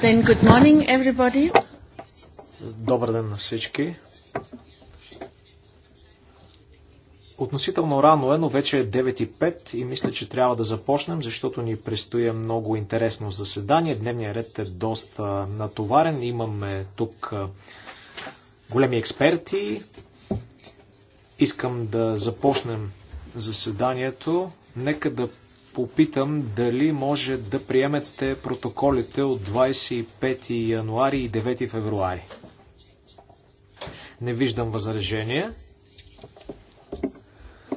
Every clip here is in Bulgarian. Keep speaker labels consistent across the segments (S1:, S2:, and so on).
S1: Then good morning, everybody.
S2: Добър ден на всички. Относително рано е, но вече е 9.05 и мисля, че трябва да започнем, защото ни предстои много интересно заседание. Дневният ред е доста натоварен. Имаме тук големи експерти. Искам да започнем заседанието. Нека да попитам дали може да приемете протоколите от 25 януари и 9 февруари. Не виждам възражение.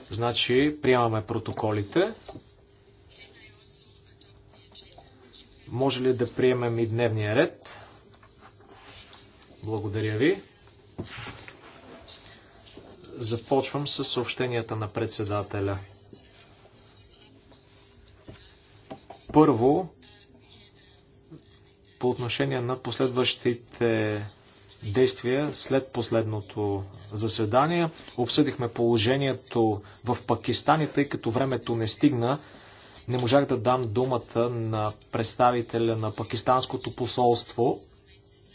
S2: Значи приемаме протоколите. Може ли да приемем и дневния ред? Благодаря ви. Започвам с съобщенията на председателя. Първо, по отношение на последващите действия след последното заседание. Обсъдихме положението в Пакистан и тъй като времето не стигна, не можах да дам думата на представителя на пакистанското посолство.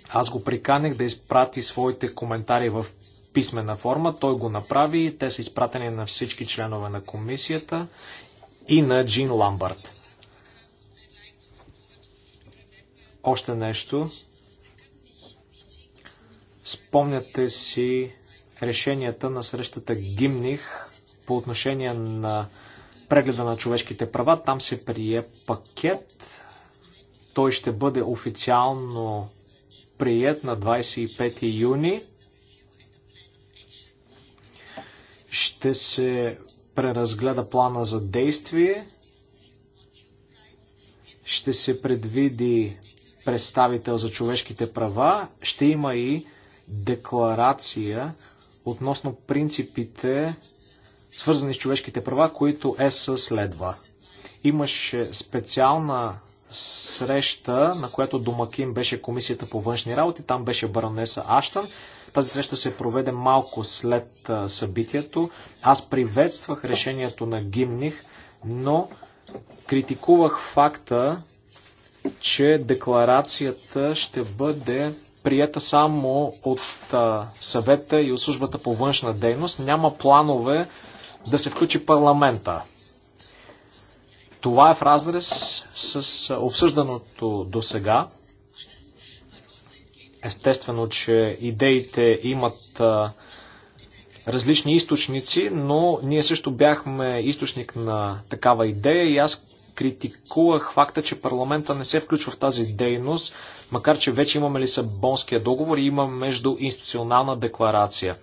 S2: Аз го приканех да изпрати своите коментари в писмена форма. Той го направи. Те са изпратени на всички членове на комисията и на Джин Ламбард. Още нещо. Спомняте си решенията на срещата Гимних по отношение на прегледа на човешките права. Там се прие пакет. Той ще бъде официално прият на 25 юни. Ще се преразгледа плана за действие. Ще се предвиди представител за човешките права, ще има и декларация относно принципите, свързани с човешките права, които ЕС следва. Имаше специална среща, на която домакин беше Комисията по външни работи, там беше баронеса Аштан. Тази среща се проведе малко след събитието. Аз приветствах решението на Гимних, но критикувах факта, че декларацията ще бъде прията само от съвета и от службата по външна дейност. Няма планове да се включи парламента. Това е в разрез с обсъжданото до сега. Естествено, че идеите имат различни източници, но ние също бяхме източник на такава идея и аз критикувах факта, че парламента не се включва в тази дейност, макар че вече имаме Лисабонския договор и има институционална декларация.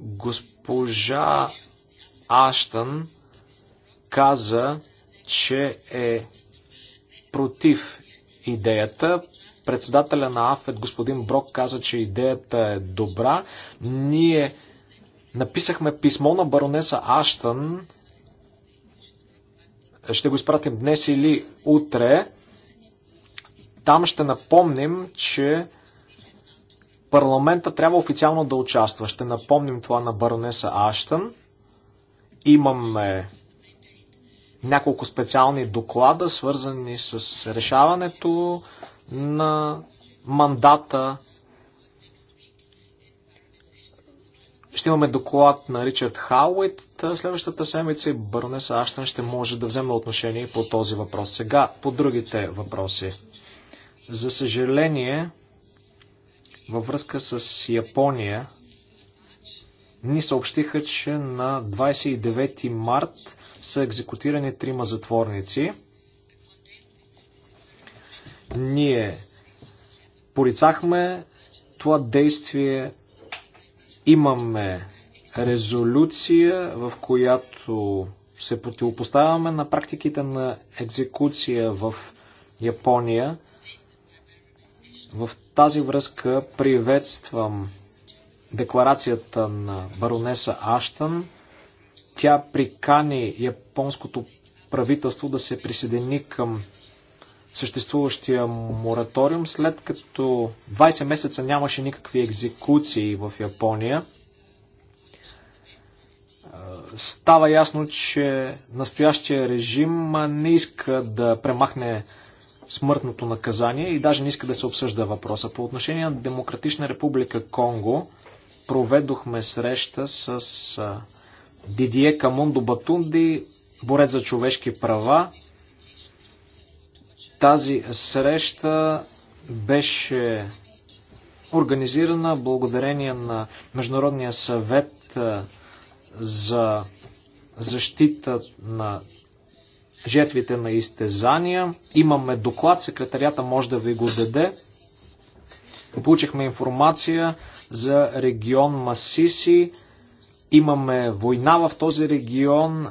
S2: Госпожа Аштън каза, че е против идеята. Председателя на АФЕД, господин Брок, каза, че идеята е добра. Ние написахме писмо на баронеса Аштън, ще го изпратим днес или утре. Там ще напомним, че парламента трябва официално да участва. Ще напомним това на баронеса Аштън. Имаме няколко специални доклада, свързани с решаването на мандата Ще имаме доклад на Ричард Хауит следващата седмица и Бърнес Аштън ще може да вземе отношение по този въпрос. Сега по другите въпроси. За съжаление, във връзка с Япония, ни съобщиха, че на 29 март са екзекутирани трима затворници. Ние порицахме това действие Имаме резолюция, в която се противопоставяме на практиките на екзекуция в Япония. В тази връзка приветствам декларацията на баронеса Аштън. Тя прикани японското правителство да се присъедини към съществуващия мораториум, след като 20 месеца нямаше никакви екзекуции в Япония. Става ясно, че настоящия режим не иска да премахне смъртното наказание и даже не иска да се обсъжда въпроса. По отношение на Демократична република Конго проведохме среща с Дидие Камундо Батунди, борец за човешки права, тази среща беше организирана благодарение на Международния съвет за защита на жертвите на изтезания. Имаме доклад, секретарията може да ви го даде. Получихме информация за регион Масиси. Имаме война в този регион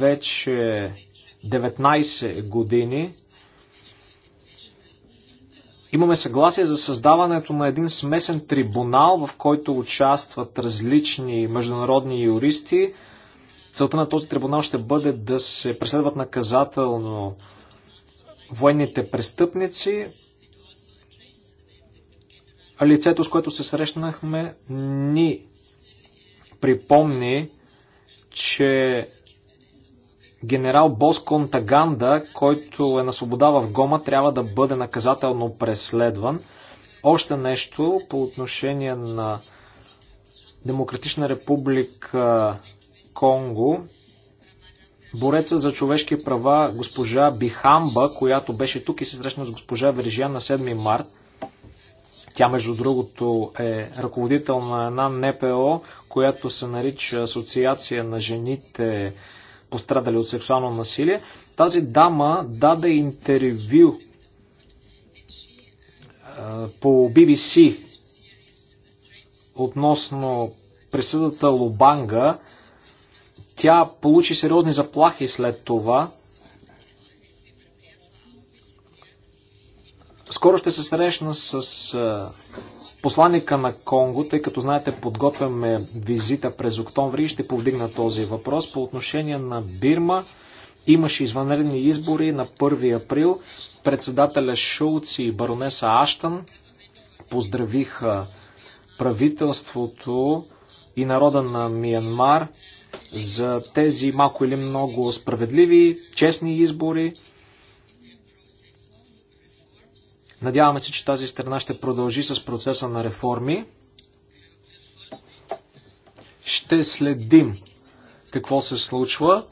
S2: вече 19 години. Имаме съгласие за създаването на един смесен трибунал, в който участват различни международни юристи. Целта на този трибунал ще бъде да се преследват наказателно военните престъпници. Лицето, с което се срещнахме, ни припомни, че генерал Боскон Таганда, който е на свобода в Гома, трябва да бъде наказателно преследван. Още нещо по отношение на Демократична република Конго. Бореца за човешки права госпожа Бихамба, която беше тук и се срещна с госпожа Вержия на 7 март. Тя, между другото, е ръководител на една НПО, която се нарича Асоциация на жените пострадали от сексуално насилие. Тази дама даде интервю по BBC относно присъдата Лобанга. Тя получи сериозни заплахи след това. Скоро ще се срещна с посланника на Конго, тъй като знаете, подготвяме визита през октомври и ще повдигна този въпрос. По отношение на Бирма, имаше извънредни избори на 1 април. Председателя Шулц и баронеса Аштън поздравиха правителството и народа на Миянмар за тези малко или много справедливи, честни избори. Надяваме се, че тази страна ще продължи с процеса на реформи. Ще следим какво се случва.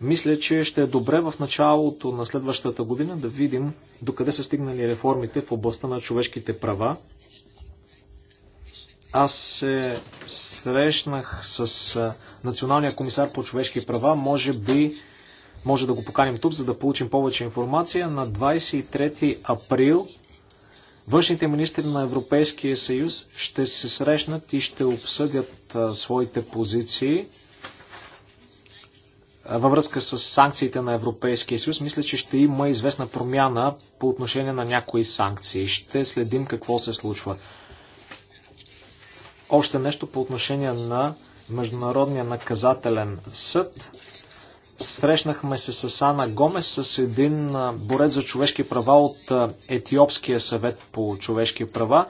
S2: Мисля, че ще е добре в началото на следващата година да видим докъде са стигнали реформите в областта на човешките права. Аз се срещнах с националния комисар по човешки права. Може би може да го поканим тук, за да получим повече информация. На 23 април външните министри на Европейския съюз ще се срещнат и ще обсъдят а, своите позиции във връзка с санкциите на Европейския съюз, мисля, че ще има известна промяна по отношение на някои санкции. Ще следим какво се случва. Още нещо по отношение на Международния наказателен съд. Срещнахме се с Ана Гомес, с един борец за човешки права от Етиопския съвет по човешки права.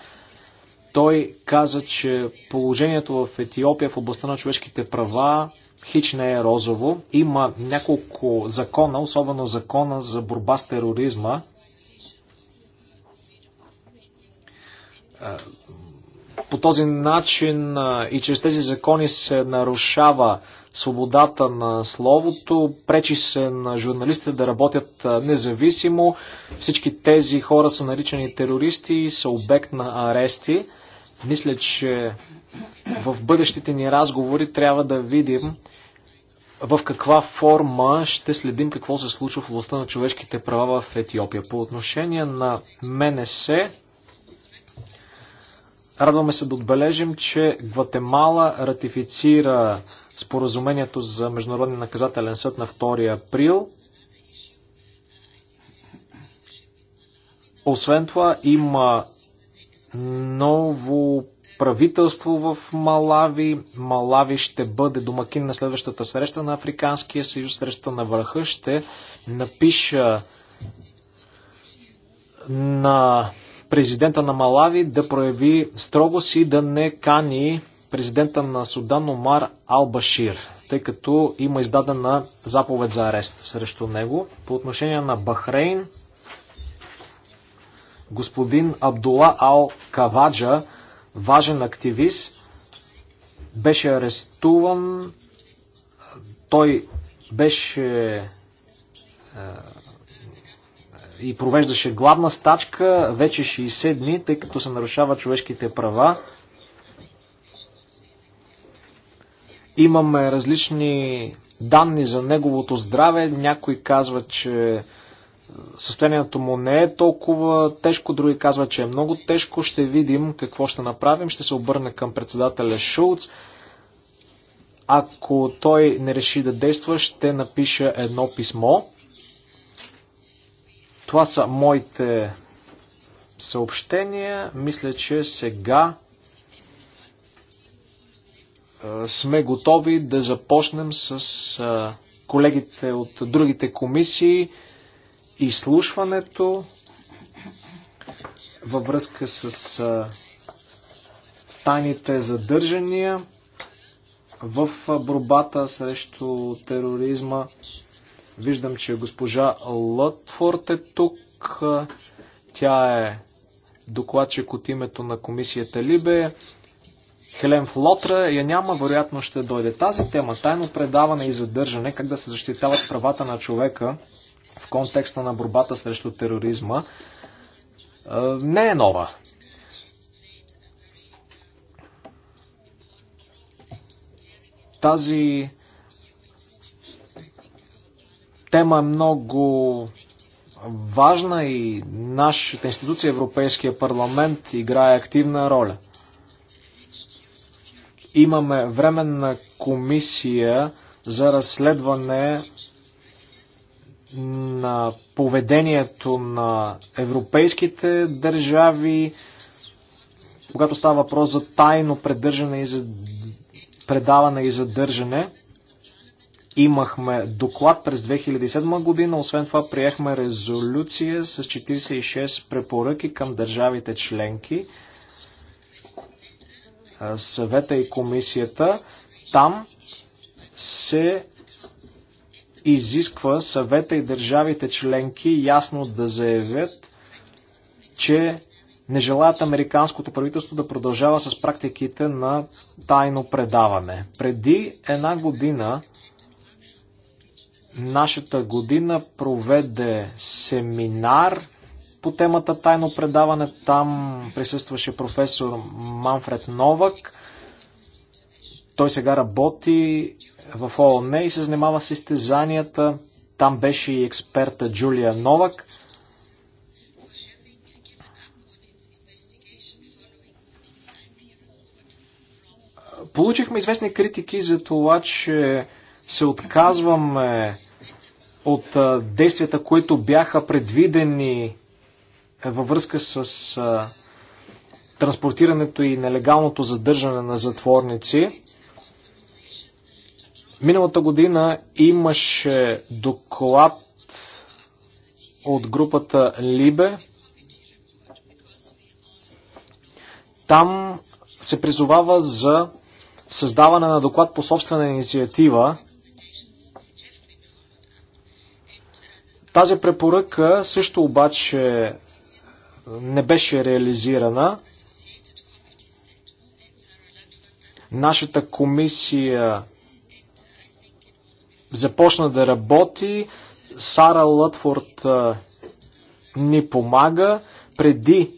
S2: Той каза, че положението в Етиопия в областта на човешките права хич не е розово. Има няколко закона, особено закона за борба с тероризма. По този начин и чрез тези закони се нарушава свободата на словото, пречи се на журналистите да работят независимо. Всички тези хора са наричани терористи и са обект на арести. Мисля, че в бъдещите ни разговори трябва да видим в каква форма ще следим какво се случва в областта на човешките права в Етиопия. По отношение на МНС, радваме се да отбележим, че Гватемала ратифицира споразумението за Международния наказателен съд на 2 април. Освен това има ново правителство в Малави. Малави ще бъде домакин на следващата среща на Африканския съюз, среща на върха. Ще напиша на президента на Малави да прояви строго си да не кани президента на Судан Омар Албашир, тъй като има издадена заповед за арест срещу него. По отношение на Бахрейн, господин Абдула Ал Каваджа, важен активист, беше арестуван. Той беше е, и провеждаше главна стачка вече 60 дни, тъй като се нарушава човешките права. Имаме различни данни за неговото здраве. Някои казват, че състоянието му не е толкова тежко, други казват, че е много тежко. Ще видим какво ще направим. Ще се обърне към председателя Шулц. Ако той не реши да действа, ще напиша едно писмо. Това са моите съобщения. Мисля, че сега сме готови да започнем с колегите от другите комисии изслушването във връзка с тайните задържания в борбата срещу тероризма. Виждам, че госпожа Лътфорд е тук. Тя е докладчик от името на комисията Либе. Хелен Флотра я няма, вероятно ще дойде тази тема. Тайно предаване и задържане, как да се защитават правата на човека в контекста на борбата срещу тероризма, не е нова. Тази тема е много важна и нашата институция, Европейския парламент, играе активна роля имаме временна комисия за разследване на поведението на европейските държави, когато става въпрос за тайно предържане и за предаване и задържане. Имахме доклад през 2007 година, освен това приехме резолюция с 46 препоръки към държавите членки съвета и комисията, там се изисква съвета и държавите членки ясно да заявят, че не желаят американското правителство да продължава с практиките на тайно предаване. Преди една година нашата година проведе семинар по темата тайно предаване. Там присъстваше професор Манфред Новак. Той сега работи в ООН е и се занимава с изтезанията. Там беше и експерта Джулия Новак. Получихме известни критики за това, че се отказваме от действията, които бяха предвидени във връзка с а, транспортирането и нелегалното задържане на затворници. Миналата година имаше доклад от групата Либе. Там се призовава за създаване на доклад по собствена инициатива. Тази препоръка също обаче не беше реализирана. Нашата комисия започна да работи. Сара Лътфорд ни помага. Преди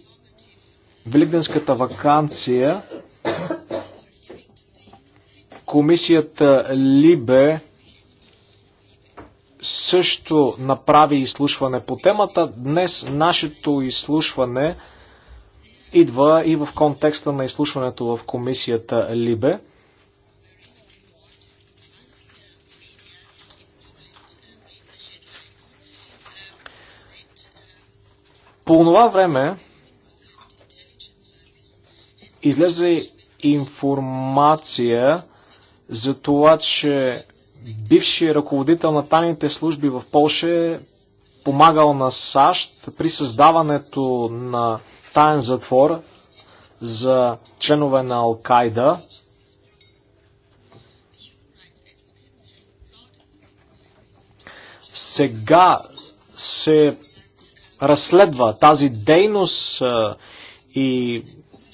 S2: Великденската вакансия комисията Либе също направи изслушване по темата. Днес нашето изслушване идва и в контекста на изслушването в комисията Либе. По това време излезе информация за това, че бивши ръководител на тайните служби в Польша е помагал на САЩ при създаването на таен затвор за членове на Алкайда. Сега се разследва тази дейност и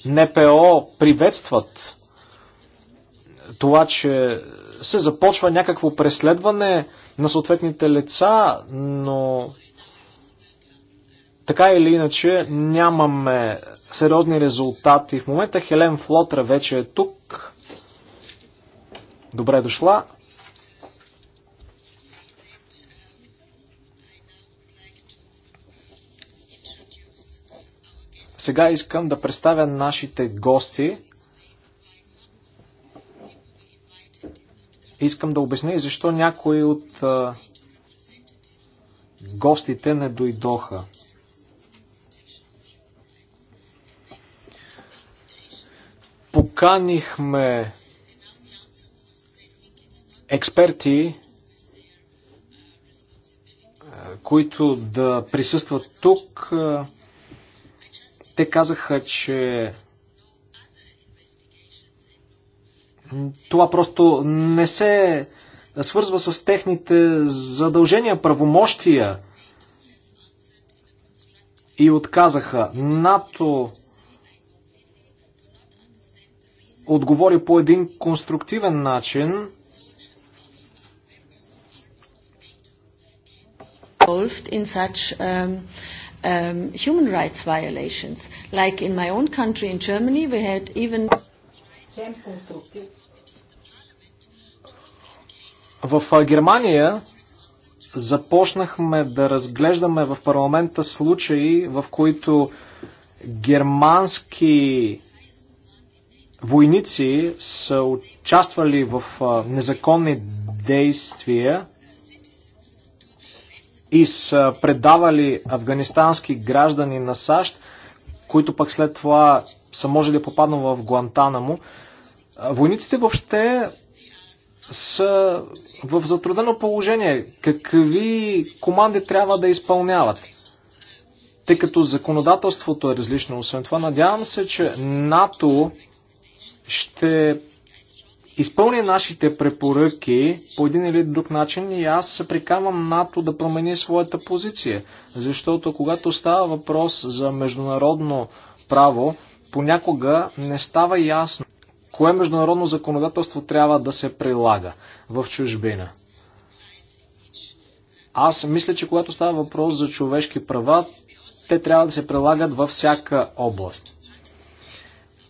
S2: НПО приветстват това, че се започва някакво преследване на съответните лица, но така или иначе нямаме сериозни резултати. В момента Хелен Флотра вече е тук. Добре дошла. Сега искам да представя нашите гости. Искам да обясня и защо някои от гостите не дойдоха. Поканихме експерти, които да присъстват тук. Те казаха, че това просто не се свързва с техните задължения, правомощия и отказаха. НАТО отговори по един конструктивен начин. In such um,
S1: um, human rights violations. Like in my own country, in Germany, we had even
S2: в Германия започнахме да разглеждаме в парламента случаи, в които германски войници са участвали в незаконни действия и са предавали афганистански граждани на САЩ които пък след това са можели да попаднат в Гуантанамо. Войниците въобще са в затруднено положение. Какви команди трябва да изпълняват? Тъй като законодателството е различно. Освен това, надявам се, че НАТО ще изпълни нашите препоръки по един или друг начин и аз се прикамвам НАТО да промени своята позиция. Защото когато става въпрос за международно право, понякога не става ясно кое международно законодателство трябва да се прилага в чужбина. Аз мисля, че когато става въпрос за човешки права, те трябва да се прилагат във всяка област.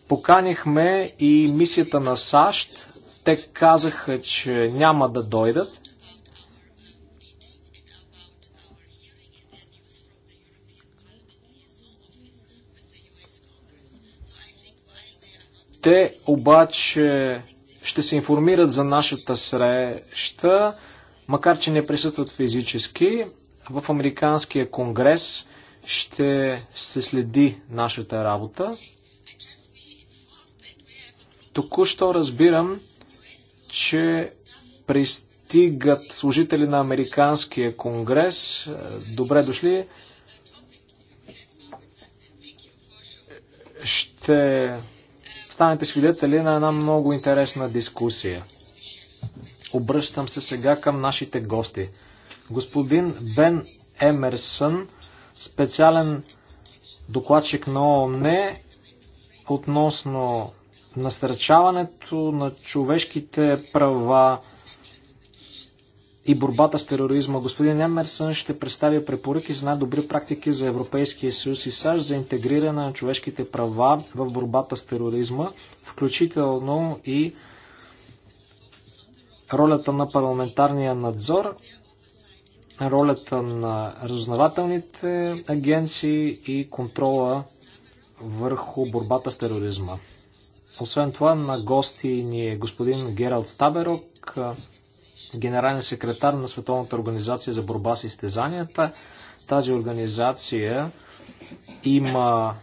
S2: Поканихме и мисията на САЩ те казаха, че няма да дойдат. Те обаче ще се информират за нашата среща, макар че не присъстват физически. В Американския конгрес ще се следи нашата работа. Току-що разбирам, че пристигат служители на Американския конгрес. Добре дошли. Ще станете свидетели на една много интересна дискусия. Обръщам се сега към нашите гости. Господин Бен Емерсън, специален докладчик на ООН относно насърчаването на човешките права и борбата с тероризма. Господин Емерсън ще представи препоръки за най-добри практики за Европейския съюз и САЩ за интегриране на човешките права в борбата с тероризма, включително и ролята на парламентарния надзор, ролята на разузнавателните агенции и контрола върху борбата с тероризма. Освен това, на гости ни е господин Гералд Стаберок, генерален секретар на Световната организация за борба с изтезанията. Тази организация има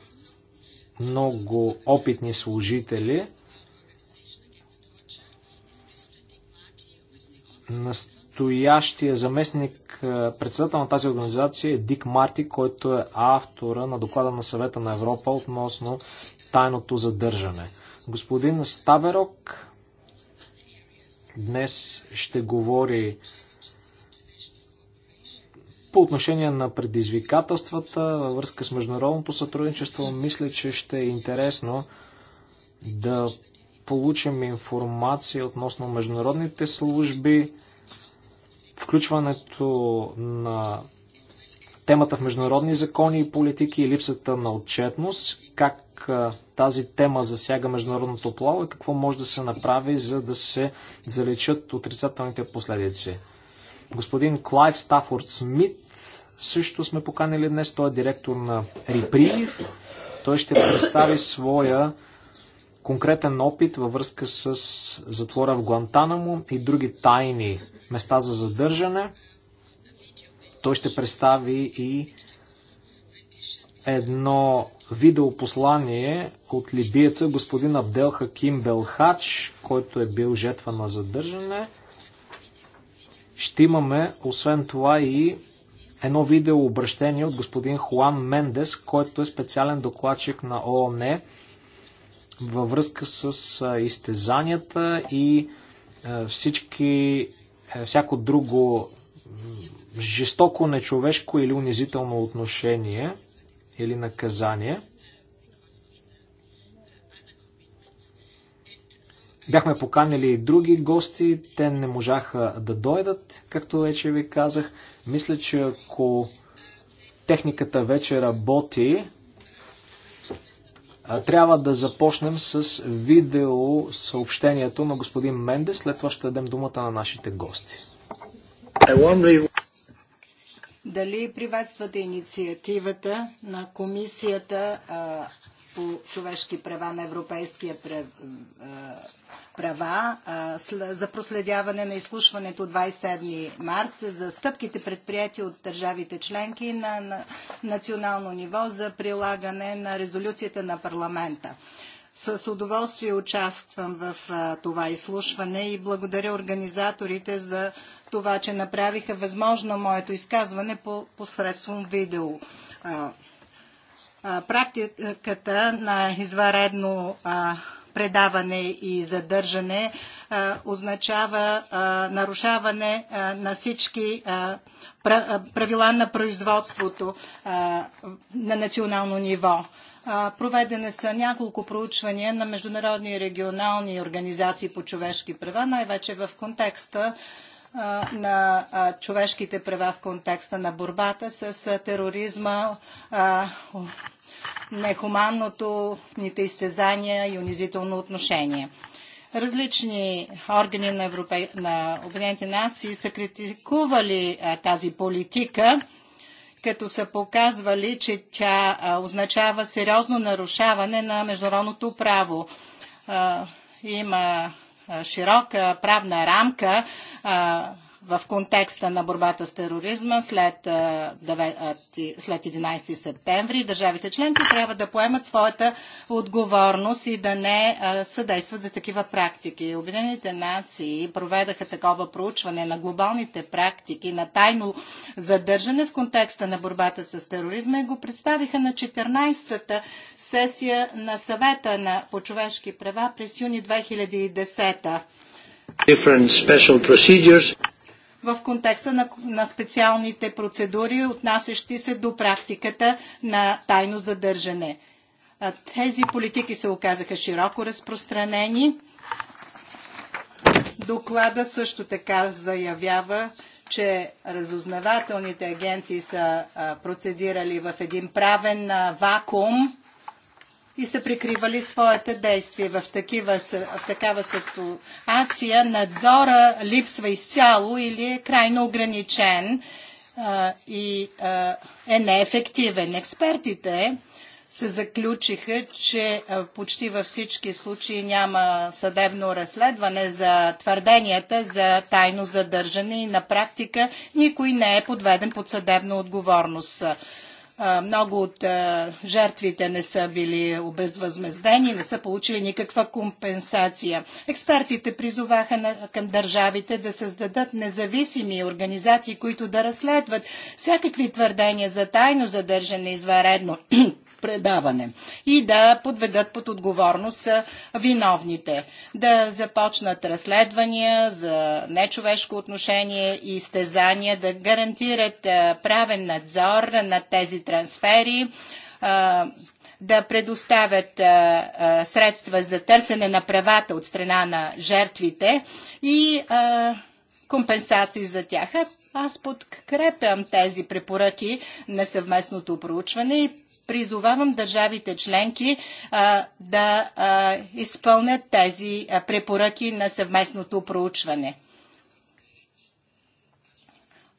S2: много опитни служители. Настоящия заместник е, председател на тази организация е Дик Марти, който е автора на доклада на съвета на Европа относно тайното задържане. Господин Ставерок днес ще говори по отношение на предизвикателствата във връзка с международното сътрудничество. Мисля, че ще е интересно да получим информация относно международните служби, включването на темата в международни закони и политики и липсата на отчетност, как тази тема засяга международното плаво и какво може да се направи, за да се залечат отрицателните последици. Господин Клайв Стафорд Смит също сме поканили днес. Той е директор на РИПРИ, Той ще представи своя конкретен опит във връзка с затвора в Гуантанамо и други тайни места за задържане. Той ще представи и едно видеопослание от либиеца господин Абдел Хаким Белхач, който е бил жетва на задържане. Ще имаме, освен това, и едно видео обращение от господин Хуан Мендес, който е специален докладчик на ООН във връзка с изтезанията и всички, всяко друго жестоко, нечовешко или унизително отношение или наказание. Бяхме поканили и други гости, те не можаха да дойдат, както вече ви казах. Мисля, че ако техниката вече работи, трябва да започнем с видео съобщението на господин Мендес, след това ще дадем думата на нашите гости.
S1: Дали приветствате инициативата на Комисията а, по човешки права на Европейския права а, за проследяване на изслушването 27 март за стъпките предприяти от държавите членки на, на национално ниво за прилагане на резолюцията на парламента. С удоволствие участвам в а, това изслушване и благодаря организаторите за това, че направиха възможно моето изказване по, посредством видео. А, а, практиката на изваредно а, предаване и задържане а, означава а, нарушаване а, на всички правила на производството на национално ниво. Проведени са няколко проучвания на международни и регионални организации по човешки права, най-вече в контекста на човешките права в контекста на борбата с тероризма, нехуманното, ните изтезания и унизително отношение различни органи на, Европе... на Обединените нации са критикували а, тази политика, като са показвали, че тя а, означава сериозно нарушаване на международното право. А, има широка правна рамка в контекста на борбата с тероризма след, след 11 септември. Държавите членки трябва да поемат своята отговорност и да не съдействат за такива практики. Обединените нации проведаха такова проучване на глобалните практики на тайно задържане в контекста на борбата с тероризма и го представиха на 14-та сесия на съвета на по човешки права през юни 2010 -та в контекста на, на специалните процедури, отнасящи се до практиката на тайно задържане. Тези политики се оказаха широко разпространени. Доклада също така заявява, че разузнавателните агенции са процедирали в един правен вакуум и са прикривали своите действия. В, такива, в такава ситуация надзора липсва изцяло или е крайно ограничен а, и а, е неефективен. Експертите се заключиха, че почти във всички случаи няма съдебно разследване за твърденията за тайно задържане и на практика никой не е подведен под съдебна отговорност. Много от жертвите не са били обезвъзмездени, не са получили никаква компенсация. Експертите призоваха към държавите да създадат независими организации, които да разследват всякакви твърдения за тайно задържане извънредно предаване и да подведат под отговорност виновните, да започнат разследвания за нечовешко отношение и стезания, да гарантират правен надзор на тези трансфери, да предоставят средства за търсене на правата от страна на жертвите и компенсации за тях. Аз подкрепям тези препоръки на съвместното проучване и призовавам държавите членки а, да а, изпълнят тези препоръки на съвместното проучване.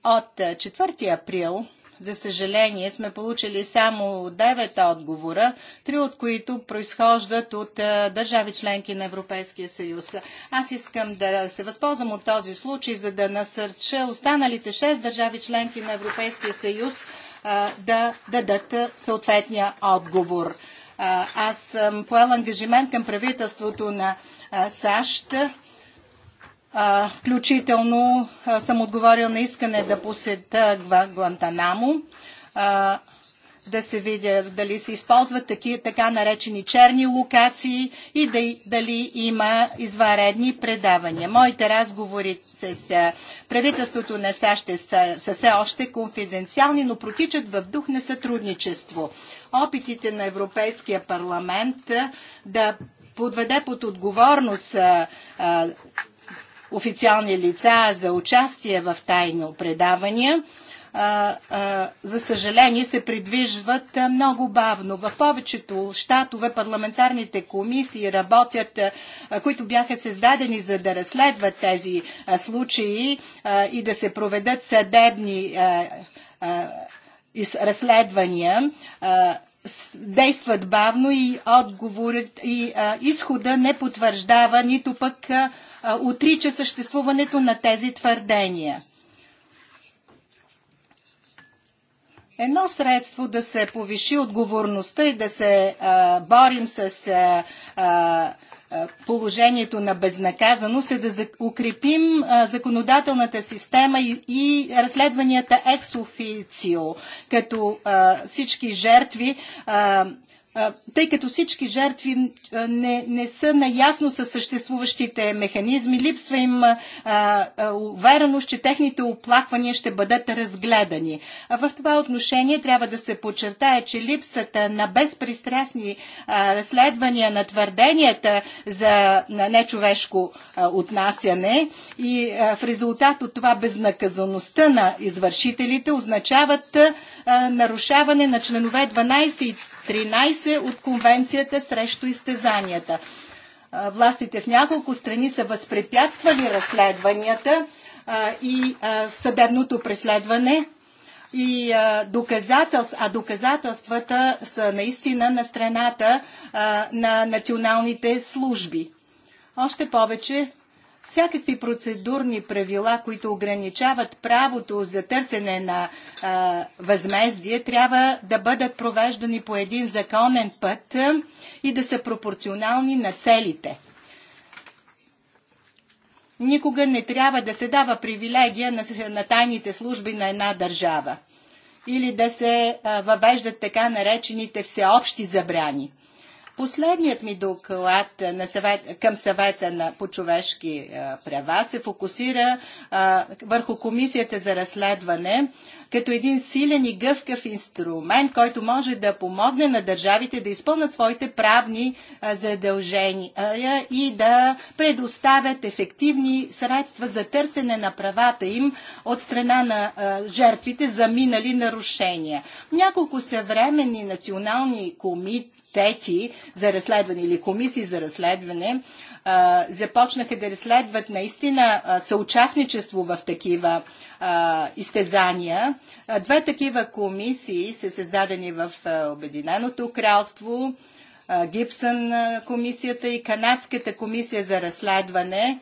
S1: От 4 април за съжаление, сме получили само 9 отговора, три от които произхождат от държави членки на Европейския съюз. Аз искам да се възползвам от този случай, за да насърча останалите 6 държави членки на Европейския съюз да дадат съответния отговор. Аз съм поел ангажимент към правителството на САЩ, включително съм отговорил на искане да посета Гуантанамо да се видят дали се използват такива така наречени черни локации и дали има извънредни предавания. Моите разговори с правителството на САЩ е са, са все още конфиденциални, но протичат в дух на сътрудничество. Опитите на Европейския парламент да подведе под отговорност а, а, официални лица за участие в тайно предавания – а, а, за съжаление, се придвижват много бавно. В повечето щатове парламентарните комисии работят, а, които бяха създадени за да разследват тези а, случаи а, и да се проведат съдебни а, а, разследвания а, действат бавно и отговорят, и а, изхода не потвърждава, нито пък а, отрича съществуването на тези твърдения. едно средство да се повиши отговорността и да се а, е, борим с а, е, а, е, положението на безнаказаност е да укрепим законодателната система и, и разследванията екс официо, като а, всички жертви а, тъй като всички жертви не, не са наясно с съществуващите механизми, липсва им а, а, увереност, че техните оплаквания ще бъдат разгледани. А в това отношение трябва да се подчертае, че липсата на безпристрастни а, разследвания на твърденията за на нечовешко а, отнасяне и а, в резултат от това безнаказаността на извършителите означават а, нарушаване на членове 12 и 13 от Конвенцията срещу изтезанията. Властите в няколко страни са възпрепятствали разследванията и съдебното преследване и а, доказателств, а доказателствата са наистина на страната на националните служби. Още повече всякакви процедурни правила, които ограничават правото за търсене на а, възмездие, трябва да бъдат провеждани по един законен път и да са пропорционални на целите. Никога не трябва да се дава привилегия на, на тайните служби на една държава или да се а, въвеждат така наречените всеобщи забрани – Последният ми доклад на съвет, към съвета на, по човешки е, права се фокусира а, е, върху комисията за разследване като един силен и гъвкав инструмент, който може да помогне на държавите да изпълнят своите правни а, е, задължения и да предоставят ефективни средства за търсене на правата им от страна на жертвите за минали нарушения. Няколко съвременни национални комитети комитети за разследване или комисии за разследване започнаха да разследват наистина съучастничество в такива изтезания. Две такива комисии са създадени в Обединеното кралство, а, Гибсън комисията и Канадската комисия за разследване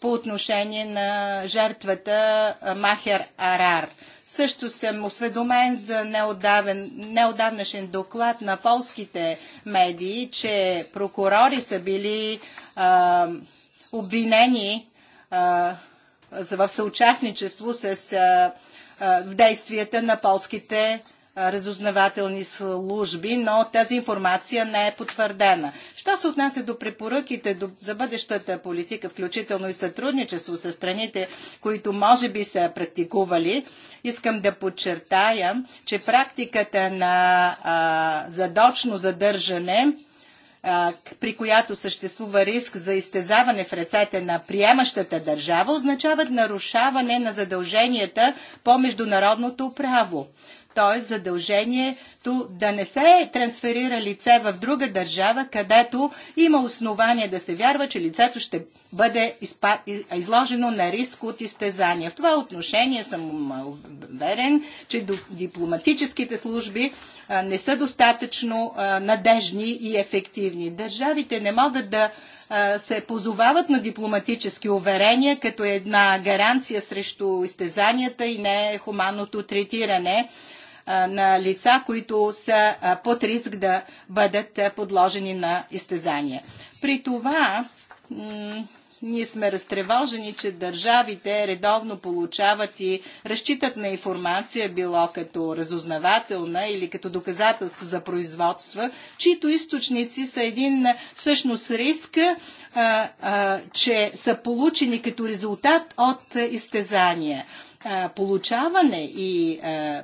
S1: по отношение на жертвата Махер Арар. Също съм осведомен за неодавен, неодавнашен доклад на полските медии, че прокурори са били а, обвинени а, в съучастничество с а, в действията на полските разузнавателни служби, но тази информация не е потвърдена. Що се отнася до препоръките до, за бъдещата политика, включително и сътрудничество с страните, които може би са практикували, искам да подчертая, че практиката на а, задочно задържане при която съществува риск за изтезаване в ръцете на приемащата държава, означават нарушаване на задълженията по международното право т.е. задължението да не се трансферира лице в друга държава, където има основание да се вярва, че лицето ще бъде изложено на риск от изтезания. В това отношение съм уверен, че дипломатическите служби не са достатъчно надежни и ефективни. Държавите не могат да се позовават на дипломатически уверения като една гаранция срещу изтезанията и нехуманното е третиране на лица, които са под риск да бъдат подложени на изтезания. При това ние сме разтревожени, че държавите редовно получават и разчитат на информация, било като разузнавателна или като доказателство за производства, чието източници са един всъщност риск, а, а, че са получени като резултат от изтезания. А, получаване и а,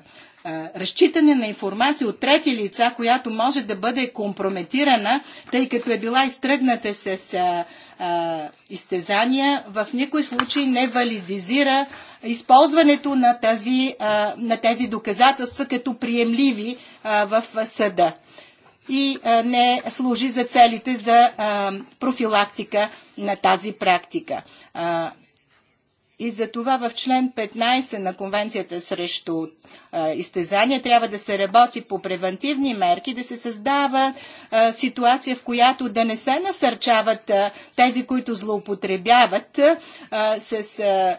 S1: разчитане на информация от трети лица, която може да бъде компрометирана, тъй като е била изтръгната с а, а, изтезания, в никой случай не валидизира използването на, тази, а, на тези доказателства като приемливи а, в съда и а, не служи за целите за а, профилактика на тази практика. А, и за това в член 15 на Конвенцията срещу а, изтезания трябва да се работи по превентивни мерки, да се създава а, ситуация, в която да не се насърчават а, тези, които злоупотребяват а, с а,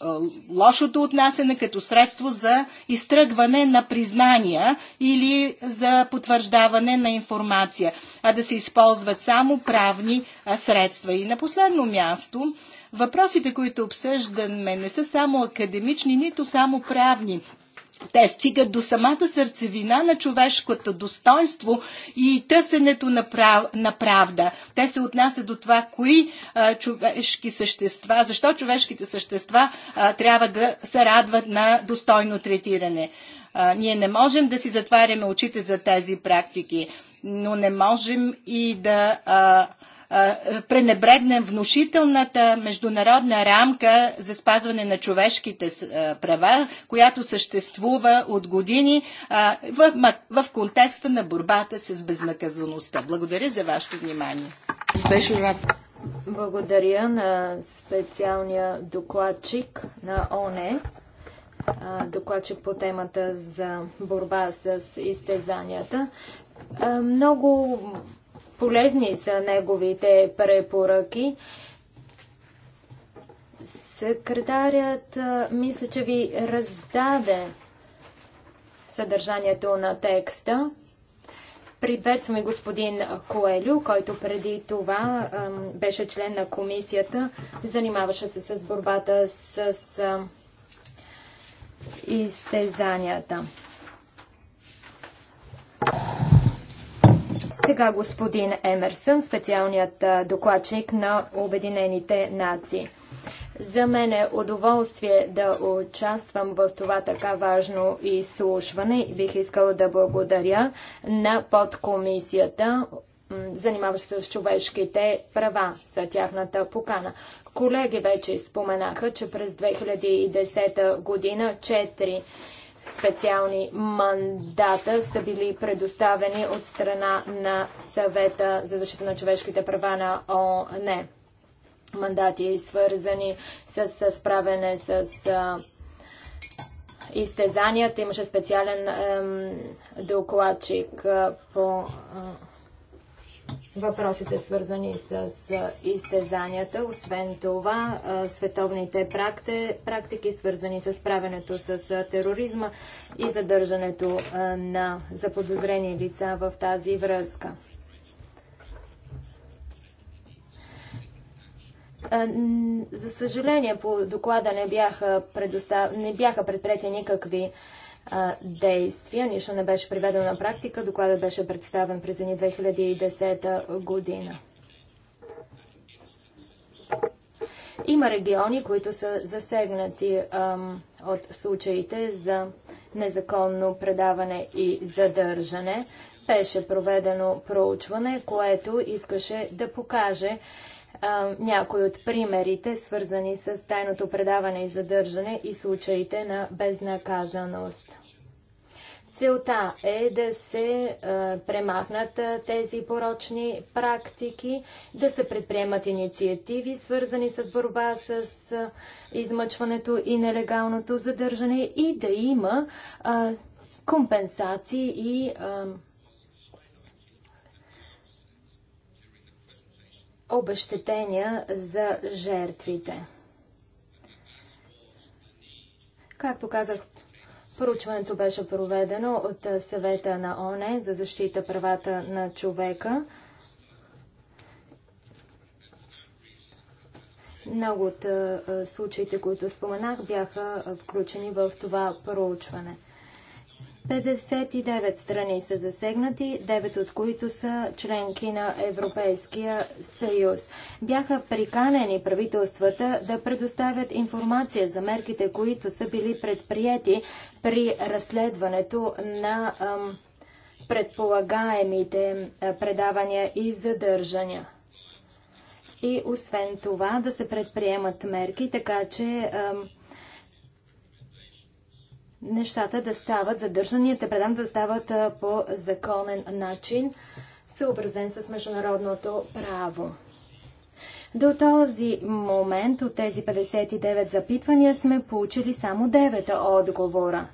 S1: а, лошото отнасяне като средство за изтръгване на признания или за потвърждаване на информация, а да се използват само правни а, средства. И на последно място, Въпросите, които обсъждаме, не са само академични, нито само правни. Те стигат до самата сърцевина на човешкото достоинство и тъсенето на, прав... на правда. Те се отнасят до това, кои а, човешки същества, защо човешките същества а, трябва да се радват на достойно третиране. А, ние не можем да си затваряме очите за тези практики, но не можем и да. А, пренебрегнем внушителната международна рамка за спазване на човешките права, която съществува от години в, в контекста на борбата с безнаказаността. Благодаря за вашето внимание.
S3: Благодаря на специалния докладчик на ОНЕ, докладчик по темата за борба с изтезанията. Много полезни са неговите препоръки. Секретарят мисля, че ви раздаде съдържанието на текста. Приветствам и господин Коелю, който преди това беше член на комисията, занимаваше се с борбата с, изтезанията. Сега господин Емерсън, специалният докладчик на Обединените нации. За мен е удоволствие да участвам в това така важно изслушване бих искала да благодаря на подкомисията, занимаваща се с човешките права за тяхната покана. Колеги вече споменаха, че през 2010 година четири специални мандата са били предоставени от страна на съвета за защита на човешките права на ООН. Мандати свързани с справене с изтезанията. Имаше специален докладчик по въпросите свързани с изтезанията. Освен това, световните практики, свързани с правенето с тероризма и задържането на заподозрени лица в тази връзка. За съжаление, по доклада не бяха, предостав... не бяха предприяти никакви а, действия. Нищо не беше приведено на практика. Докладът беше представен през 2010 година. Има региони, които са засегнати ам, от случаите за незаконно предаване и задържане. Беше проведено проучване, което искаше да покаже а, някои от примерите, свързани с тайното предаване и задържане и случаите на безнаказаност. Целта е да се а, премахнат а, тези порочни практики, да се предприемат инициативи, свързани с борба с а, измъчването и нелегалното задържане и да има компенсации и обещетения за жертвите. Както казах, проучването беше проведено от съвета на ОНЕ за защита правата на човека. Много от случаите, които споменах, бяха включени в това проучване. 59 страни са засегнати, 9 от които са членки на Европейския съюз. Бяха приканени правителствата да предоставят информация за мерките, които са били предприяти при разследването на предполагаемите предавания и задържания. И освен това да се предприемат мерки, така че ам, нещата да стават, задържанията, предам да стават по законен начин, съобразен с международното право. До този момент от тези 59 запитвания сме получили само 9 отговора.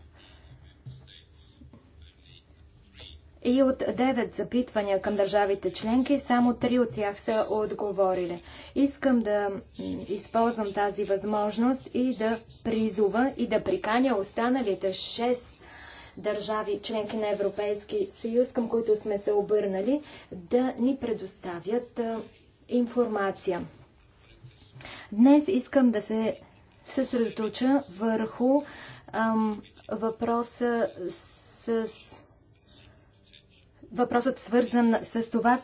S3: И от 9 запитвания към държавите членки, само 3 от тях са отговорили. Искам да използвам тази възможност и да призова и да приканя останалите 6 държави, членки на Европейски съюз, към които сме се обърнали, да ни предоставят информация. Днес искам да се съсредоточа върху ам, въпроса с въпросът свързан с това,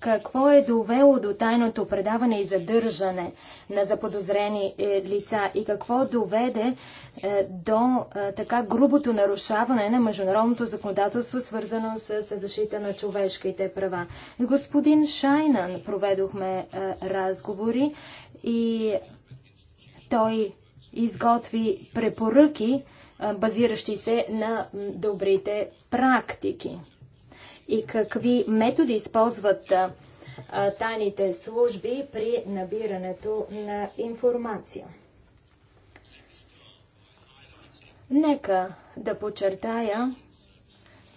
S3: какво е довело до тайното предаване и задържане на заподозрени е, лица и какво доведе е, до е, така грубото нарушаване на международното законодателство, свързано с, защита на човешките права. Господин Шайнан проведохме разговори и той изготви препоръки, базиращи се на добрите практики и какви методи използват тайните служби при набирането на информация. Нека да подчертая,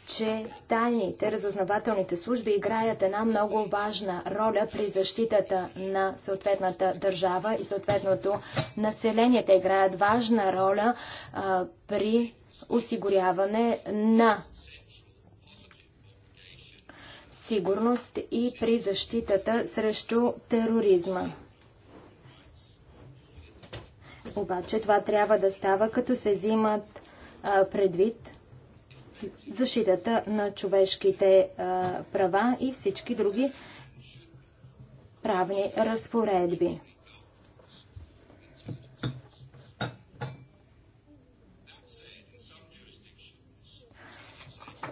S3: че тайните разузнавателните служби играят една много важна роля при защитата на съответната държава и съответното население. Те играят важна роля а, при осигуряване на сигурност и при защитата срещу тероризма. Обаче това трябва да става, като се взимат а, предвид защитата на човешките а, права и всички други правни разпоредби.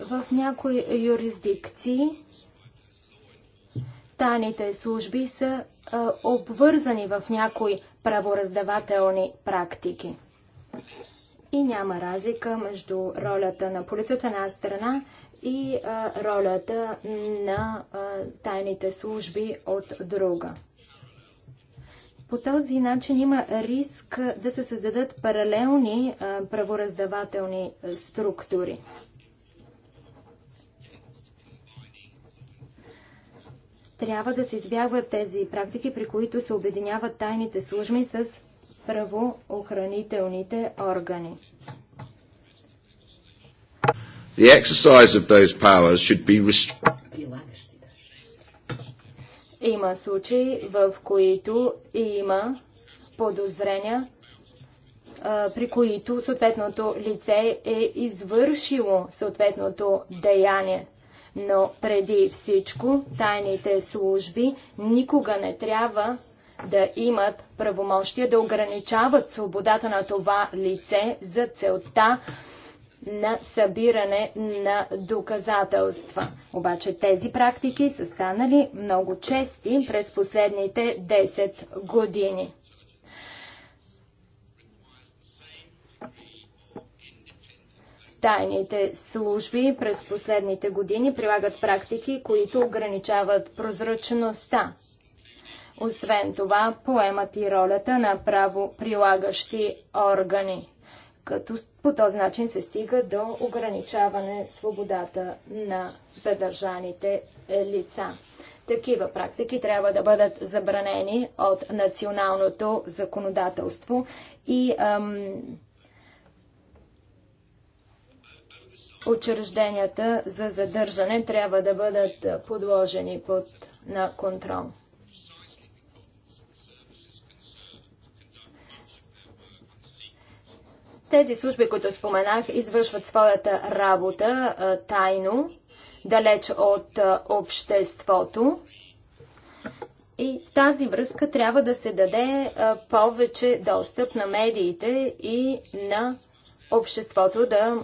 S3: В някои юрисдикции тайните служби са а, обвързани в някои правораздавателни практики. И няма разлика между ролята на полицията на страна и а, ролята на а, тайните служби от друга. По този начин има риск да се създадат паралелни а, правораздавателни структури. Трябва да се избягват тези практики, при които се обединяват тайните служби с правоохранителните органи.
S1: The exercise of those powers should be
S3: Има случаи, в които има подозрения, при които съответното лице е извършило съответното деяние. Но преди всичко, тайните служби никога не трябва да имат правомощия да ограничават свободата на това лице за целта на събиране на доказателства. Обаче тези практики са станали много чести през последните 10 години. тайните служби през последните години прилагат практики, които ограничават прозрачността. Освен това, поемат и ролята на право прилагащи органи, като по този начин се стига до ограничаване свободата на задържаните лица. Такива практики трябва да бъдат забранени от националното законодателство и ам, учрежденията за задържане трябва да бъдат подложени под, на контрол. Тези служби, които споменах, извършват своята работа тайно, далеч от обществото. И в тази връзка трябва да се даде повече достъп на медиите и на обществото да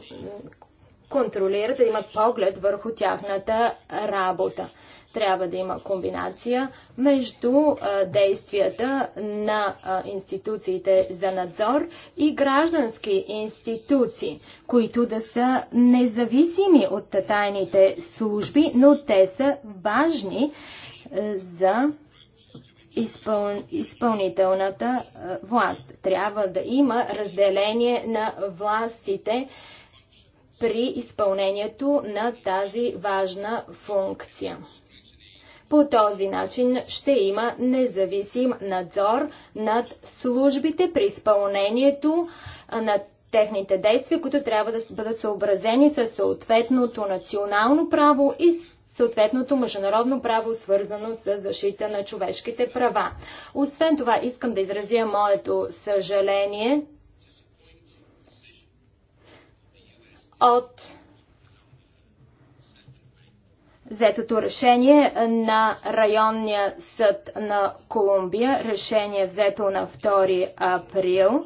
S3: контролират да имат поглед върху тяхната работа. Трябва да има комбинация между а, действията на а, институциите за надзор и граждански институции, които да са независими от тайните служби, но те са важни а, за изпъл... изпълнителната власт. Трябва да има разделение на властите при изпълнението на тази важна функция. По този начин ще има независим надзор над службите при изпълнението на техните действия, които трябва да бъдат съобразени с съответното национално право и съответното международно право, свързано с защита на човешките права. Освен това, искам да изразя моето съжаление от взетото решение на районния съд на Колумбия. Решение взето на 2 април.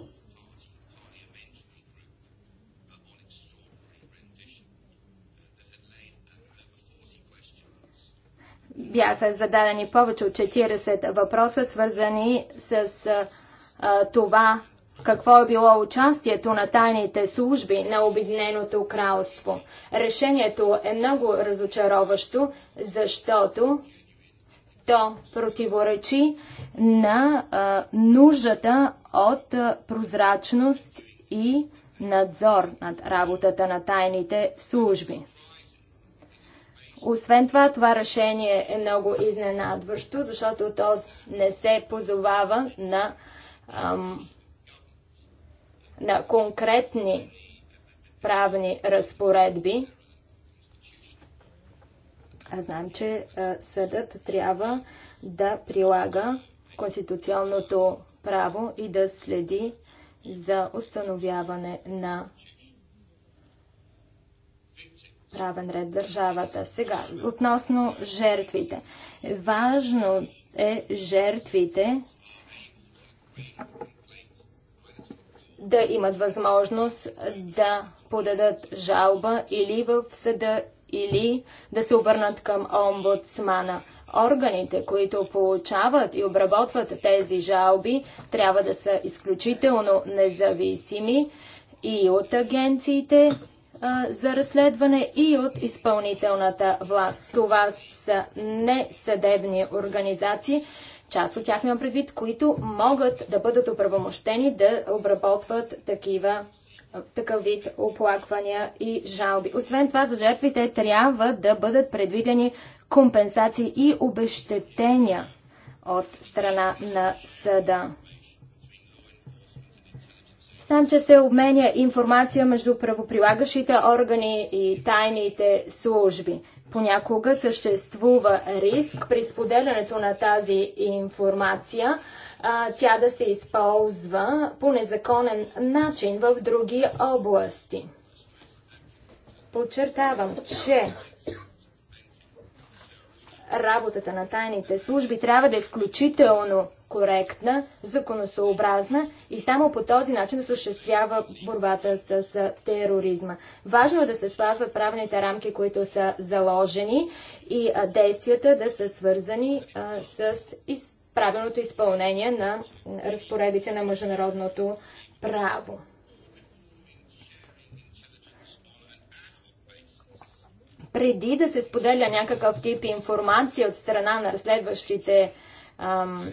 S3: Бяха зададени повече от 40 въпроса, свързани с а, това какво е било участието на тайните служби на Обединеното кралство. Решението е много разочароващо, защото то противоречи на а, нуждата от а, прозрачност и надзор над работата на тайните служби. Освен това, това решение е много изненадващо, защото то не се позовава на ам, на конкретни правни разпоредби. А знам, че съдът трябва да прилага конституционното право и да следи за установяване на правен ред държавата. Сега, относно жертвите. Важно е жертвите да имат възможност да подадат жалба или в съда, или да се обърнат към омбудсмана. Органите, които получават и обработват тези жалби, трябва да са изключително независими и от агенциите а, за разследване, и от изпълнителната власт. Това са несъдебни организации, част от тях имам предвид, които могат да бъдат оправомощени да обработват такива такъв вид оплаквания и жалби. Освен това, за жертвите трябва да бъдат предвидени компенсации и обещетения от страна на съда. Знам, че се обменя информация между правоприлагащите органи и тайните служби. Понякога съществува риск при споделянето на тази информация а, тя да се използва по незаконен начин в други области. Подчертавам, че работата на тайните служби трябва да е включително коректна, законосъобразна и само по този начин да се осъществява борбата с, с тероризма. Важно е да се спазват правните рамки, които са заложени и а, действията да са свързани а, с из, правилното изпълнение на разпоредите на международното право. преди да се споделя някакъв тип информация от страна на разследващите ам,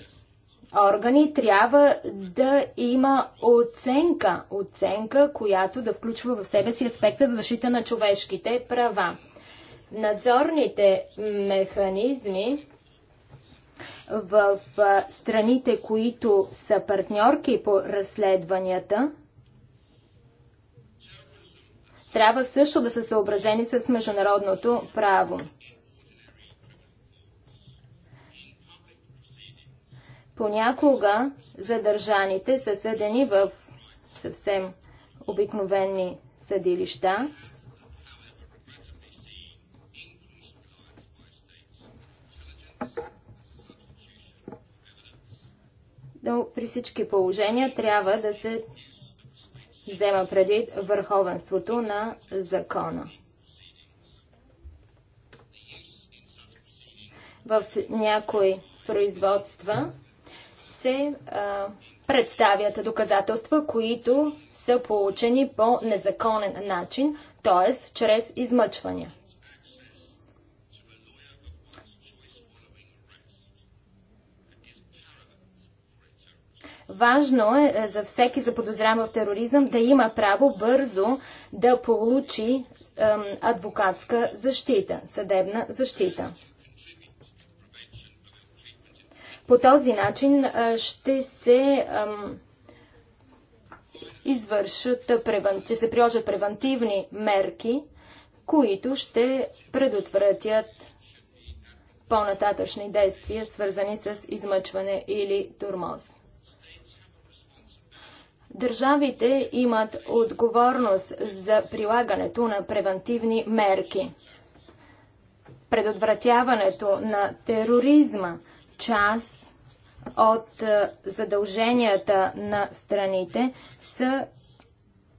S3: органи трябва да има оценка, оценка, която да включва в себе си аспекта за защита на човешките права. Надзорните механизми в страните, които са партньорки по разследванията, трябва също да са съобразени с международното право. Понякога задържаните са съдени в съвсем обикновени съдилища. Но при всички положения трябва да се взема преди върховенството на закона. В някои производства се а, представят доказателства, които са получени по незаконен начин, т.е. чрез измъчвания. Важно е, е за всеки заподозрян в тероризъм да има право бързо да получи адвокатска защита, съдебна защита. По този начин ще се извършат, ще се приложат превентивни мерки, които ще предотвратят по-нататъчни действия, свързани с измъчване или турмоз. Държавите имат отговорност за прилагането на превентивни мерки. Предотвратяването на тероризма част от е, задълженията на страните са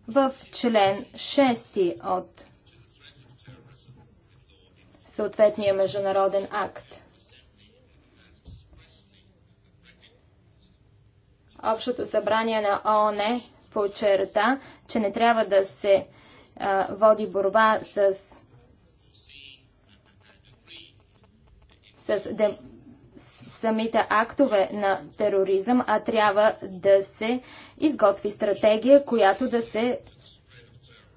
S3: в член 6 от съответния международен акт. Общото събрание на ООН подчерта, че не трябва да се а, е, води борба с, с дем, самите актове на тероризъм, а трябва да се изготви стратегия, която да се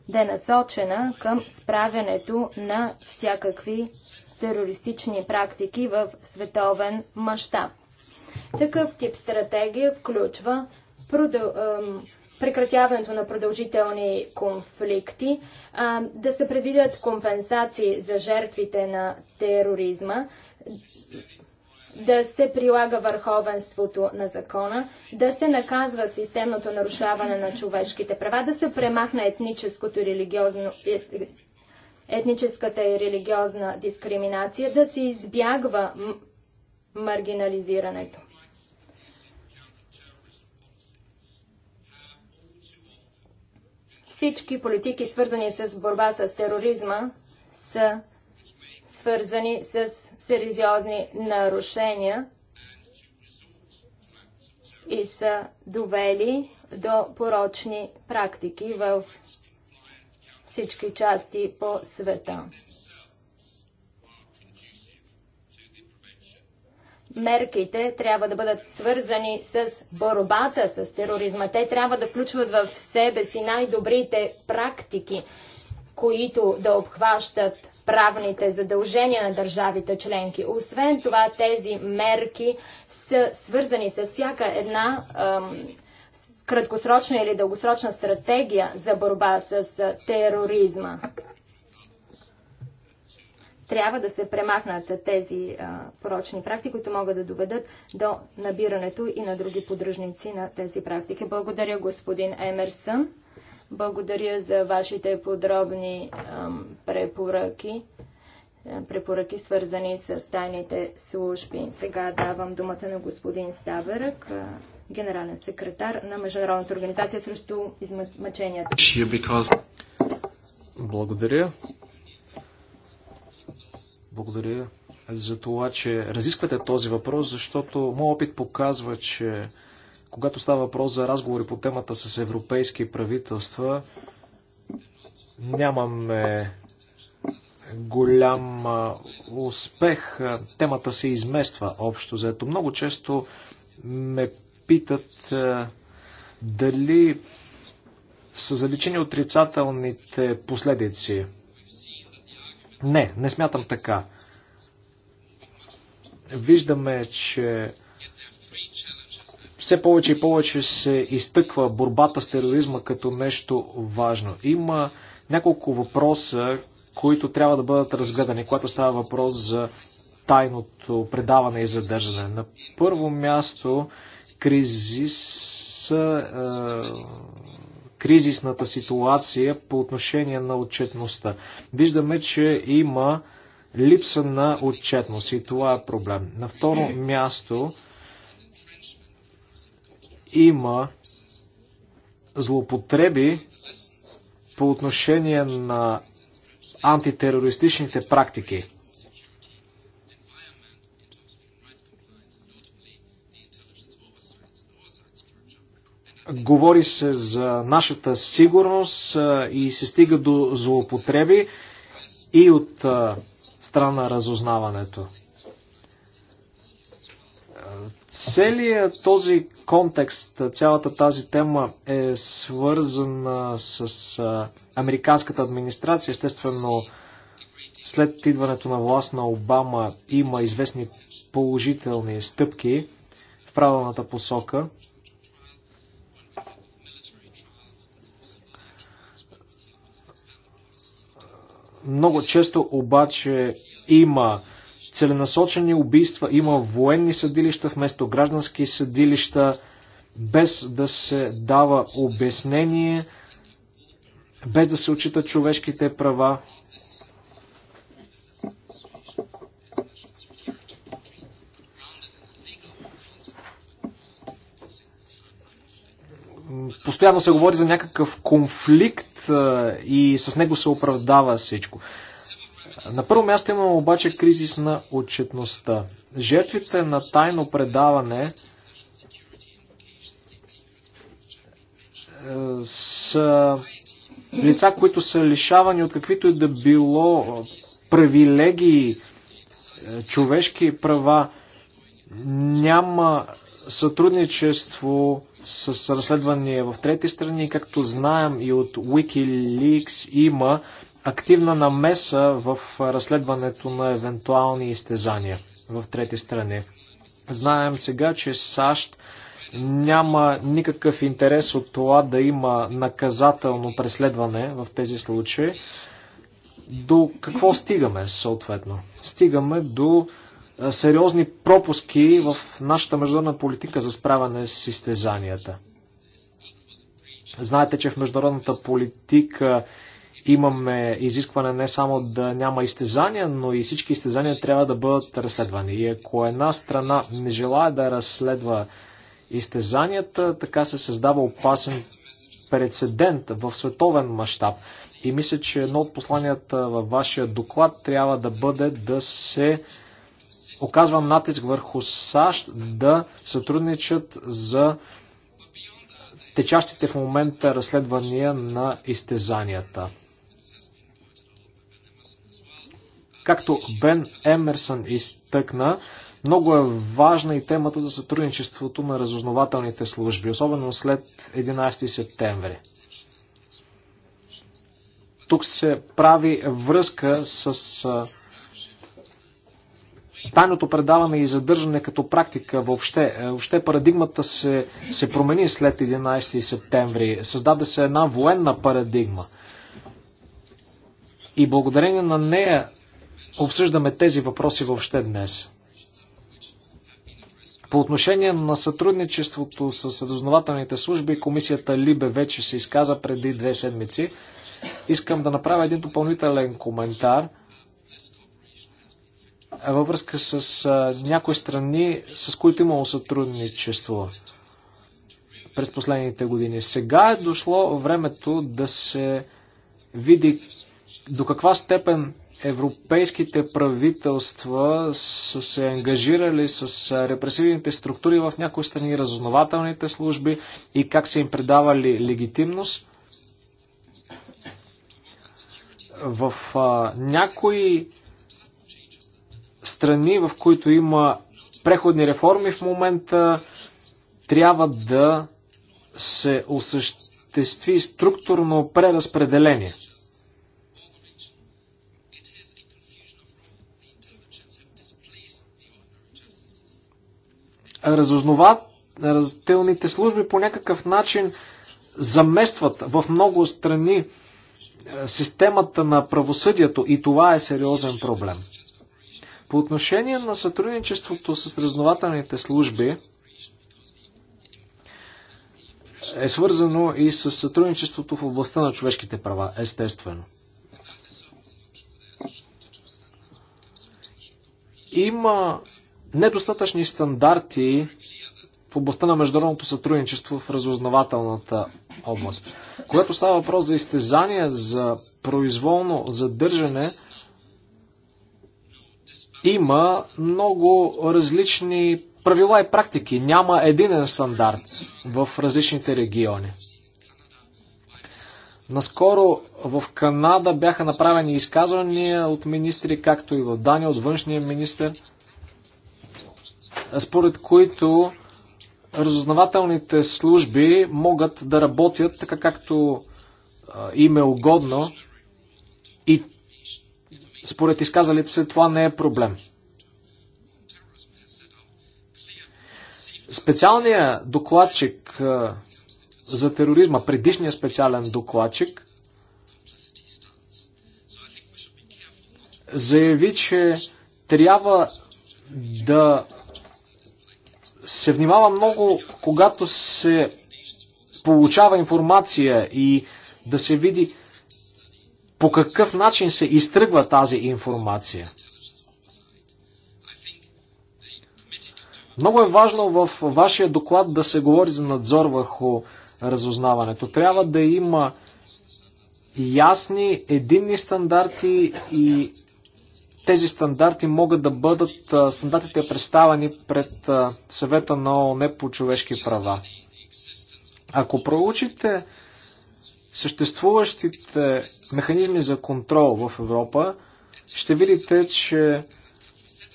S3: да е насочена към справянето на всякакви терористични практики в световен мащаб. Такъв тип стратегия включва прекратяването на продължителни конфликти, да се предвидят компенсации за жертвите на тероризма, да се прилага върховенството на закона, да се наказва системното нарушаване на човешките права, да се премахна етническото религиозно е, е, етническата и религиозна дискриминация, да се избягва маргинализирането. Всички политики, свързани с борба с тероризма, са свързани с сериозни нарушения и са довели до порочни практики в всички части по света. мерките трябва да бъдат свързани с борбата с тероризма. Те трябва да включват в себе си най-добрите практики, които да обхващат правните задължения на държавите членки. Освен това, тези мерки са свързани с всяка една краткосрочна или дългосрочна стратегия за борба с тероризма. Трябва да се премахнат тези порочни практики, които могат да доведат до набирането и на други подръжници на тези практики. Благодаря, господин Емерсън. Благодаря за вашите подробни ам, препоръки, е, препоръки свързани с тайните служби. Сега давам думата на господин Ставерък, е, генерален секретар на Международната организация срещу измъченията.
S2: Благодаря. Благодаря за това, че разисквате този въпрос, защото моят опит показва, че когато става въпрос за разговори по темата с европейски правителства, нямаме голям успех. Темата се измества общо заето. Много често ме питат дали са заличени отрицателните последици. Не, не смятам така. Виждаме, че все повече и повече се изтъква борбата с тероризма като нещо важно. Има няколко въпроса, които трябва да бъдат разгледани, когато става въпрос за тайното предаване и задържане. На първо място кризис, е, кризисната ситуация по отношение на отчетността. Виждаме, че има липса на отчетност и това е проблем. На второ място има злоупотреби по отношение на антитерористичните практики. Говори се за нашата сигурност и се стига до злоупотреби и от страна на разузнаването. Целият този контекст, цялата тази тема е свързана с а, американската администрация. Естествено, след идването на власт на Обама има известни положителни стъпки в правилната посока. Много често обаче има целенасочени убийства, има военни съдилища вместо граждански съдилища, без да се дава обяснение, без да се отчитат човешките права. Постоянно се говори за някакъв конфликт и с него се оправдава всичко. На първо място имаме обаче кризис на отчетността. Жертвите на тайно предаване е, са лица, които са лишавани от каквито и да било е, привилегии, е, човешки права, няма сътрудничество с разследвания в трети страни, както знаем и от Wikileaks има активна намеса в разследването на евентуални изтезания в трети страни. Знаем сега, че САЩ няма никакъв интерес от това да има наказателно преследване в тези случаи. До какво стигаме съответно? Стигаме до сериозни пропуски в нашата международна политика за справяне с изтезанията. Знаете, че в международната политика имаме изискване не само да няма изтезания, но и всички изтезания трябва да бъдат разследвани. И ако една страна не желая да разследва изтезанията, така се създава опасен прецедент в световен мащаб. И мисля, че едно от посланията във вашия доклад трябва да бъде да се оказва натиск върху САЩ да сътрудничат за течащите в момента разследвания на изтезанията. Както Бен Емерсън изтъкна, много е важна и темата за сътрудничеството на разузнавателните служби, особено след 11 септември. Тук се прави връзка с тайното предаване и задържане като практика въобще. Е, въобще парадигмата се, се промени след 11 септември. Създаде се една военна парадигма. И благодарение на нея обсъждаме тези въпроси въобще днес. По отношение на сътрудничеството с разузнавателните служби, комисията Либе вече се изказа преди две седмици. Искам да направя един допълнителен коментар във връзка с някои страни, с които имало сътрудничество през последните години. Сега е дошло времето да се види до каква степен европейските правителства са се ангажирали с репресивните структури в някои страни, разузнавателните служби и как са им предавали легитимност. В а, някои страни, в които има преходни реформи в момента, трябва да се осъществи структурно преразпределение – разузнавателните служби по някакъв начин заместват в много страни е, системата на правосъдието и това е сериозен проблем. По отношение на сътрудничеството с разнователните служби е свързано и с сътрудничеството в областта на човешките права, естествено. Има недостатъчни стандарти в областта на международното сътрудничество в разузнавателната област. Когато става въпрос за изтезания, за произволно задържане, има много различни правила и практики. Няма единен стандарт в различните региони. Наскоро в Канада бяха направени изказвания от министри, както и в Дания, от външния министр – според които разузнавателните служби могат да работят така както им е угодно и според изказалите се това не е проблем. Специалният докладчик за тероризма, предишният специален докладчик, заяви, че трябва да се внимава много, когато се получава информация и да се види по какъв начин се изтръгва тази информация. Много е важно в вашия доклад да се говори за надзор върху разузнаването. Трябва да има ясни, единни стандарти и тези стандарти могат да бъдат стандартите представени пред съвета на ООН по човешки права. Ако проучите съществуващите механизми за контрол в Европа, ще видите, че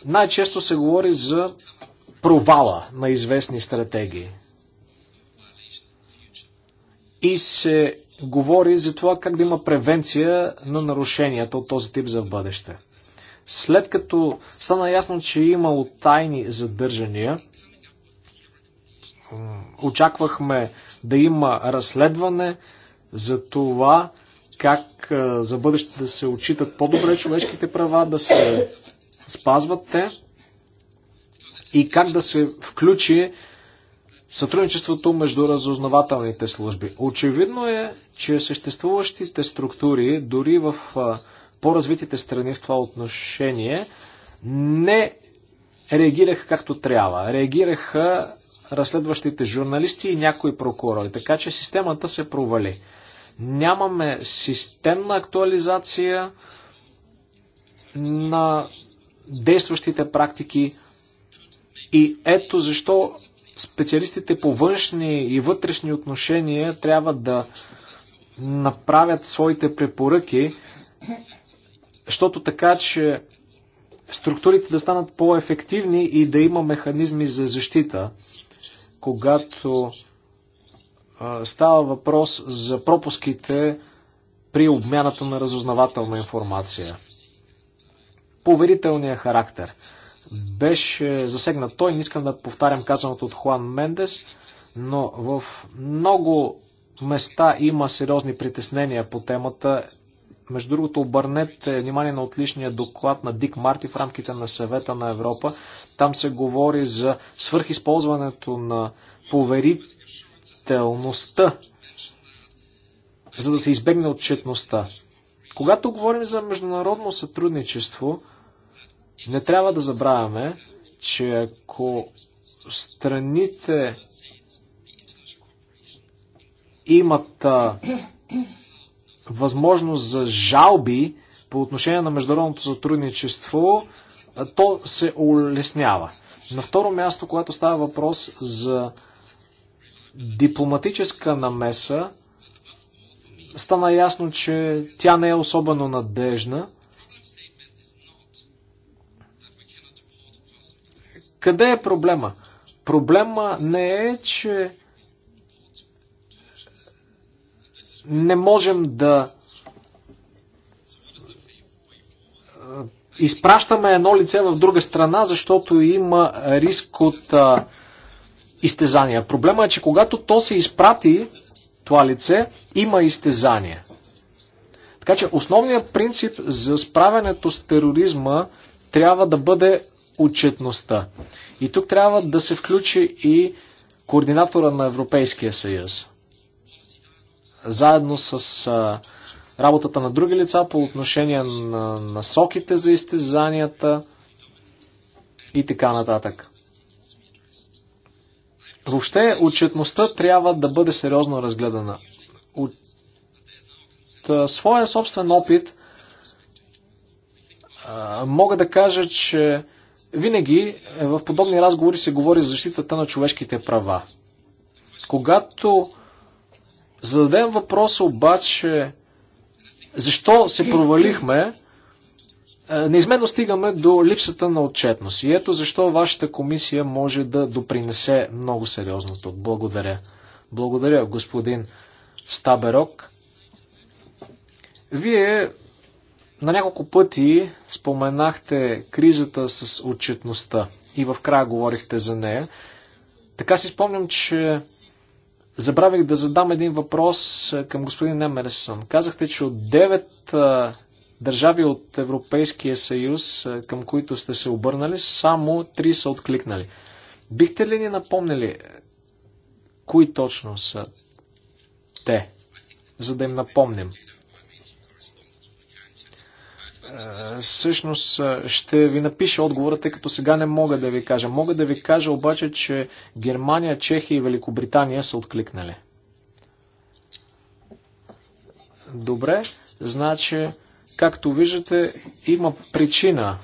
S2: най-често се говори за провала на известни стратегии. И се говори за това как да има превенция на нарушенията от този тип за бъдеще. След като стана ясно, че е имало тайни задържания, очаквахме да има разследване за това как за бъдеще да се отчитат по-добре човешките права, да се спазват те и как да се включи сътрудничеството между разузнавателните служби. Очевидно е, че съществуващите структури, дори в по-развитите страни в това отношение не реагираха както трябва. Реагираха разследващите журналисти и някои прокурори. Така че системата се провали. Нямаме системна актуализация на действащите практики. И ето защо специалистите по външни и вътрешни отношения трябва да направят своите препоръки защото така, че структурите да станат по-ефективни и да има механизми за защита, когато става въпрос за пропуските при обмяната на разузнавателна информация. Поверителният характер беше засегнат той, не искам да повтарям казаното от Хуан Мендес, но в много места има сериозни притеснения по темата между другото, обърнете внимание на отличния доклад на Дик Марти в рамките на съвета на Европа. Там се говори за свърхизползването на поверителността, за да се избегне отчетността. Когато говорим за международно сътрудничество, не трябва да забравяме, че ако страните имат възможност за жалби по отношение на международното сътрудничество, то се улеснява. На второ място, когато става въпрос за дипломатическа намеса, стана ясно, че тя не е особено надежна. Къде е проблема? Проблема не е, че не можем да изпращаме едно лице в друга страна, защото има риск от а, изтезания. Проблема е, че когато то се изпрати, това лице, има изтезания. Така че основният принцип за справянето с тероризма трябва да бъде отчетността. И тук трябва да се включи и координатора на Европейския съюз заедно с а, работата на други лица по отношение на насоките за изтезанията и така нататък. Въобще, отчетността трябва да бъде сериозно разгледана. От а, своя собствен опит а, мога да кажа, че винаги е в подобни разговори се говори за защитата на човешките права. Когато зададем въпрос обаче, защо се провалихме, е, неизменно стигаме до липсата на отчетност. И ето защо вашата комисия може да допринесе много сериозно тук. Благодаря. Благодаря, господин Стаберок. Вие на няколко пъти споменахте кризата с отчетността и в края говорихте за нея. Така си спомням, че Забравих да задам един въпрос е, към господин Немерсон. Казахте, че от 9 е, държави от Европейския съюз, е, към които сте се обърнали, само 3 са откликнали. Бихте ли ни напомнили кои точно са те, за да им напомним? Е, всъщност е, ще ви напиша отговора, тъй като сега не мога да ви кажа. Мога да ви кажа обаче, че Германия, Чехия и Великобритания са откликнали. Добре, значи, както виждате, има причина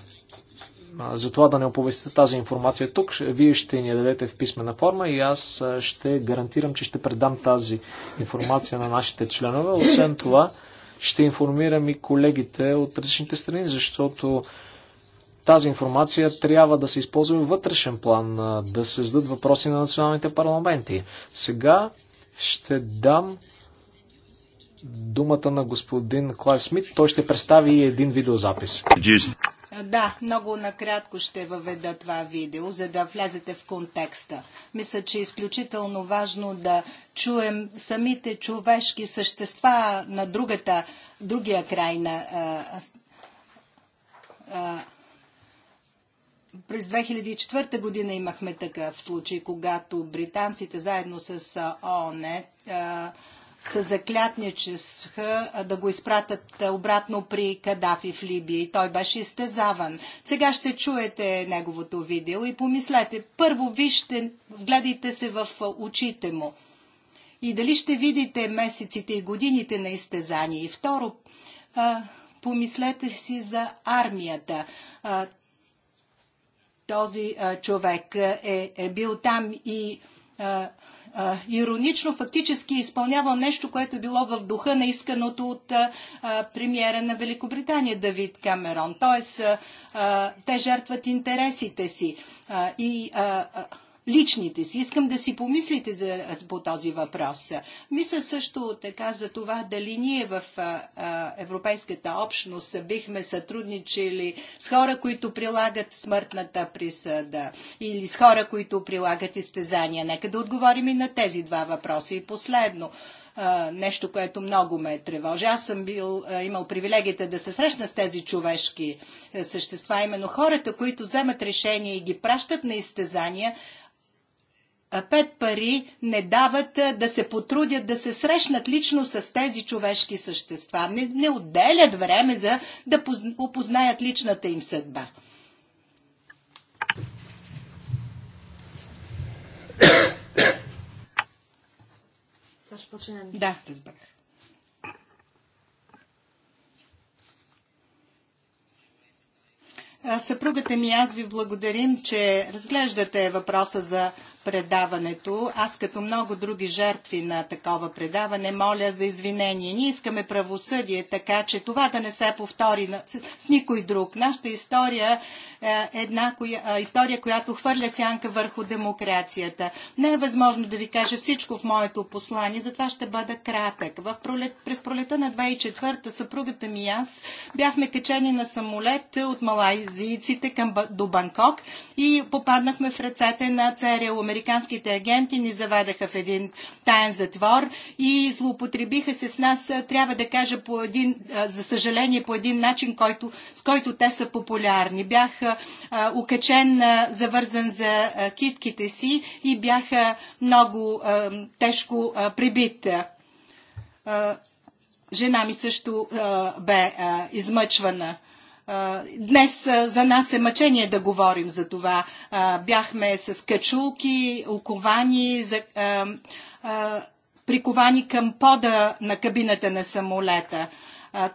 S2: за това да не оповестите тази информация тук. Вие ще ни я дадете в писмена форма и аз ще гарантирам, че ще предам тази информация на нашите членове. Освен това, ще информирам и колегите от различните страни, защото тази информация трябва да се използва в вътрешен план, да се зададат въпроси на националните парламенти. Сега ще дам думата на господин Клайв Смит. Той ще представи един видеозапис.
S1: Да, много накратко ще въведа това видео, за да влезете в контекста. Мисля, че е изключително важно да чуем самите човешки същества на другата, другия край на. А, а, през 2004 година имахме такъв случай, когато британците заедно с ООН а, се заклятничеха да го изпратят обратно при Кадафи в Либия и той беше изтезаван. Сега ще чуете неговото видео и помислете. Първо вижте, вгледайте се в очите му. И дали ще видите месеците и годините на изтезание. И второ, помислете си за армията. този човек е, е, бил там и а, иронично фактически изпълнявал нещо, което е било в духа на исканото от а, премиера на Великобритания Давид Камерон. Тоест, а, те жертват интересите си. и личните си. Искам да си помислите за, по този въпрос. Мисля също така за това дали ние в а, Европейската общност бихме сътрудничили с хора, които прилагат смъртната присъда или с хора, които прилагат изтезания. Нека да отговорим и на тези два въпроса. И последно нещо, което много ме тревожи. Аз съм бил, имал привилегията да се срещна с тези човешки същества, именно хората, които вземат решение и ги пращат на изтезания, пет пари не дават да се потрудят да се срещнат лично с тези човешки същества. Не, не отделят време за да опознаят личната им съдба.
S3: Да, разбрах.
S1: Съпругата ми аз ви благодарим, че разглеждате въпроса за предаването. Аз като много други жертви на такова предаване моля за извинение. Ние искаме правосъдие, така че това да не се повтори с никой друг. Нашата история е една коя, е, история, която хвърля сянка върху демокрацията. Не е възможно да ви кажа всичко в моето послание, затова ще бъда кратък. В пролет, през пролета на 24-та, съпругата ми и аз бяхме качени на самолет от малайзийците към, до Банкок и попаднахме в ръцете на ЦРУ, американските агенти ни заведаха в един таен затвор и злоупотребиха се с нас, трябва да кажа, по един, за съжаление, по един начин, който, с който те са популярни. Бях укачен, завързан за китките си и бях много тежко прибит. Жена ми също бе измъчвана. Днес за нас е мъчение да говорим за това. Бяхме с качулки, оковани, приковани към пода на кабината на самолета.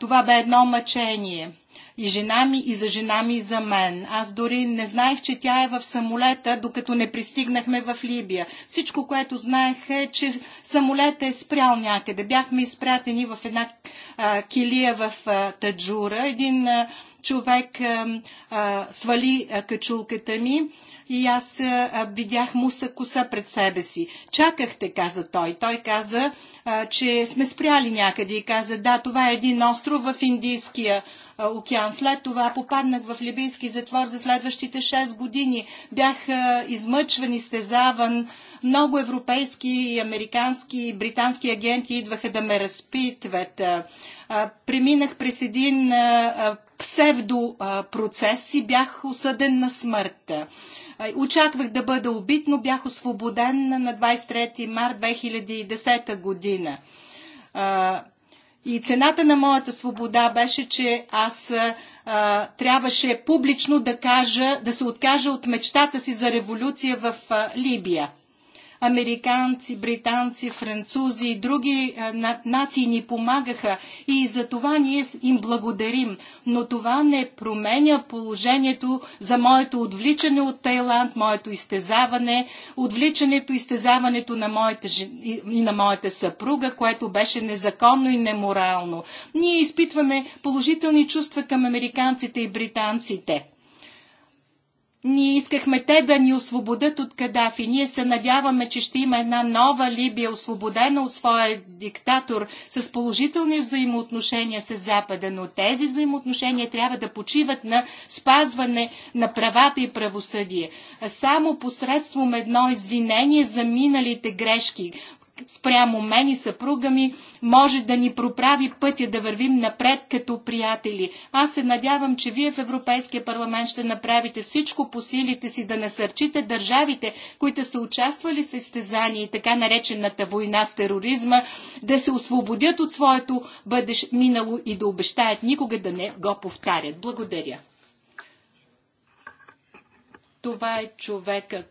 S1: Това бе едно мъчение. И жена ми, и за жена ми, и за мен. Аз дори не знаех, че тя е в самолета, докато не пристигнахме в Либия. Всичко, което знаех е, че самолета е спрял някъде. Бяхме изпратени в една а, килия в а, Таджура, един а, човек свали качулката ми и аз видях муса коса пред себе си. Чакахте, каза той. Той каза, че сме спряли някъде и каза, да, това е един остров в Индийския океан. След това попаднах в либийски затвор за следващите 6 години. Бях измъчван, изтезаван. Много европейски, и американски и британски агенти идваха да ме разпитват. Преминах през един псевдопроцес и бях осъден на смърт. Очаквах да бъда убит, но бях освободен на 23 март 2010 година. И цената на моята свобода беше, че аз а, трябваше публично да кажа, да се откажа от мечтата си за революция в а, Либия американци, британци, французи и други е, нации ни помагаха и за това ние им благодарим. Но това не променя положението за моето отвличане от Тайланд, моето изтезаване, отвличането, изтезаването на моята, и на моята съпруга, което беше незаконно и неморално. Ние изпитваме положителни чувства към американците и британците. Ние искахме те да ни освободят от Кадафи. Ние се надяваме, че ще има една нова Либия, освободена от своя диктатор, с положителни взаимоотношения с Запада. Но тези взаимоотношения трябва да почиват на спазване на правата и правосъдие. Само посредством едно извинение за миналите грешки, спрямо мен и съпруга ми може да ни проправи пътя да вървим напред като приятели. Аз се надявам, че вие в Европейския парламент ще направите всичко по силите си да насърчите държавите, които са участвали в изтезания и така наречената война с тероризма, да се освободят от своето бъдеще минало и да обещаят никога да не го повтарят. Благодаря. Това е човека,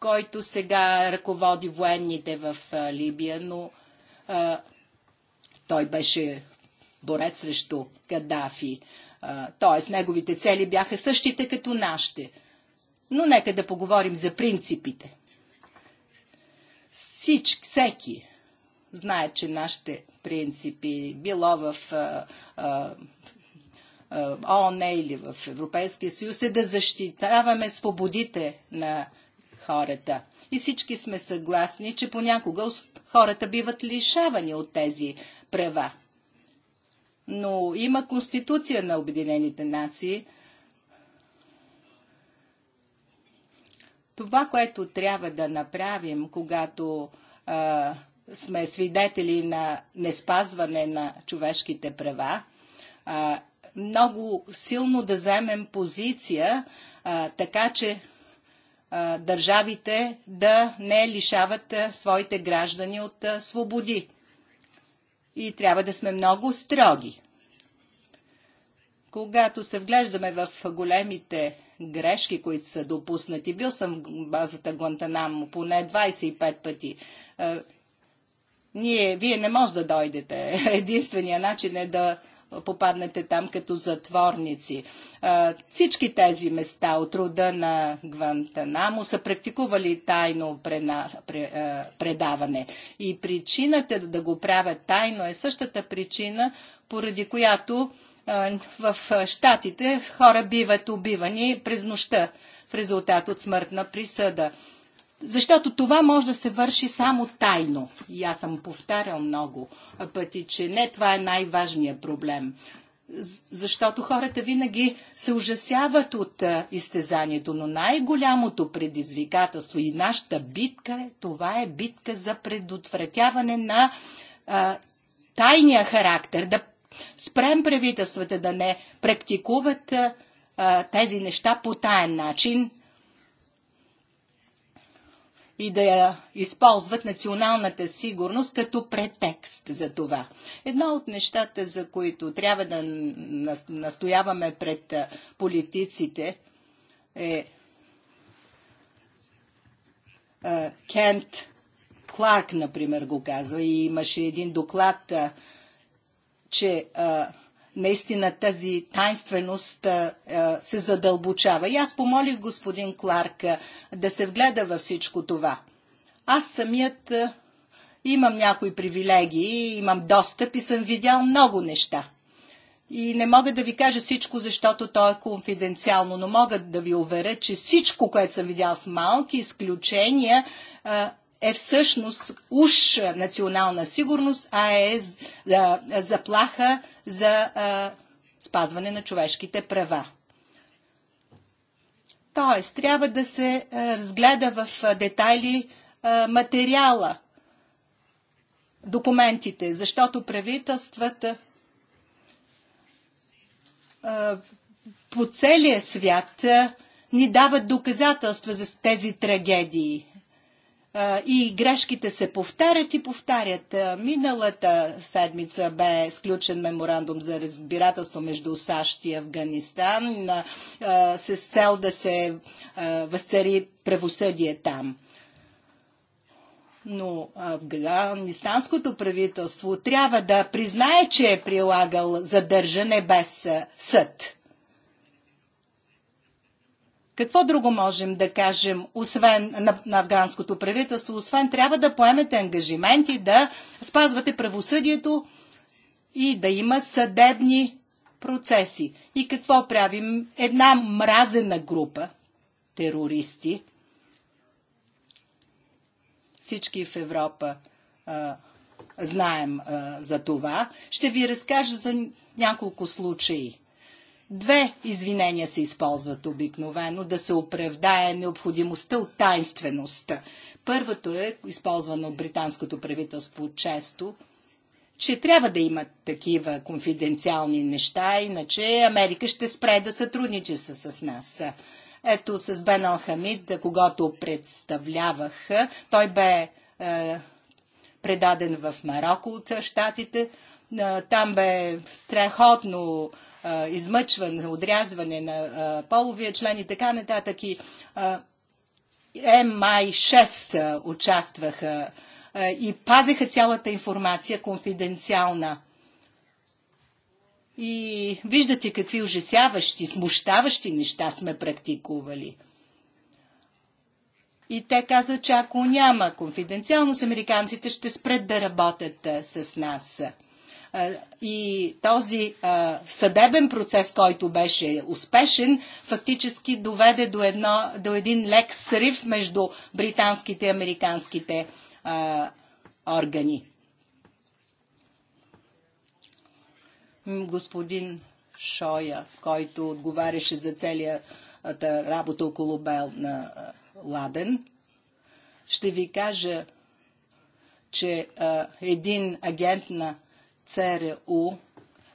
S1: който сега ръководи военните в Либия, но а, той беше борец срещу Кадафи. Тоест, неговите цели бяха същите като нашите. Но нека да поговорим за принципите. Сич, всеки знае, че нашите принципи, било в а, а, ООН или в Европейския съюз, е да защитаваме свободите на хората. И всички сме съгласни, че понякога хората биват лишавани от тези права. Но има Конституция на Обединените нации. Това, което трябва да направим, когато а, сме свидетели на неспазване на човешките права, а, много силно да вземем позиция, а, така че държавите да не лишават своите граждани от свободи. И трябва да сме много строги. Когато се вглеждаме в големите грешки, които са допуснати, бил съм в базата Гуантанамо поне 25 пъти. Ние, вие не може да дойдете. Единствения начин е да попаднете там като затворници. Всички тези места от рода на Гвантанамо са практикували тайно предаване. И причината да го правят тайно е същата причина, поради която в Штатите хора биват убивани през нощта в резултат от смъртна присъда. Защото това може да се върши само тайно. И аз съм повтарял много пъти, че не това е най-важният проблем. Защото хората винаги се ужасяват от изтезанието, но най-голямото предизвикателство и нашата битка, е, това е битка за предотвратяване на а, тайния характер, да спрем правителствата да не практикуват а, тези неща по таен начин, и да използват националната сигурност като претекст за това. Едно от нещата, за които трябва да настояваме пред политиците е Кент Кларк, например, го казва и имаше един доклад, че наистина тази тайнственост се задълбочава. И аз помолих господин Кларк да се вгледа във всичко това. Аз самият имам някои привилегии, имам достъп и съм видял много неща. И не мога да ви кажа всичко, защото то е конфиденциално, но мога да ви уверя, че всичко, което съм видял с малки изключения, е всъщност уж национална сигурност, а е заплаха за спазване на човешките права. Тоест, трябва да се разгледа в детайли материала, документите, защото правителствата по целия свят ни дават доказателства за тези трагедии и грешките се повтарят и повтарят. Миналата седмица бе сключен меморандум за разбирателство между САЩ и Афганистан с цел да се възцари правосъдие там но афганистанското правителство трябва да признае, че е прилагал задържане без съд. Какво друго можем да кажем, освен на, на афганското правителство, освен трябва да поемете ангажименти, да спазвате правосъдието и да има съдебни процеси. И какво правим? Една мразена група терористи. Всички в Европа а, знаем а, за това. Ще ви разкажа за няколко случаи. Две извинения се използват обикновено да се оправдае необходимостта от тайнствеността. Първото е използвано от британското правителство често, че трябва да имат такива конфиденциални неща, иначе Америка ще спре да сътрудничи с нас. Ето с Бен Алхамид, когато представлявах, той бе е, предаден в Марокко от щатите. Е, там бе страхотно измъчване, отрязване на половия член и така нататък. И МАЙ-6 участваха и пазеха цялата информация конфиденциална. И виждате какви ужасяващи, смущаващи неща сме практикували. И те казват, че ако няма конфиденциалност, американците ще спрат да работят с нас и този съдебен процес, който беше успешен, фактически доведе до, едно, до един лек срив между британските и американските органи. Господин Шоя, който отговаряше за целията работа около Бел на Ладен, ще ви кажа, че а, един агент на ЦРУ е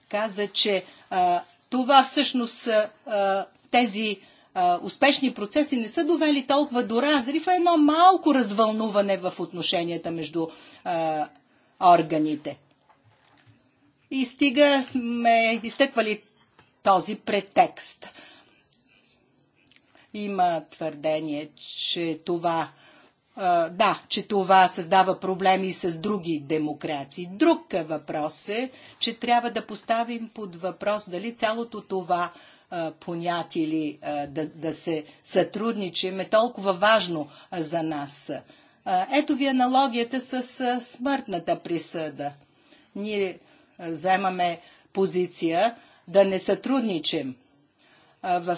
S1: каза, че а, това всъщност а, тези а, успешни процеси не са довели толкова до разрив, а едно малко развълнуване в отношенията между а, органите. И стига сме изтъквали този претекст. Има твърдение, че това да, че това създава проблеми с други демокрации. Друг е въпрос е, че трябва да поставим под въпрос дали цялото това понятие или да, да се сътрудничим е толкова важно за нас. Ето ви аналогията с смъртната присъда. Ние вземаме позиция да не сътрудничим в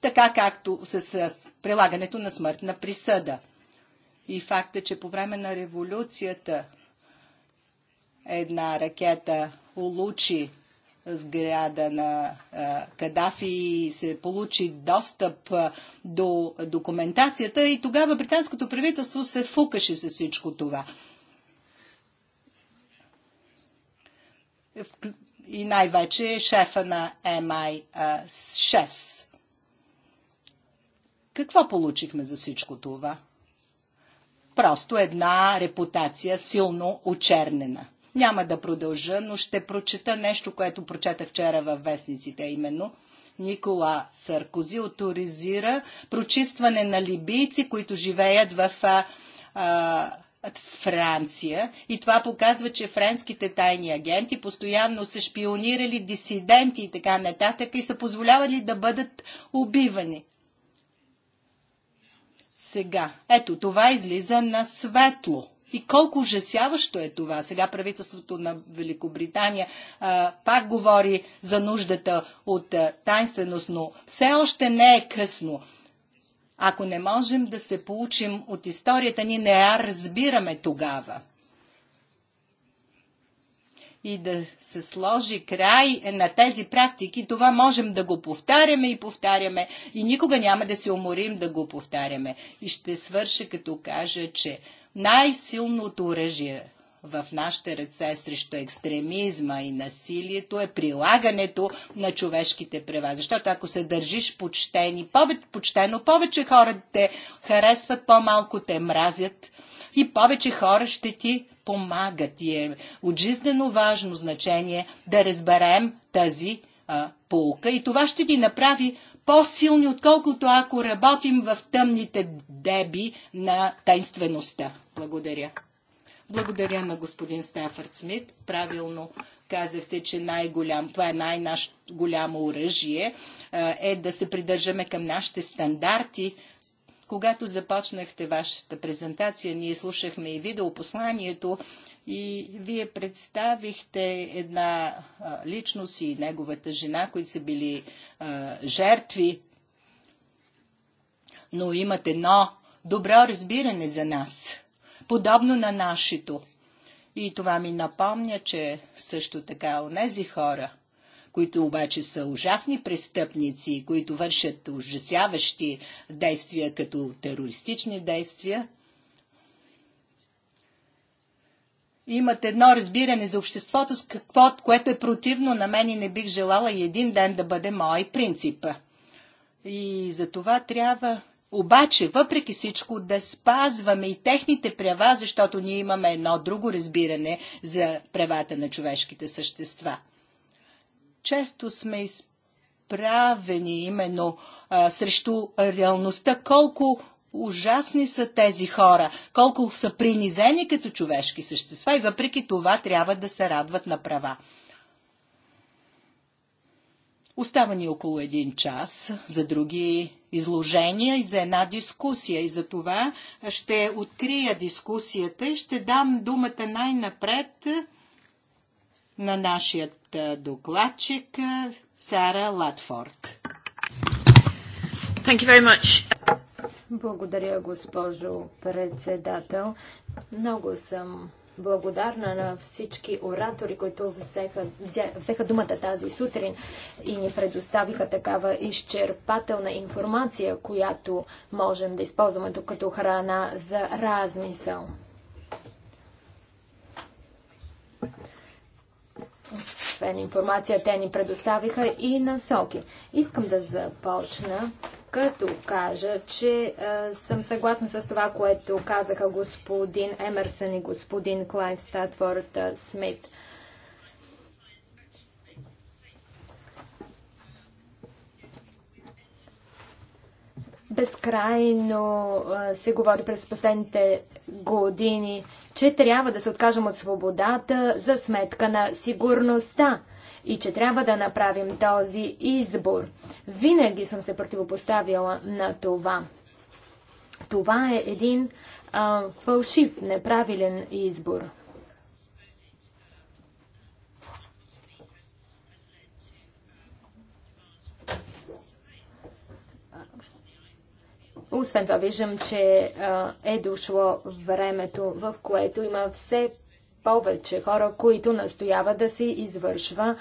S1: така както с прилагането на смъртна присъда и факта, че по време на революцията една ракета улучи сграда на Кадафи и се получи достъп до документацията и тогава британското правителство се фукаше с всичко това. И най-вече шефа на MI6. Какво получихме за всичко това? Просто една репутация силно очернена. Няма да продължа, но ще прочета нещо, което прочета вчера във вестниците, именно Никола Саркози авторизира прочистване на либийци, които живеят в а, а, Франция. И това показва, че френските тайни агенти постоянно са шпионирали дисиденти и така нататък и са позволявали да бъдат убивани сега. Ето, това излиза на светло. И колко ужасяващо е това. Сега правителството на Великобритания а, пак говори за нуждата от а, тайнственост, но все още не е късно. Ако не можем да се получим от историята, ние не я разбираме тогава и да се сложи край на тези практики, това можем да го повтаряме и повтаряме и никога няма да се уморим да го повтаряме. И ще свърша като кажа, че най-силното оръжие в нашите ръце срещу екстремизма и насилието е прилагането на човешките права. Защото ако се държиш почтени, повече, почтено, повече хора те харесват, по-малко те мразят и повече хора ще ти помагат и е от жизнено важно значение да разберем тази а, полка и това ще ни направи по-силни, отколкото ако работим в тъмните деби на тайнствеността. Благодаря. Благодаря на господин Стефард Смит. Правилно казахте, че най-голям, това е най голямо оръжие, е да се придържаме към нашите стандарти, когато започнахте вашата презентация, ние слушахме и видеопосланието и вие представихте една личност и неговата жена, които са били а, жертви, но имат едно добро разбиране за нас, подобно на нашето. И това ми напомня, че също така у нези хора, които обаче са ужасни престъпници, които вършат ужасяващи действия като терористични действия, имат едно разбиране за обществото, с какво, което е противно на мен и не бих желала и един ден да бъде мой принцип. И за това трябва обаче, въпреки всичко, да спазваме и техните права, защото ние имаме едно друго разбиране за правата на човешките същества често сме изправени именно а, срещу реалността, колко ужасни са тези хора, колко са принизени като човешки същества и въпреки това трябва да се радват на права. Остава ни около един час за други изложения и за една дискусия. И за това ще открия дискусията и ще дам думата най-напред на нашият докладчик Сара Латфорд. Thank
S2: you very much.
S3: Благодаря, госпожо председател. Много съм благодарна на всички оратори, които взеха, взеха думата тази сутрин и ни предоставиха такава изчерпателна информация, която можем да използваме тук като храна за размисъл. Освен информация, те ни предоставиха и насоки. Искам да започна като кажа, че е, съм съгласна с това, което казаха господин Емерсън и господин Клайн Статворд Смит. Е, безкрайно се говори през последните години, че трябва да се откажем от свободата за сметка на сигурността и че трябва да направим този избор. Винаги съм се противопоставила на това. Това е един а, фалшив, неправилен избор. Освен това виждам, че е дошло времето, в което има все повече хора, които настояват да се извършва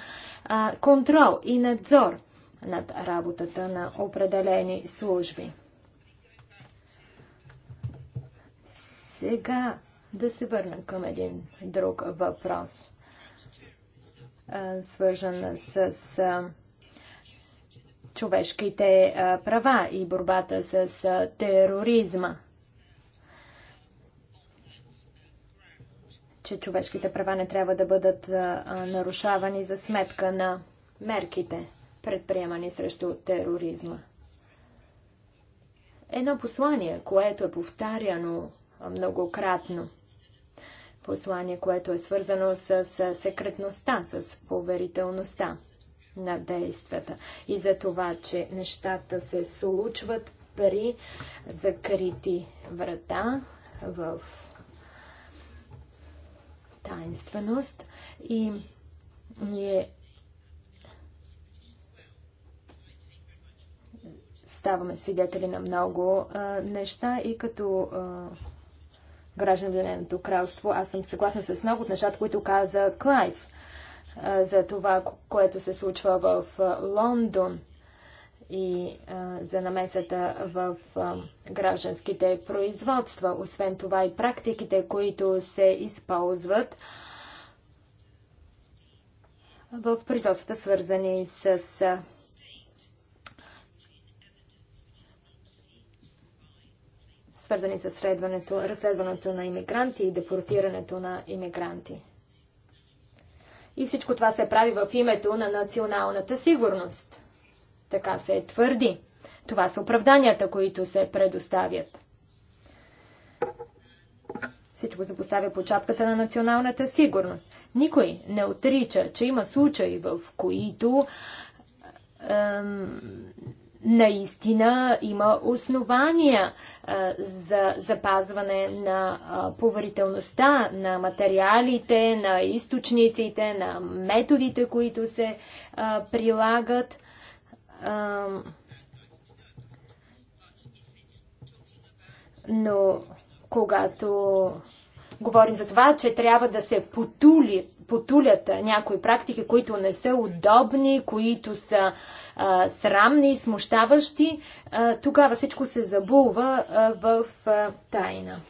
S3: контрол и надзор над работата на определени служби. Сега да се върнем към един друг въпрос, свържен с човешките права и борбата с тероризма. Че човешките права не трябва да бъдат нарушавани за сметка на мерките, предприемани срещу тероризма. Едно послание, което е повтаряно многократно. Послание, което е свързано с секретността, с поверителността на действията и за това, че нещата се случват при закрити врата в таинственост и ние ставаме свидетели на много а, неща и като а, граждан Обединеното кралство. Аз съм съгласна с много от нещата, които каза Клайв за това, което се случва в Лондон и за намесата в гражданските производства. Освен това и практиките, които се използват в производствата, свързани с свързани с разследването на иммигранти и депортирането на иммигранти. И всичко това се прави в името на националната сигурност. Така се е твърди. Това са оправданията, които се предоставят. Всичко се поставя по чапката на националната сигурност. Никой не отрича, че има случаи, в които ем, наистина има основания а, за запазване на а, поверителността на материалите, на източниците, на методите, които се а, прилагат. Но когато говорим за това, че трябва да се потули потулят някои практики, които не са удобни, които са а, срамни, смущаващи, а, тогава всичко се забулва а, в а, тайна.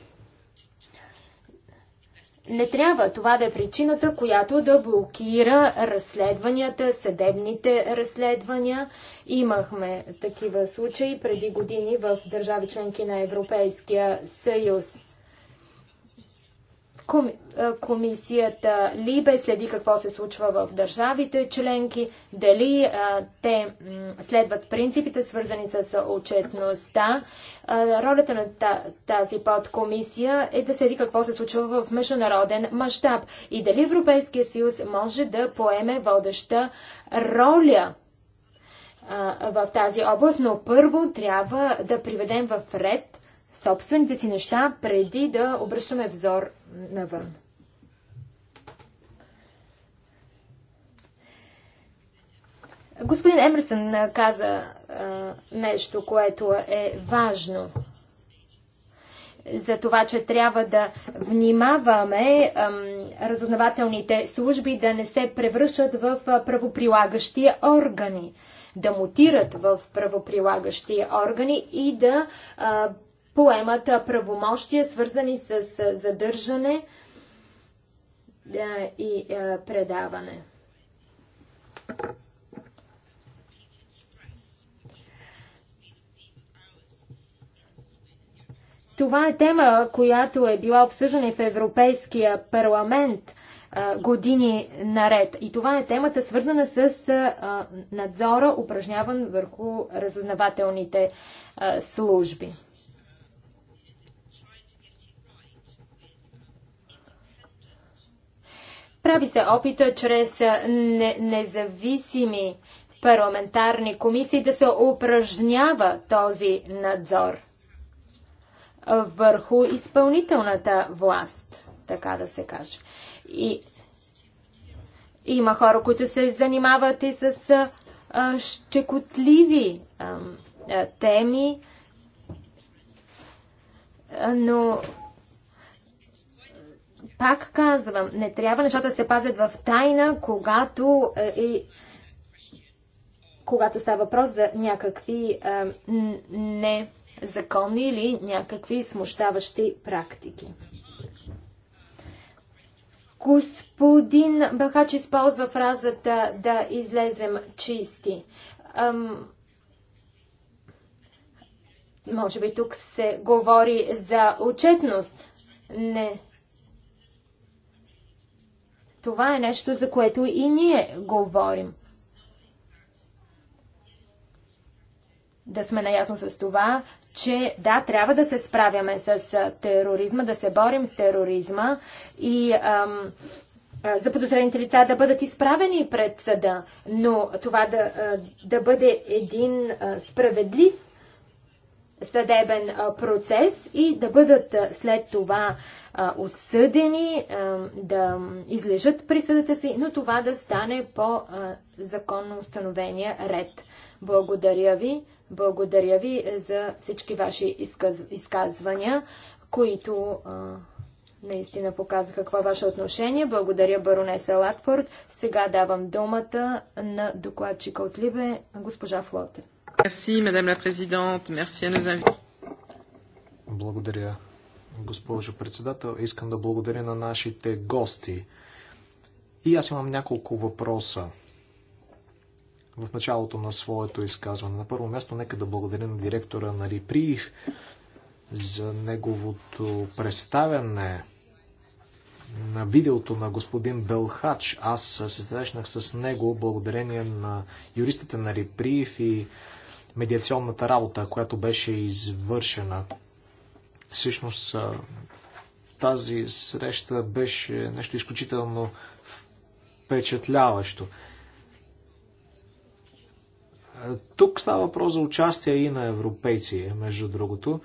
S3: Не трябва това да е причината, която да блокира разследванията, съдебните разследвания. Имахме такива случаи преди години в държави членки на Европейския съюз комисията Либе следи какво се случва в държавите членки, дали те следват принципите, свързани с отчетността. ролята на тази подкомисия е да следи какво се случва в международен мащаб и дали Европейския съюз може да поеме водеща
S2: роля
S3: в тази област, но първо трябва да приведем в ред собствените си неща, преди да обръщаме взор навън. Господин Емерсън каза а, нещо, което е важно за това, че трябва да внимаваме ам, разузнавателните служби да не се превръщат в правоприлагащи органи, да мутират в правоприлагащи органи и да а, поемат правомощия, свързани с задържане и предаване. Това е тема, която е била обсъждана в Европейския парламент години наред. И това е темата свързана с надзора, упражняван върху разузнавателните служби. Прави се опита чрез не, независими парламентарни комисии да се упражнява този надзор върху изпълнителната власт, така да се каже. И има хора, които се занимават и с а, щекотливи а, теми, но пак казвам, не трябва нещата да се пазят в тайна, когато е, е когато става въпрос за някакви е, незаконни или някакви смущаващи практики. Господин Бахач използва фразата да излезем чисти. Ам, може би тук се говори за отчетност. Не. Това е нещо, за което и ние говорим. Да сме наясно с това, че да, трябва да се справяме с тероризма, да се борим с тероризма и ам, за подозрените лица да бъдат изправени пред съда, но това да, да бъде един справедлив съдебен процес и да бъдат след това осъдени, да излежат присъдата си, но това да стане по законно установения ред. Благодаря ви, благодаря ви за всички ваши изказ... изказвания, които наистина показаха какво е ваше отношение. Благодаря, баронеса Латфорд. Сега давам думата на докладчика от Либе, госпожа Флотев.
S2: Благодаря, госпожо председател. Искам да благодаря на нашите гости. И аз имам няколко въпроса в началото на своето изказване. На първо място, нека да благодаря на директора на Риприих за неговото представяне на видеото на господин Белхач. Аз се срещнах с него благодарение на юристите на Риприев и медиационната работа, която беше извършена. Всъщност тази среща беше нещо изключително впечатляващо. Тук става въпрос за участие и на европейци, между другото.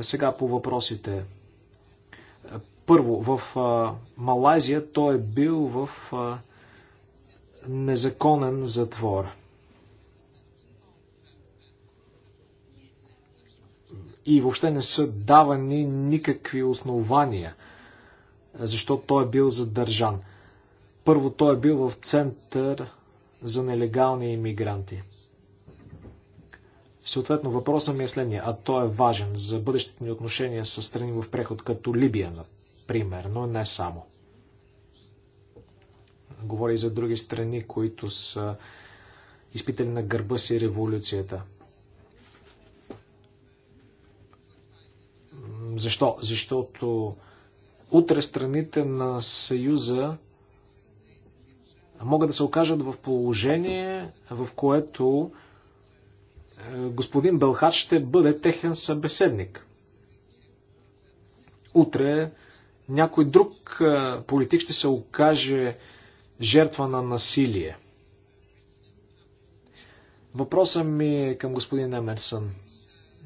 S2: Сега по въпросите. Първо, в Малайзия той е бил в незаконен затвор. и въобще не са давани никакви основания, защото той е бил задържан. Първо той е бил в център за нелегални иммигранти. Съответно, въпросът ми е следния, а той е важен за бъдещите ни отношения с страни в преход, като Либия, например, но не само. Говори и за други страни, които са изпитали на гърба си революцията – Защо? Защото утре страните на Съюза могат да се окажат в положение, в което е, господин Белхат ще бъде техен събеседник. Утре някой друг е, политик ще се окаже жертва на насилие. Въпросът ми е към господин Емерсън.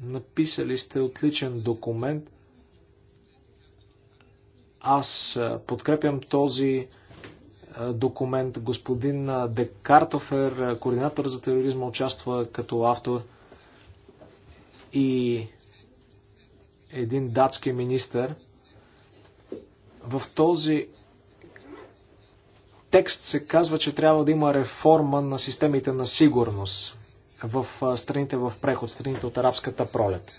S2: Написали сте отличен документ – аз подкрепям този документ. Господин Декартофер, координатор за тероризма, участва като автор и един датски министр. В този текст се казва, че трябва да има реформа на системите на сигурност в страните в преход, страните от арабската пролет.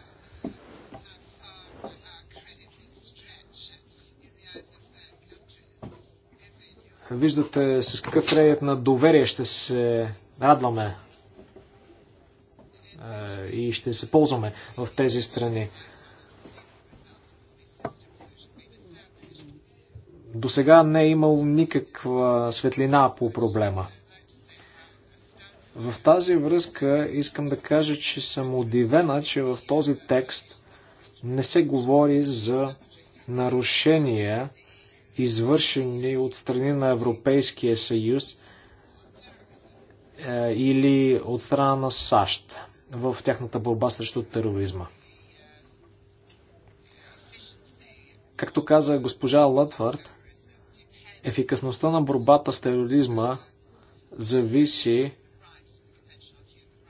S2: Виждате с какъв кредит на доверие ще се радваме е, и ще се ползваме в тези страни. До сега не е имал никаква светлина по проблема. В тази връзка искам да кажа, че съм удивена, че в този текст не се говори за нарушения извършени от страни на Европейския съюз е, или от страна на САЩ в тяхната борба срещу тероризма. Както каза госпожа Лътвард, ефикасността на борбата с тероризма зависи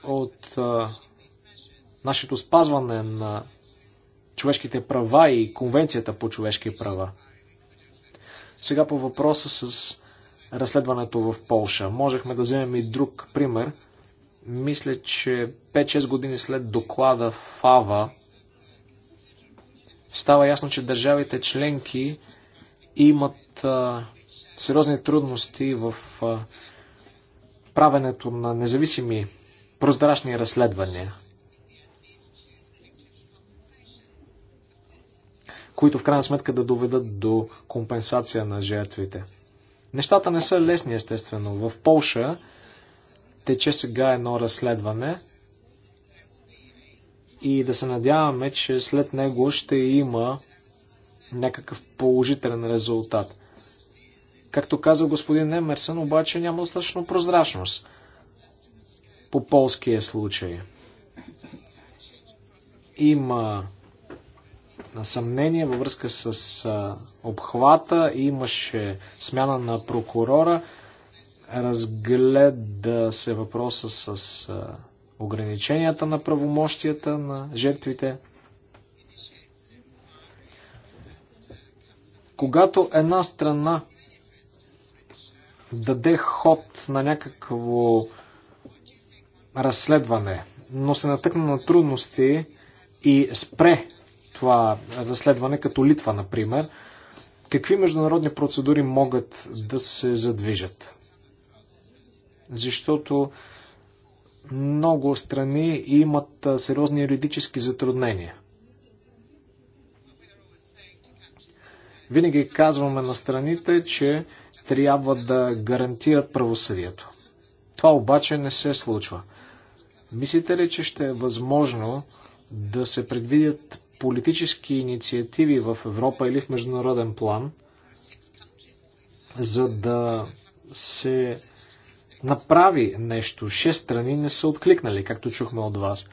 S2: от а, е, нашето спазване на човешките права и конвенцията по човешки права. Сега по въпроса с разследването в Полша. Можехме да вземем и друг пример. Мисля, че 5-6 години след доклада ФАВА става ясно, че държавите членки имат а, сериозни трудности в а, правенето на независими прозрачни разследвания. които в крайна сметка да доведат до компенсация на жертвите. Нещата не са лесни, естествено. В Полша тече сега едно разследване и да се надяваме, че след него ще има някакъв положителен резултат. Както каза господин Емерсън, обаче няма достатъчно прозрачност по полския случай. Има на съмнение във връзка с обхвата. Имаше смяна на прокурора. Разгледа се въпроса с ограниченията на правомощията на жертвите. Когато една страна даде ход на някакво разследване, но се натъкна на трудности и спре това разследване, като Литва, например, какви международни процедури могат да се задвижат? Защото много страни имат сериозни юридически затруднения. Винаги казваме на страните, че трябва да гарантират правосъдието. Това обаче не се случва. Мислите ли, че ще е възможно да се предвидят политически инициативи в Европа или в международен план, за да се направи нещо. Шест страни не са откликнали, както чухме от вас.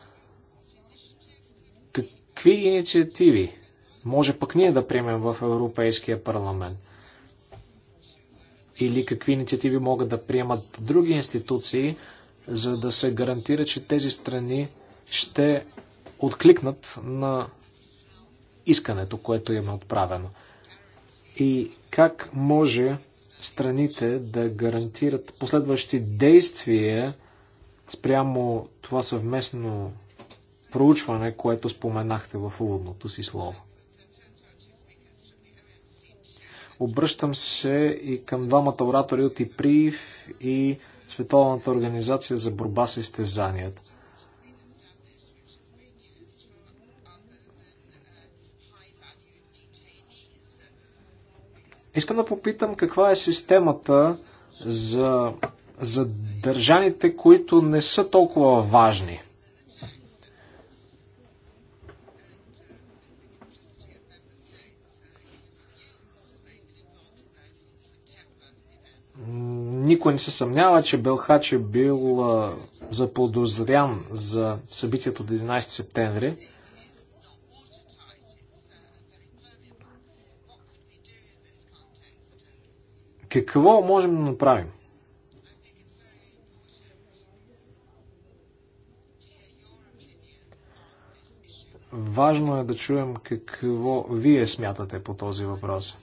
S2: Какви инициативи може пък ние да приемем в Европейския парламент? Или какви инициативи могат да приемат други институции, за да се гарантира, че тези страни ще откликнат на искането, което им е отправено. И как може страните да гарантират последващи действия спрямо това съвместно проучване, което споменахте в уводното си слово. Обръщам се и към двамата оратори от ИПРИВ и Световната организация за борба с изтезанията. Искам да попитам каква е системата за, за държаните, които не са толкова важни. никой не се съмнява, че Белхач е бил заподозрян за събитието от 11 септември. Какво можем да направим? Важно е да чуем какво вие смятате по този въпрос.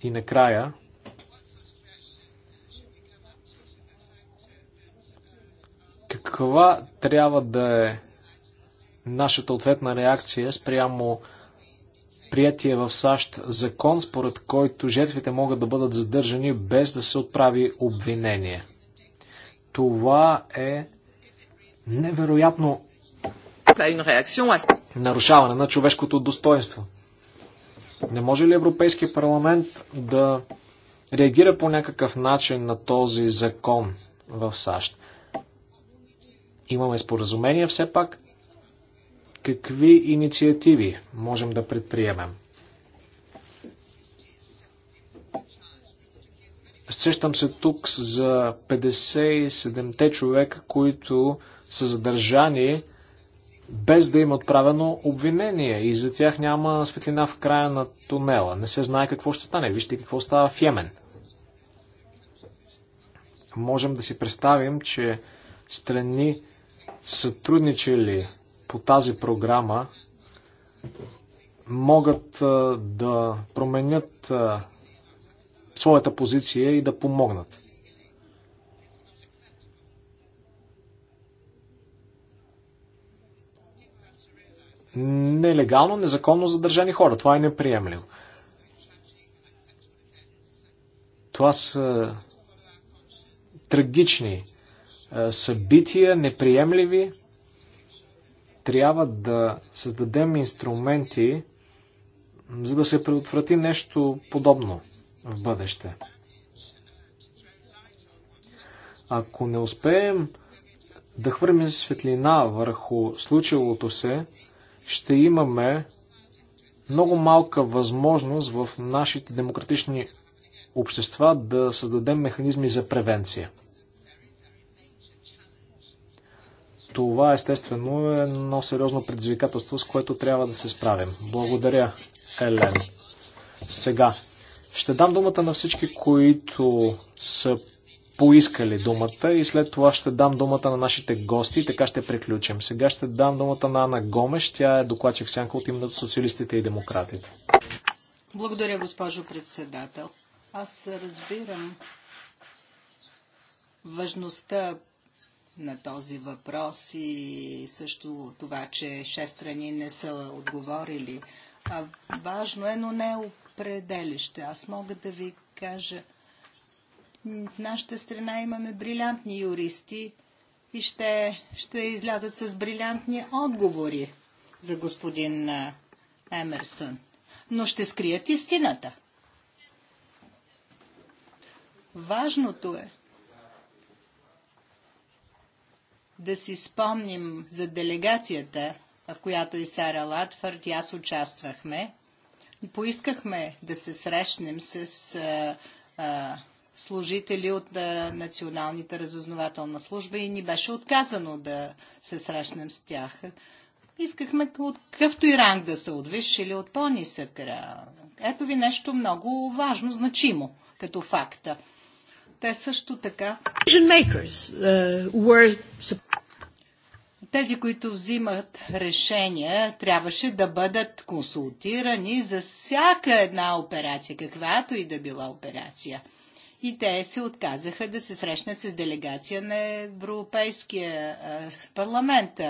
S2: И накрая, каква трябва да е нашата ответна реакция спрямо приятия в САЩ закон, според който жертвите могат да бъдат задържани без да се отправи обвинение. Това е невероятно нарушаване на човешкото достоинство. Не може ли Европейския парламент да реагира по някакъв начин на този закон в САЩ? Имаме споразумение все пак какви инициативи можем да предприемем. Сещам се тук за 57-те човека, които са задържани без да им отправено обвинение и за тях няма светлина в края на тунела. Не се знае какво ще стане. Вижте какво става в Йемен. Можем да си представим, че страни сътрудничали по тази програма могат да променят своята позиция и да помогнат. Нелегално, незаконно задържани хора. Това е неприемливо. Това са трагични събития, неприемливи. Трябва да създадем инструменти, за да се предотврати нещо подобно в бъдеще. Ако не успеем да хвърлим светлина върху случилото се, ще имаме много малка възможност в нашите демократични общества да създадем механизми за превенция. Това естествено е едно сериозно предизвикателство, с което трябва да се справим. Благодаря, Елен. Сега, ще дам думата на всички, които са поискали думата и след това ще дам думата на нашите гости. Така ще приключим. Сега ще дам думата на Ана Гомеш. Тя е докладчик сянка от името социалистите и демократите.
S1: Благодаря, госпожо председател. Аз разбирам важността на този въпрос и също това, че шест страни не са отговорили. А важно е, но не е определище. Аз мога да ви кажа, в нашата страна имаме брилянтни юристи и ще, ще излязат с брилянтни отговори за господин Емерсън. Но ще скрият истината. Важното е, да си спомним за делегацията, в която и Сара Латфърд и аз участвахме. Поискахме да се срещнем с а, а, служители от а, Националните разузнавателна служба и ни беше отказано да се срещнем с тях. Искахме от какъвто и ранг да се отвиш или от по-нисък. Ето ви нещо много важно, значимо като факта. Те също така uh, тези, които взимат решения, трябваше да бъдат консултирани за всяка една операция, каквато и да била операция. И те се отказаха да се срещнат с делегация на Европейския парламент.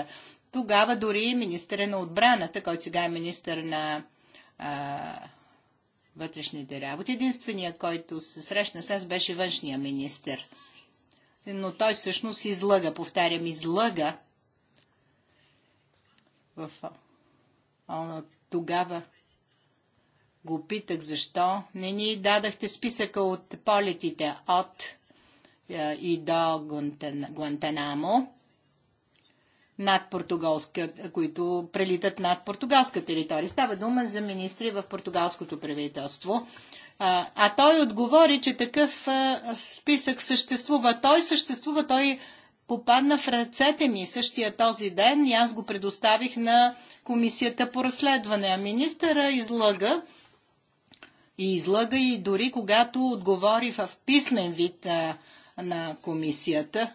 S1: Тогава дори министър на отбраната, който сега е министър на а, вътрешните работи. Единственият, който се срещна с нас, беше външния министр. Но той всъщност излъга, повтарям, излъга в тогава го питах защо не ни дадахте списъка от полетите от и до Гуантанамо над португалска, които прелитат над португалска територия. Става дума за министри в португалското правителство. А, а той отговори, че такъв а, списък съществува. Той съществува, той попадна в ръцете ми същия този ден и аз го предоставих на комисията по разследване. А министъра излъга и излъга и дори когато отговори в писмен вид а, на комисията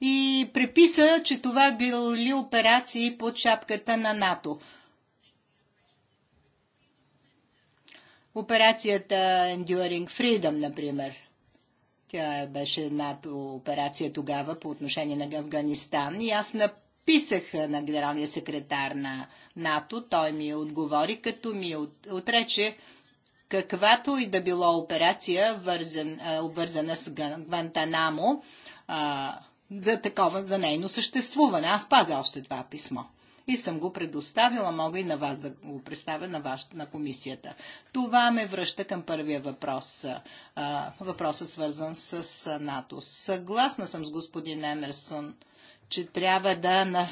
S1: и преписа, че това били операции под шапката на НАТО. Операцията Enduring Freedom, например. Тя беше НАТО операция тогава по отношение на Афганистан. И аз написах на генералния секретар на НАТО. Той ми отговори, като ми отрече каквато и да било операция, вързан, обвързана с Гвантанамо, за такова, за нейно съществуване. Аз пазя още това писмо. И съм го предоставила, мога и на вас да го представя на, ваш, на комисията. Това ме връща към първия въпрос. А, въпроса свързан с НАТО. Съгласна съм с господин Емерсон, че трябва да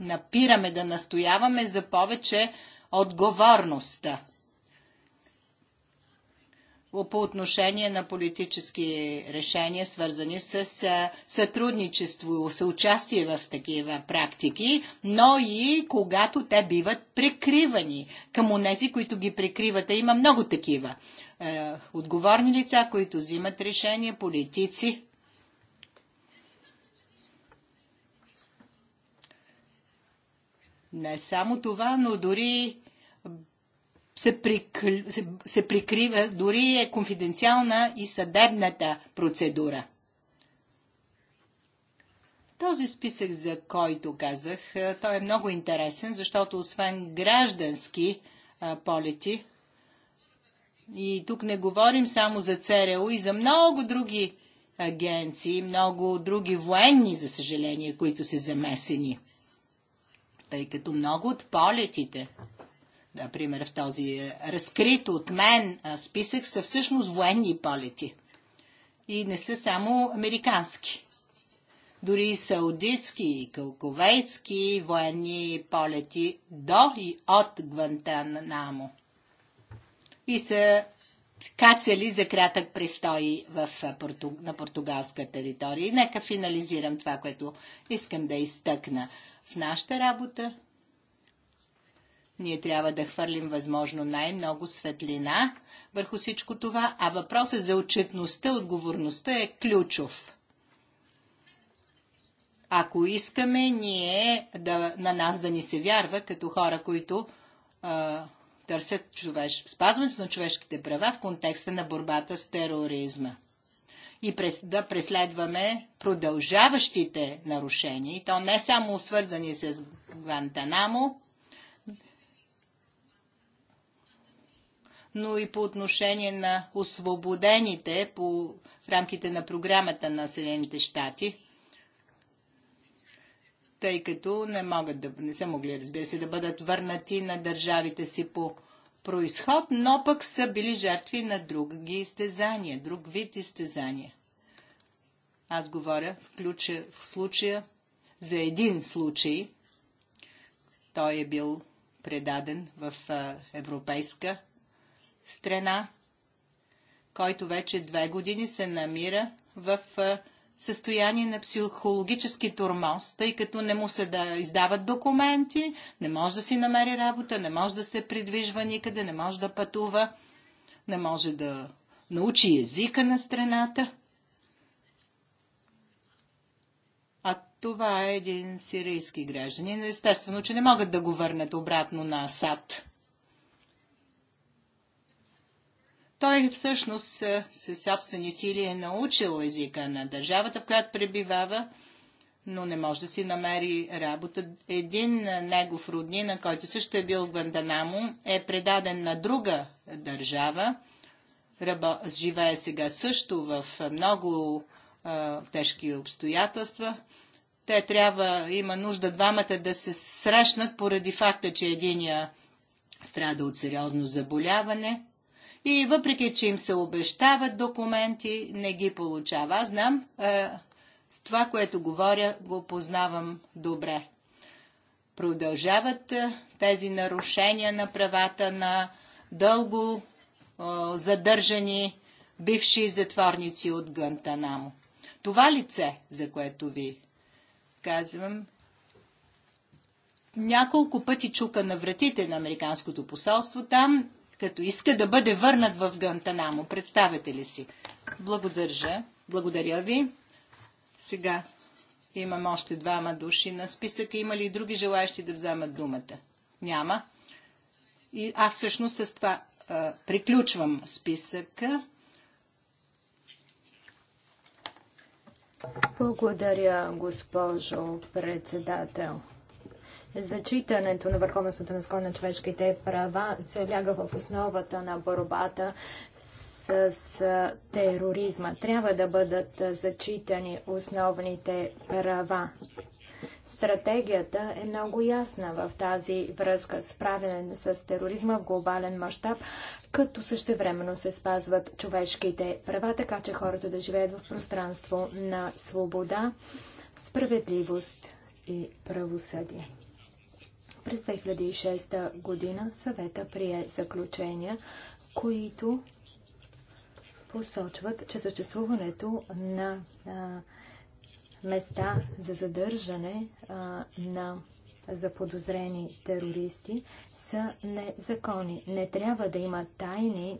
S1: напираме, да настояваме за повече отговорността по отношение на политически решения, свързани с сътрудничество, съучастие в такива практики, но и когато те биват прикривани към онези, които ги прикриват. А има много такива. Е, отговорни лица, които взимат решения, политици. Не само това, но дори се, прикри, се, се прикрива, дори е конфиденциална и съдебната процедура. Този списък, за който казах, е, той е много интересен, защото освен граждански а, е, полети, и тук не говорим само за ЦРУ и за много други агенции, много други военни, за съжаление, които са замесени, тъй като много от полетите например в този е, разкрит от мен списък, са всъщност военни полети. И не са само американски. Дори саудитски и калковейтски военни полети до и от Гвантанамо. И са кацали за кратък престой в, на португалска територия. И нека финализирам това, което искам да изтъкна в нашата работа ние трябва да хвърлим възможно най-много светлина върху всичко това, а въпросът за отчетността, отговорността е ключов. Ако искаме ние да, на нас да ни се вярва като хора, които а, търсят човеш, спазването на човешките права в контекста на борбата с тероризма и през, да преследваме продължаващите нарушения, и то не само свързани с Гвантанамо, но и по отношение на освободените по, в рамките на програмата на Съединените щати, тъй като не, могат да, не са могли, разбира се, да бъдат върнати на държавите си по происход, но пък са били жертви на други изтезания, друг вид изтезания. Аз говоря в, ключа, в случая за един случай. Той е бил предаден в европейска страна, който вече две години се намира в състояние на психологически тормоз, тъй като не му се да издават документи, не може да си намери работа, не може да се придвижва никъде, не може да пътува, не може да научи езика на страната. А това е един сирийски гражданин. Естествено, че не могат да го върнат обратно на Асад. Той всъщност със собствени сили е научил езика на държавата, в която пребивава, но не може да си намери работа. Един негов роднина, който също е бил в Гванданамо, е предаден на друга държава. Ръба, Живее сега също в много а, тежки обстоятелства. Те трябва, има нужда двамата да се срещнат поради факта, че единия страда от сериозно заболяване – и въпреки, че им се обещават документи, не ги получава. Аз знам, е, това, което говоря, го познавам добре. Продължават е, тези нарушения на правата на дълго е, задържани бивши затворници от Гантанамо. Това лице, за което ви казвам, няколко пъти чука на вратите на Американското посолство там като иска да бъде върнат в Гантанамо. Представете ли си? Благодържа. Благодаря ви. Сега имам още двама души на списъка. Има ли и други желаящи да вземат думата? Няма. И аз всъщност с това а, приключвам списъка.
S3: Благодаря, госпожо председател. Зачитането на върховенството на закона на човешките права се ляга в основата на борбата с, с тероризма. Трябва да бъдат зачитани основните права. Стратегията е много ясна в тази връзка с правене с тероризма в глобален мащаб, като същевременно се спазват човешките права, така че хората да живеят в пространство на свобода, справедливост и правосъдие. През 2006 година съвета прие заключения, които посочват, че съществуването на места за задържане на заподозрени терористи са незакони. Не трябва да има тайни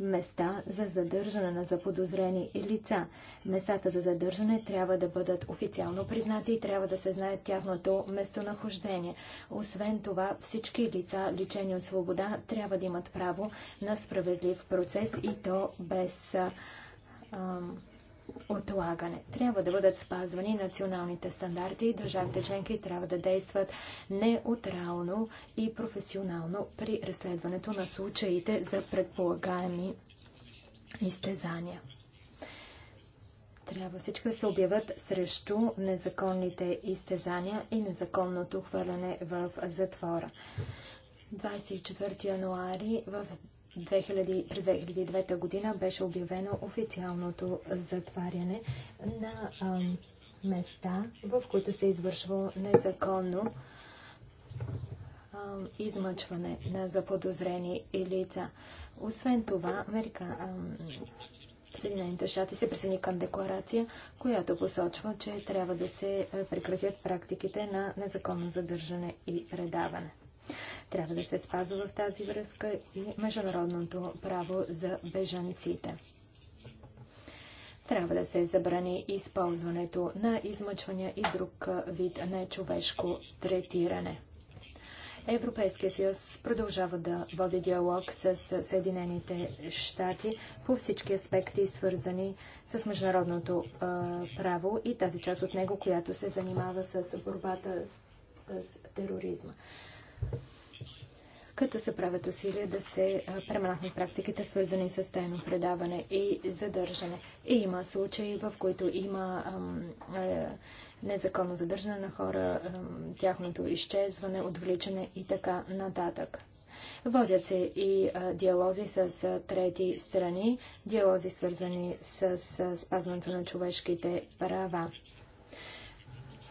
S3: места за задържане на заподозрени лица. Местата за задържане трябва да бъдат официално признати и трябва да се знае тяхното местонахождение. Освен това, всички лица, лечени от свобода, трябва да имат право на справедлив процес и то без ам, отлагане. Трябва да бъдат спазвани националните стандарти и държавите членки трябва да действат неутрално и професионално при разследването на случаите за предполагаеми изтезания. Трябва всички да се обявят срещу незаконните изтезания и незаконното хвърляне в затвора. 24 януари в 2000, през 2009 година беше обявено официалното затваряне на а, места, в които се извършва незаконно а, измъчване на заподозрени лица. Освен това, Америка, а, Съединените щати се присъедини към декларация, която посочва, че трябва да се е, прекратят практиките на незаконно задържане и предаване. Трябва да се спазва в тази връзка и международното право за бежанците. Трябва да се забрани използването на измъчвания и друг вид нечовешко третиране. Европейския съюз продължава да води диалог с Съединените щати по всички аспекти, свързани с международното право и тази част от него, която се занимава с борбата с тероризма като се правят усилия да се премахнат практиките, свързани с тайно предаване и задържане. И има случаи, в които има е, незаконно задържане на хора, е, тяхното изчезване, отвличане и така нататък. Водят се и е, диалози с трети страни, диалози свързани с, с спазването на човешките права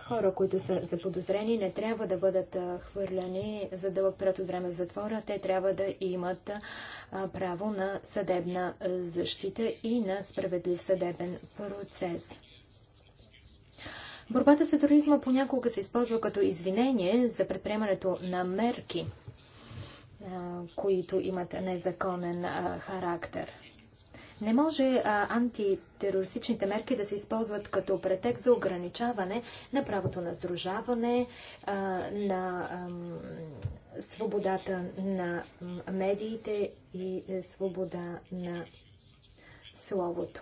S3: хора, които са заподозрени, не трябва да бъдат хвърляни за дълъг период от време затвора. Те трябва да имат право на съдебна защита и на справедлив съдебен процес. Борбата с туризма понякога се използва като извинение за предприемането на мерки, които имат незаконен характер. Не може а, антитерористичните мерки да се използват като претек за ограничаване на правото на сдружаване, а, на свободата на медиите и е, свобода на словото.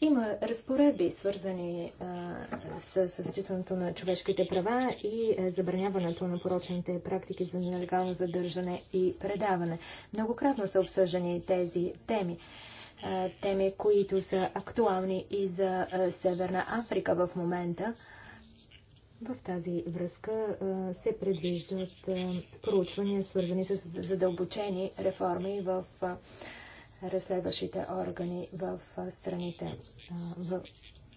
S3: Има разпоредби, свързани а, с защитането на човешките права и а, забраняването на порочните практики за нелегално задържане и предаване. Многократно са обсъждани тези теми. А, теми, които са актуални и за а, Северна Африка в момента. В тази връзка а, се предвиждат проучвания, свързани с задълбочени реформи в. А, разследващите органи в страните в,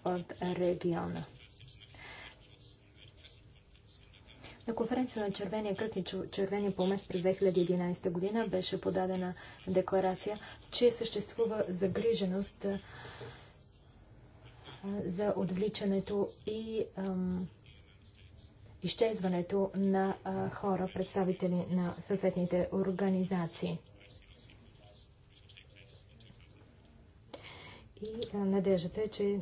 S3: от региона. На конференция на Червения кръг и Червения помест през 2011 година беше подадена декларация, че съществува загриженост за отвличането и ам, изчезването на а, хора, представители на съответните организации. И надеждата е, че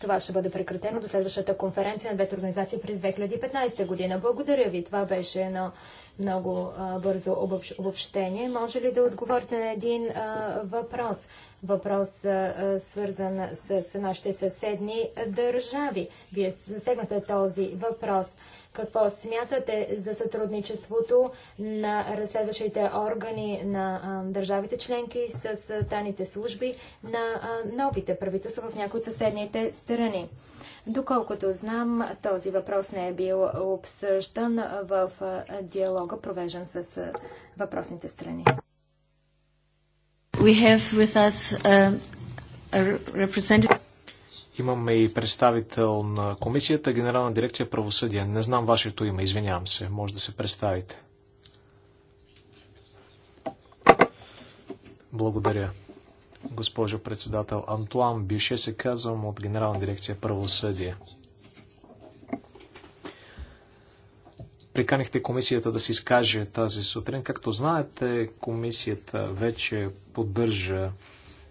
S3: това ще бъде прекратено до следващата конференция на двете организации през 2015 година. Благодаря ви. Това беше едно много бързо обобщение. Може ли да отговорите на един въпрос? Въпрос свързан с, с нашите съседни държави. Вие засегнате този въпрос. Какво смятате за сътрудничеството на разследващите органи на държавите членки с а, таните служби на новите правителства в някои от съседните страни? Доколкото знам, този въпрос не е бил обсъждан в диалога, провежен с въпросните страни.
S1: We have with us a, uh, a representative.
S2: Имаме и представител на комисията, Генерална дирекция правосъдие. Не знам вашето име, извинявам се. Може да се представите. Благодаря. Госпожо председател, Антуан Бюше се казвам от Генерална дирекция правосъдие. приканихте комисията да се изкаже тази сутрин. Както знаете, комисията вече поддържа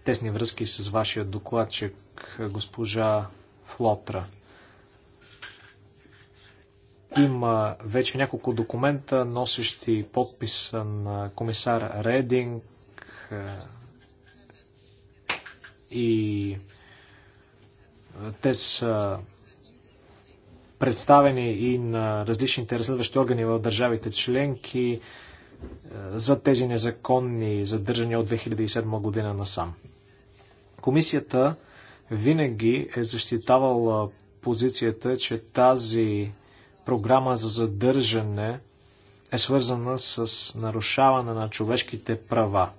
S2: тесни връзки с вашия докладчик госпожа Флотра. Има вече няколко документа, носещи подписа на комисар Рединг е, и те са представени и на различните разследващи органи в държавите членки е, за тези незаконни задържания от 2007 година насам. Комисията винаги е защитавал позицията, че тази програма за задържане е свързана с нарушаване на човешките права.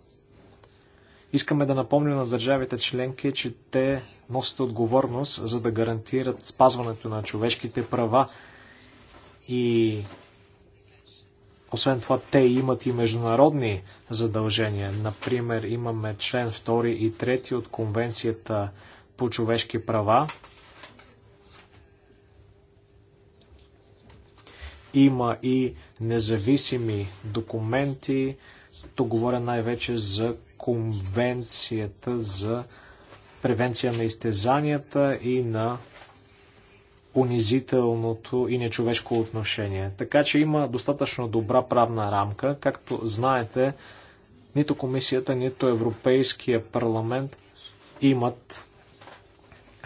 S2: Искаме да напомним на държавите членки, че те носят отговорност за да гарантират спазването на човешките права и освен това те имат и международни задължения. Например, имаме член 2 и 3 от Конвенцията по човешки права. Има и независими документи. То говоря най-вече за конвенцията за превенция на изтезанията и на унизителното и нечовешко отношение. Така че има достатъчно добра правна рамка. Както знаете, нито комисията, нито Европейския парламент имат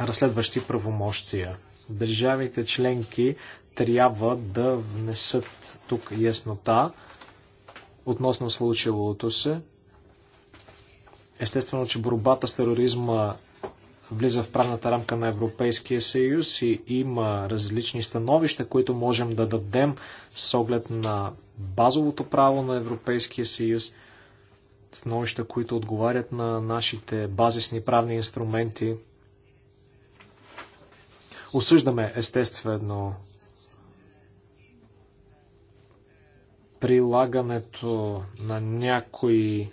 S2: разследващи правомощия. Държавите членки трябва да внесат тук яснота относно случилото се. Естествено, че борбата с тероризма влиза в правната рамка на Европейския съюз и има различни становища, които можем да дадем с оглед на базовото право на Европейския съюз, становища, които отговарят на нашите базисни правни инструменти – Осъждаме естествено прилагането на някои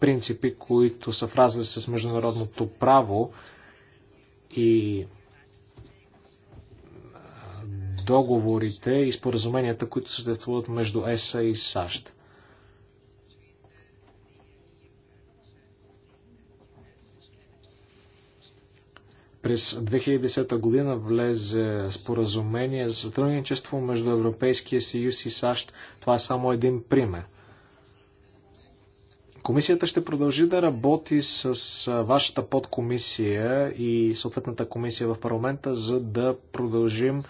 S2: принципи, които са в разрез с международното право и договорите и споразуменията, които съществуват между ЕСА и САЩ. През 2010 година влезе споразумение за сътрудничество между Европейския съюз и САЩ. Това е само един пример. Комисията ще продължи да работи с вашата подкомисия и съответната комисия в парламента, за да продължим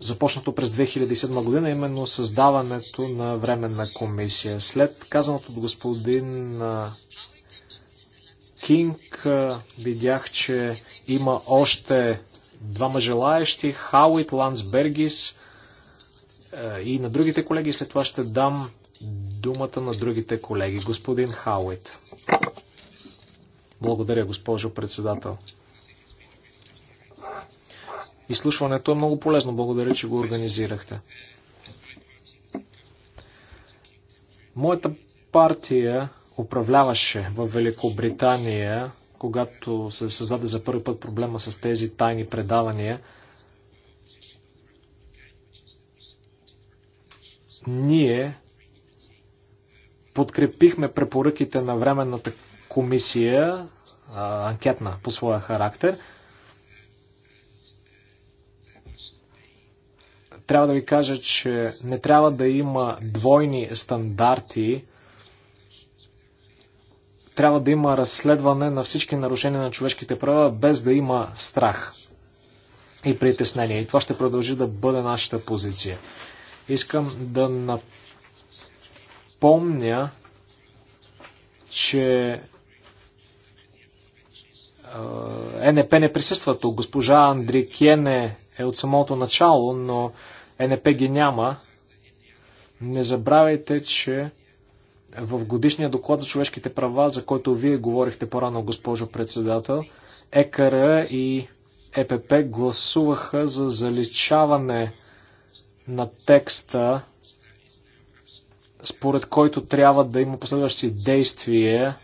S2: започнато през 2007 година, именно създаването на временна комисия. След казаното от господин Кинг, видях, че има още двама желаящи. Хауит, Лансбергис е, и на другите колеги. След това ще дам думата на другите колеги. Господин Хауит. Благодаря, госпожо председател. Изслушването е много полезно. Благодаря, че го организирахте. Моята партия управляваше в Великобритания когато се създаде за първи път проблема с тези тайни предавания, ние подкрепихме препоръките на Временната комисия, анкетна по своя характер. Трябва да ви кажа, че не трябва да има двойни стандарти трябва да има разследване на всички нарушения на човешките права, без да има страх и притеснение. И това ще продължи да бъде нашата позиция. Искам да напомня, че НП не присъства тук. Госпожа Андрикене е от самото начало, но НП ги няма. Не забравяйте, че в годишния доклад за човешките права, за който вие говорихте по-рано, госпожо председател, ЕКР и ЕПП гласуваха за заличаване на текста, според който трябва да има последващи действия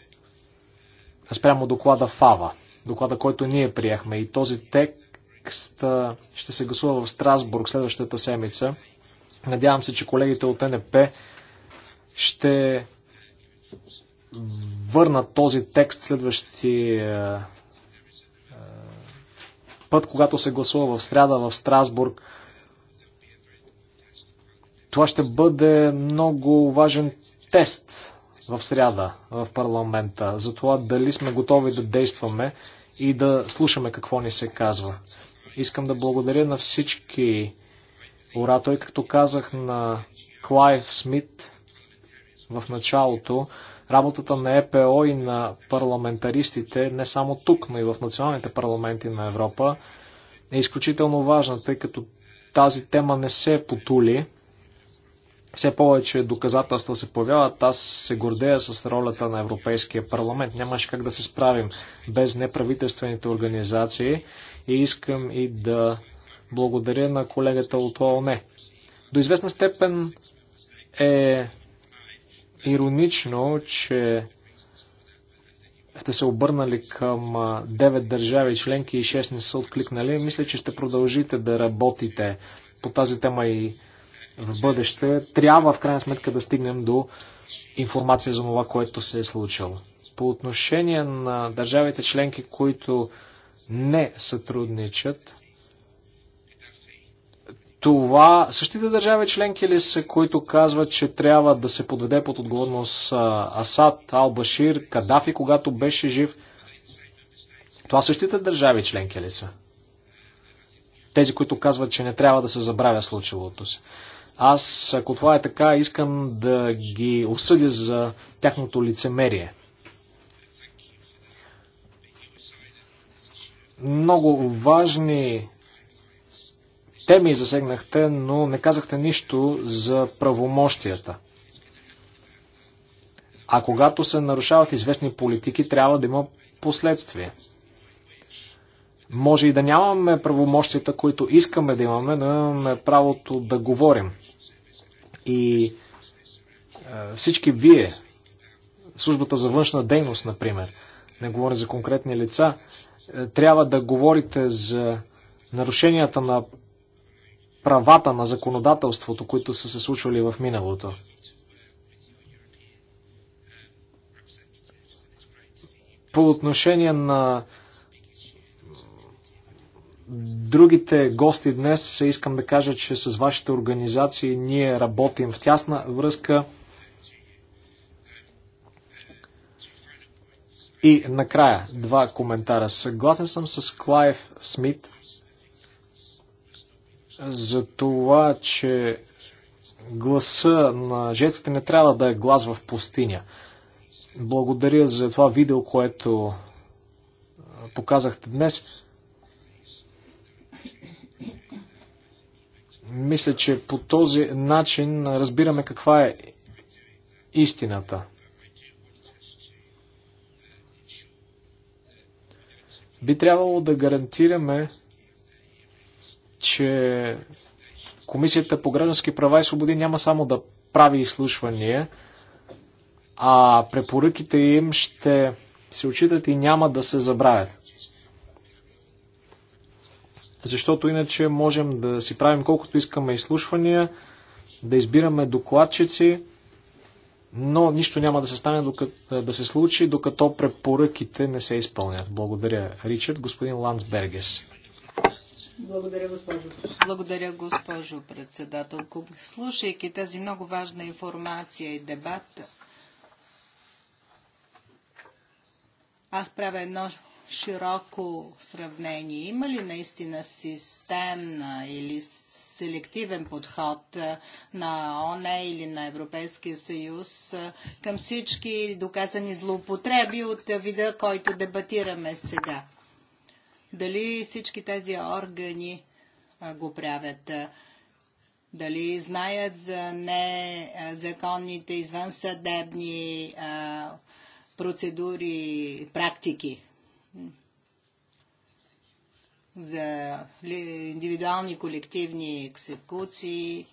S2: спрямо доклада ФАВА, доклада, който ние приехме. И този текст ще се гласува в Страсбург следващата седмица. Надявам се, че колегите от НП ще Върна този текст следващия е, е, път, когато се гласува в среда в Страсбург. Това ще бъде много важен тест в среда в парламента за това дали сме готови да действаме и да слушаме какво ни се казва. Искам да благодаря на всички оратори, както казах на Клайв Смит, в началото, работата на ЕПО и на парламентаристите, не само тук, но и в националните парламенти на Европа, е изключително важна, тъй като тази тема не се потули. Все повече доказателства се появяват. Аз се гордея с ролята на Европейския парламент. Нямаше как да се справим без неправителствените организации и искам и да благодаря на колегата от ООН. До известна степен е иронично, че сте се обърнали към 9 държави членки и 6 не са откликнали. Мисля, че ще продължите да работите по тази тема и в бъдеще. Трябва в крайна сметка да стигнем до информация за това, което се е случило. По отношение на държавите членки, които не сътрудничат, това същите държави членки ли са, които казват, че трябва да се подведе под отговорност Асад, Албашир, Кадафи, когато беше жив? Това същите държави членки ли са? Тези, които казват, че не трябва да се забравя случилото си. Аз, ако това е така, искам да ги осъдя за тяхното лицемерие. Много важни теми засегнахте, но не казахте нищо за правомощията. А когато се нарушават известни политики, трябва да има последствия. Може и да нямаме правомощията, които искаме да имаме, но имаме правото да говорим. И е, всички вие, службата за външна дейност, например, не говоря за конкретни лица, е, трябва да говорите за нарушенията на правата на законодателството, които са се случвали в миналото. По отношение на другите гости днес, искам да кажа, че с вашите организации ние работим в тясна връзка. И накрая два коментара. Съгласен съм с Клайв Смит за това, че гласа на жертвите не трябва да е глас в пустиня. Благодаря за това видео, което показахте днес. Мисля, че по този начин разбираме каква е истината. Би трябвало да гарантираме, че Комисията по граждански права и свободи няма само да прави изслушвания, а препоръките им ще се очитат и няма да се забравят. Защото иначе можем да си правим колкото искаме изслушвания, да избираме докладчици, но нищо няма да се стане докато, да се случи, докато препоръките не се изпълнят. Благодаря, Ричард. Господин Ландсбергес.
S1: Благодаря, госпожо. Благодаря, госпожо председател. Слушайки тази много важна информация и дебат, аз правя едно широко сравнение. Има ли наистина системна или селективен подход на ОНЕ или на Европейския съюз към всички доказани злоупотреби от вида, който дебатираме сега? дали всички тези органи го правят. Дали знаят за незаконните извънсъдебни процедури, практики за индивидуални колективни екзекуции,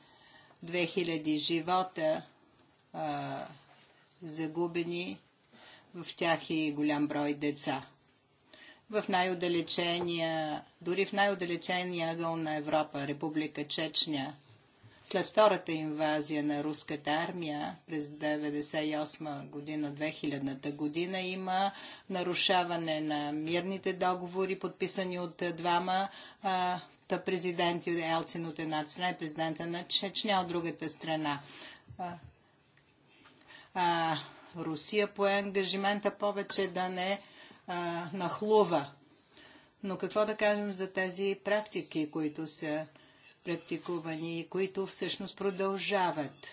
S1: 2000 живота загубени, в тях и голям брой деца в най-отдалечения, дори в най-отдалечения ъгъл на Европа, Република Чечня, след втората инвазия на руската армия през 1998 година, 2000 година, има нарушаване на мирните договори, подписани от двама а, президенти, Елцин от една страна и президента на Чечня от другата страна. А, а, Русия пое ангажимента повече да не а, махлова. Но какво да кажем за тези практики, които са практикувани и които всъщност продължават?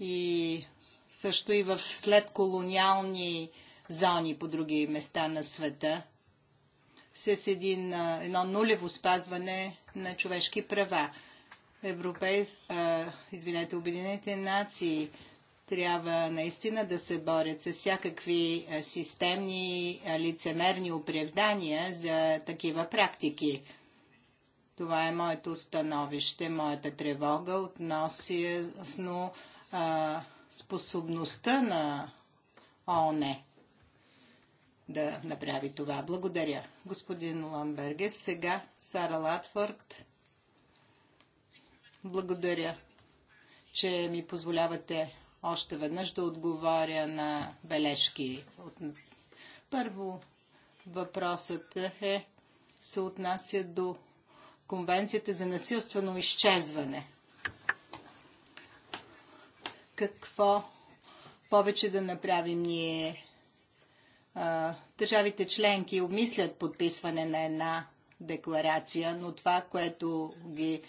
S1: И също и в следколониални зони по други места на света с един, едно нулево спазване на човешки права. Европейс, а, извинете, Обединените нации трябва наистина да се борят с всякакви е, системни е, лицемерни оправдания за такива практики. Това е моето становище, моята тревога относно а, е, способността на ООН да направи това. Благодаря. Господин Ламбергес, сега Сара Латфорд. Благодаря, че ми позволявате още веднъж да отговоря на бележки. Първо, въпросът е, се отнася до Конвенцията за насилствено изчезване. Какво повече да направим ние? Държавите членки обмислят подписване на една декларация, но това, което ги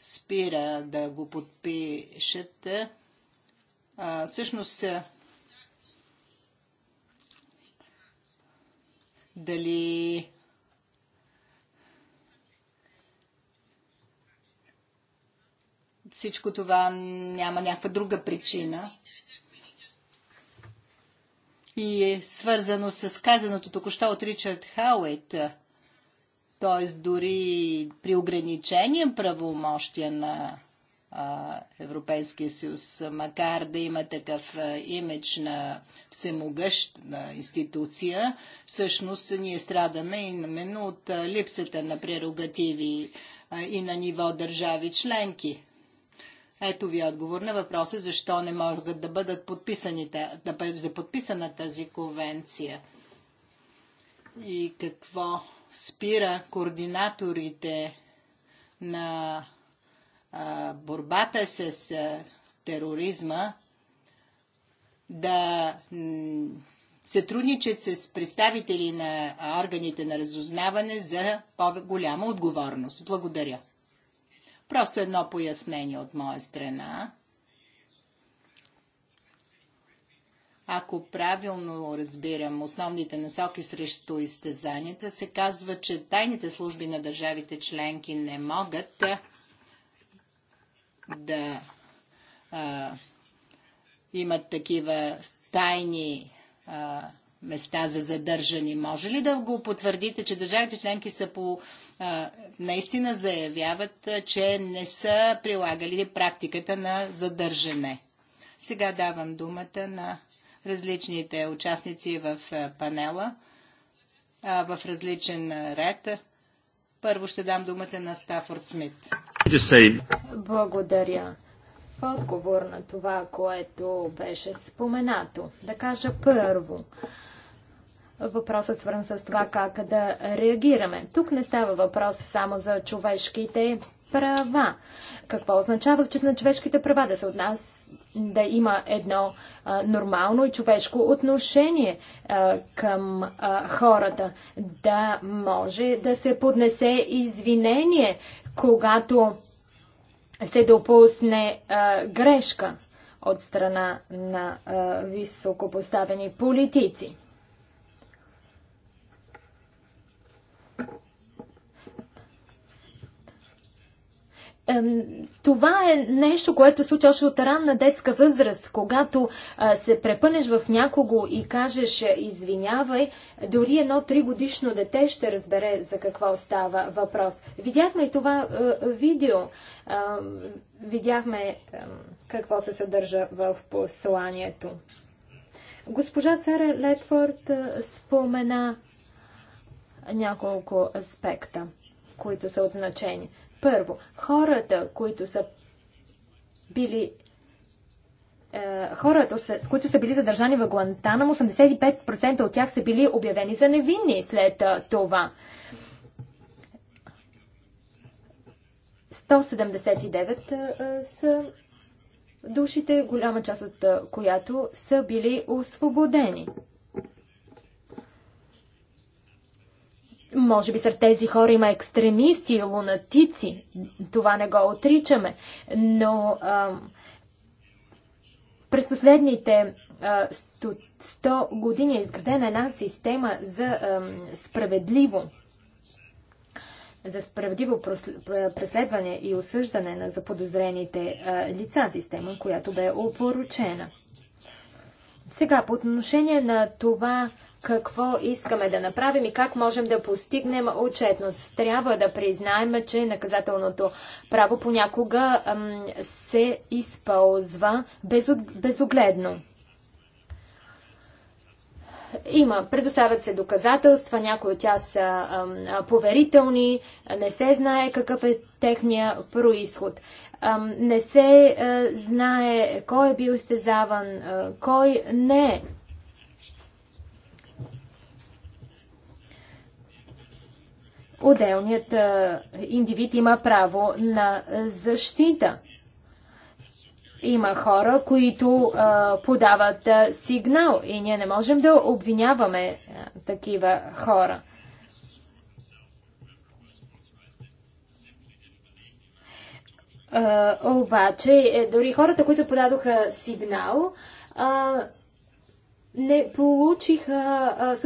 S1: спира да го подпишат, а, всъщност дали всичко това няма някаква друга причина и е свързано с казаното току-що от Ричард Хауейт, т.е. дори при ограничение правомощия на Европейския съюз, макар да има такъв имидж на всемогъщна институция, всъщност ние страдаме именно от липсата на прерогативи и на ниво държави членки. Ето ви отговор на въпроса защо не могат да бъдат подписани, да бъде подписана тази конвенция и какво спира координаторите на борбата с тероризма да сътрудничат с представители на органите на разузнаване за по-голяма отговорност. Благодаря. Просто едно пояснение от моя страна. Ако правилно разбирам основните насоки срещу изтезанията, се казва, че тайните служби на държавите членки не могат да а, имат такива тайни а, места за задържани. Може ли да го потвърдите, че държавите членки са по, а, наистина заявяват, че не са прилагали практиката на задържане? Сега давам думата на различните участници в панела в различен
S3: ред. Първо ще дам думата на Стафорд Смит. Благодаря. В отговор на това, което беше споменато, да кажа първо, въпросът свързан с това как да реагираме. Тук не става въпрос само за човешките права. Какво означава защита на човешките права? Да се отнася да има едно а, нормално и човешко отношение а, към а, хората. Да може да се поднесе извинение, когато се допусне а, грешка от страна на а, високопоставени политици. Това е нещо, което случва още от ранна детска възраст. Когато се препънеш в някого и кажеш е, извинявай, дори едно тригодишно дете ще разбере за какво става въпрос. Видяхме и това е, видео. видяхме какво се съдържа в посланието. Госпожа Сара Летфорд е, спомена няколко аспекта които са от значение. Първо, хората, които са били е, хората, които са били задържани в Гуантанамо, 85% от тях са били обявени за невинни след е, това. 179 е, са душите, голяма част от която са били освободени. Може би сред тези хора има екстремисти, лунатици. Това не го отричаме. Но а, през последните 100 години е изградена една система за а, справедливо за справедливо преследване и осъждане на заподозрените лица, система, която бе опоручена. Сега, по отношение на това какво искаме да направим и как можем да постигнем отчетност. Трябва да признаем, че наказателното право понякога ам, се използва безогледно. Има, предоставят се доказателства, някои от тях са ам, поверителни, не се знае какъв е техния происход. Ам, не се а, е, знае кой е бил изтезаван, а, е, кой не е. отделният индивид има право на защита. Има хора, които подават сигнал и ние не можем да обвиняваме такива хора. обаче, е, дори хората, които подадоха сигнал, не получиха а,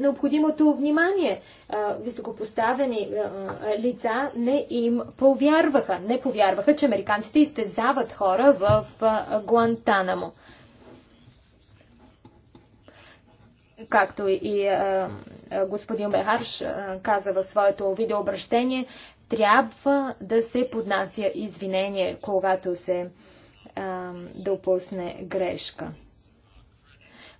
S3: необходимото внимание. А, високопоставени а, лица не им повярваха. Не повярваха, че американците изтезават хора в а, Гуантанамо. Както и а, господин Бехарш каза в своето видеообращение, трябва да се поднася извинение, когато се а, допусне грешка.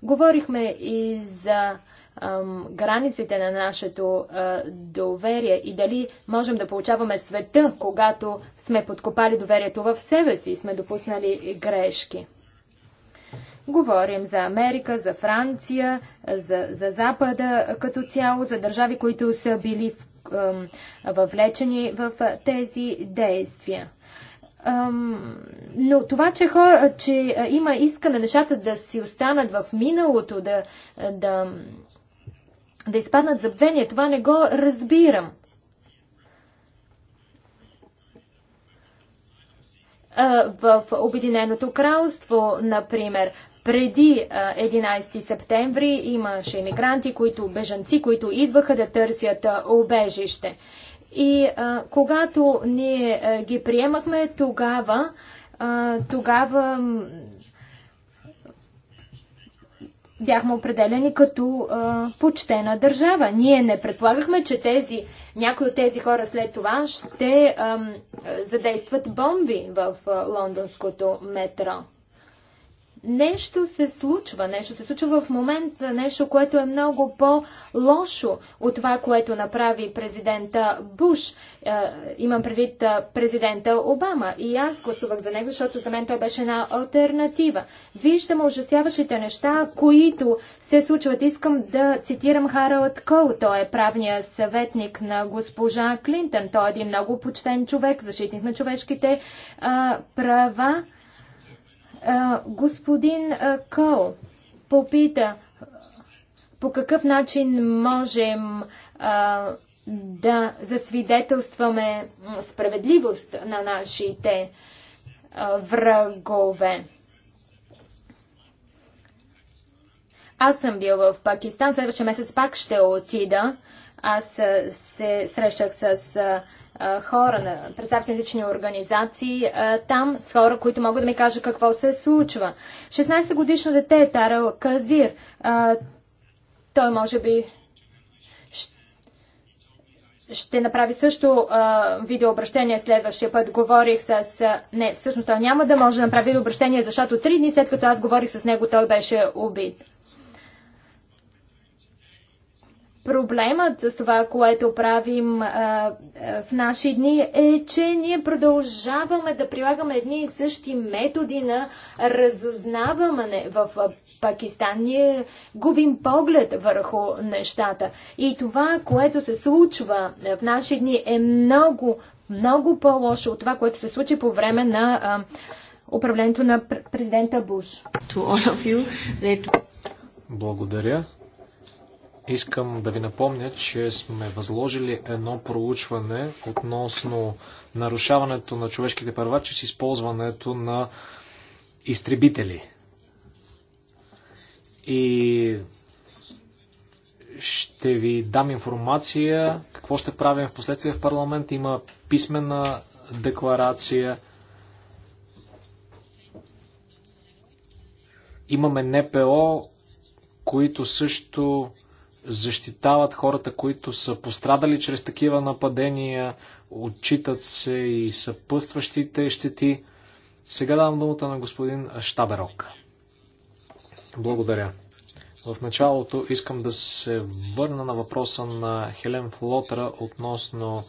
S3: Говорихме и за ам, границите на нашето а, доверие и дали можем да получаваме света, когато сме подкопали доверието в себе си и сме допуснали грешки. Говорим за Америка, за Франция, за, за Запада като цяло, за държави, които са били в, ам, въвлечени в тези действия но това, че, хора, че има искане нещата да си останат в миналото, да, да, да изпаднат забвение, това не го разбирам. В Обединеното кралство, например, преди 11 септември имаше иммигранти, които, бежанци, които идваха да търсят убежище. И а, когато ние а, ги приемахме, тогава, а, тогава бяхме определени като а, почтена държава. Ние не предполагахме, че тези, някои от тези хора след това ще а, задействат бомби в а, лондонското метро. Нещо се случва, нещо се случва в момента, нещо, което е много по-лошо от това, което направи президента Буш. Е, имам предвид е, президента Обама. И аз гласувах за него, защото за мен той беше една альтернатива. Виждам ужасяващите неща, които се случват. Искам да цитирам Харалд Кол. Той е правният съветник на госпожа Клинтън. Той е един много почтен човек, защитник на човешките права. Господин Кол попита по какъв начин можем да засвидетелстваме справедливост на нашите врагове. Аз съм бил в Пакистан, следващия месец пак ще отида аз се срещах с хора на представители лични организации там, с хора, които могат да ми кажат какво се случва. 16-годишно дете е Тара Казир. Той може би ще направи също а, видеообращение следващия път. Говорих с... А, не, всъщност той няма да може да направи видеообращение, защото три дни след като аз говорих с него, той беше убит. Проблемът с това, което правим а, в наши дни е, че ние продължаваме да прилагаме едни и същи методи на разузнаване в Пакистан. Ние губим поглед върху нещата. И това, което се случва в наши дни е много, много по-лошо от това, което се случи по време на а, управлението на президента Буш.
S2: Благодаря. Искам да ви напомня, че сме възложили едно проучване относно нарушаването на човешките права чрез използването на изтребители. И ще ви дам информация какво ще правим в последствие в парламент. Има писмена декларация. Имаме НПО, които също защитават хората, които са пострадали чрез такива нападения, отчитат се и съпътстващите щети. Сега давам думата на господин Штаберок. Благодаря. В началото искам да се върна на въпроса на Хелен Флотра относно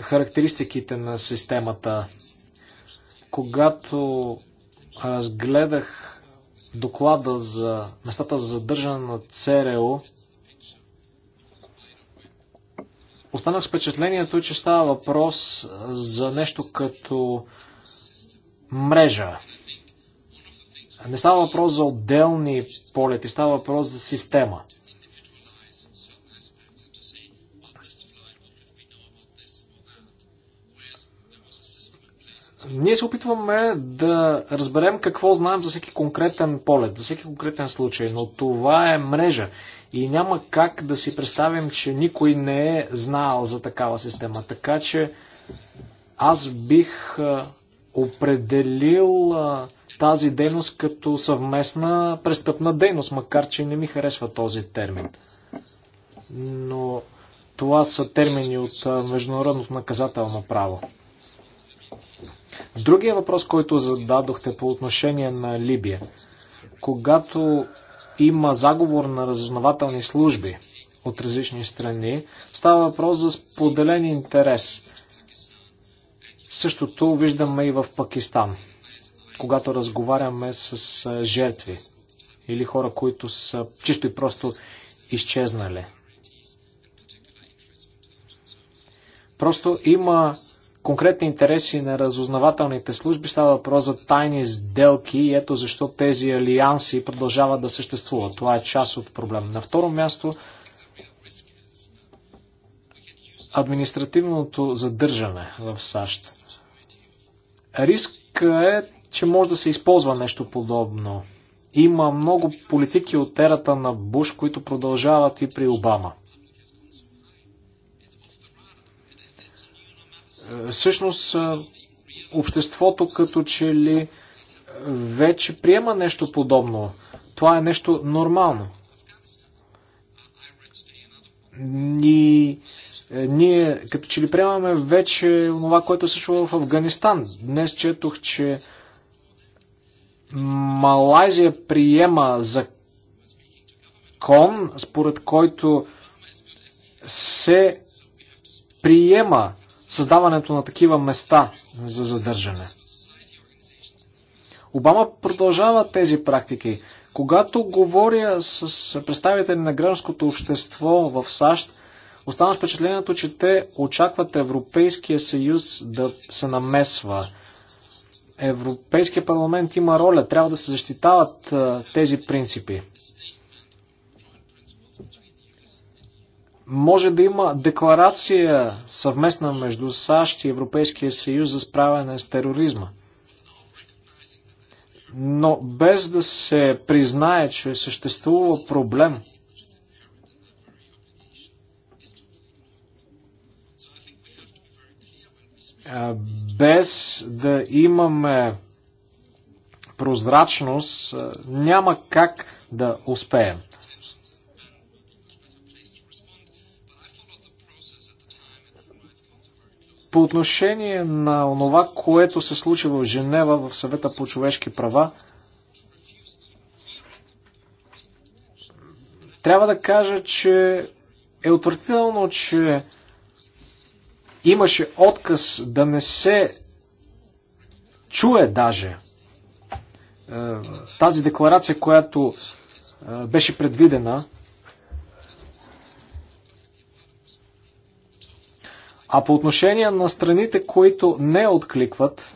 S2: характеристиките на системата. Когато разгледах доклада за местата за задържане на ЦРУ, останах с впечатлението, че става въпрос за нещо като мрежа. Не става въпрос за отделни полети, става въпрос за система. Ние се опитваме да разберем какво знаем за всеки конкретен полет, за всеки конкретен случай, но това е мрежа и няма как да си представим, че никой не е знал за такава система. Така че аз бих определил тази дейност като съвместна престъпна дейност, макар че не ми харесва този термин. Но това са термини от международното наказателно право. Другия въпрос, който зададохте по отношение на Либия. Когато има заговор на разузнавателни служби от различни страни, става въпрос за споделен интерес. Същото виждаме и в Пакистан, когато разговаряме с жертви или хора, които са чисто и просто изчезнали. Просто има конкретни интереси на разузнавателните служби, става въпрос за тайни сделки и ето защо тези алианси продължават да съществуват. Това е част от проблема. На второ място, административното задържане в САЩ. Риск е, че може да се използва нещо подобно. Има много политики от ерата на Буш, които продължават и при Обама – Е, всъщност, е, обществото като че ли вече приема нещо подобно. Това е нещо нормално. И е, ние като че ли приемаме вече това, което се случва в Афганистан. Днес четох, че Малайзия приема закон, според който се приема създаването на такива места за задържане. Обама продължава тези практики. Когато говоря с представители на гражданското общество в САЩ, оставам впечатлението, че те очакват Европейския съюз да се намесва. Европейския парламент има роля, трябва да се защитават тези принципи. Може да има декларация съвместна между САЩ и Европейския съюз за справяне с тероризма. Но без да се признае, че съществува проблем, без да имаме прозрачност, няма как да успеем. По отношение на това, което се случи в Женева в съвета по човешки права, трябва да кажа, че е отвратително, че имаше отказ да не се чуе даже е, тази декларация, която е, беше предвидена А по отношение на страните, които не откликват,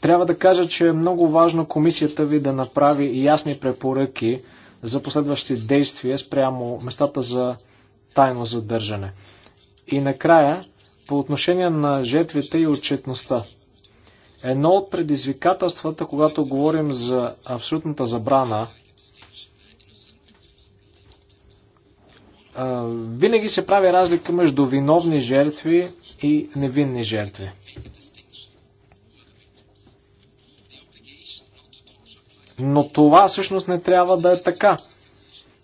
S2: трябва да кажа, че е много важно комисията ви да направи ясни препоръки за последващи действия спрямо местата за тайно задържане. И накрая, по отношение на жертвите и отчетността. Едно от предизвикателствата, когато говорим за абсолютната забрана винаги се прави разлика между виновни жертви и невинни жертви. Но това всъщност не трябва да е така.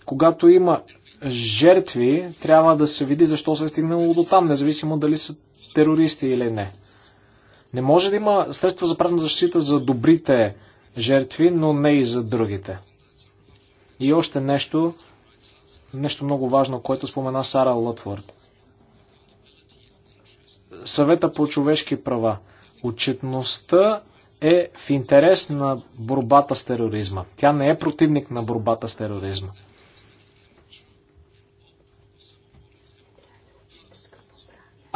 S2: Когато има жертви, трябва да се види защо се е стигнало до там, независимо дали са терористи или не. Не може да има средства за правна защита за добрите жертви, но не и за другите. И още нещо, нещо много важно, което спомена Сара Лътвард. Съвета по човешки права. Отчетността е в интерес на борбата с тероризма. Тя не е противник на борбата с тероризма.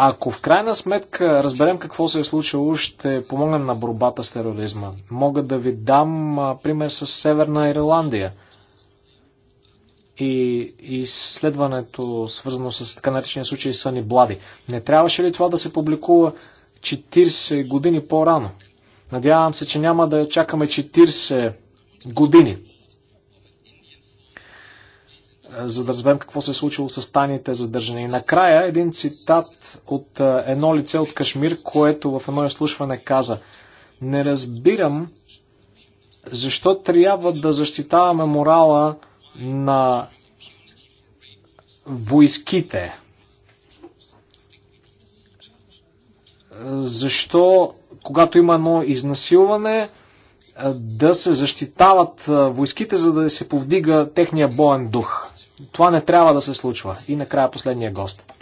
S2: Ако в крайна сметка разберем какво се е случило, ще помогнем на борбата с тероризма. Мога да ви дам пример с Северна Ирландия – и изследването, свързано с така наречения случай Съни Блади. Не трябваше ли това да се публикува 40 години по-рано? Надявам се, че няма да чакаме 40 години, за да разберем какво се е случило с тайните задържани. И накрая един цитат от едно лице от Кашмир, което в едно изслушване каза Не разбирам защо трябва да защитаваме морала на войските. Защо, когато има едно изнасилване, да се защитават войските, за да се повдига техния боен дух? Това не трябва да се случва. И накрая последния гост.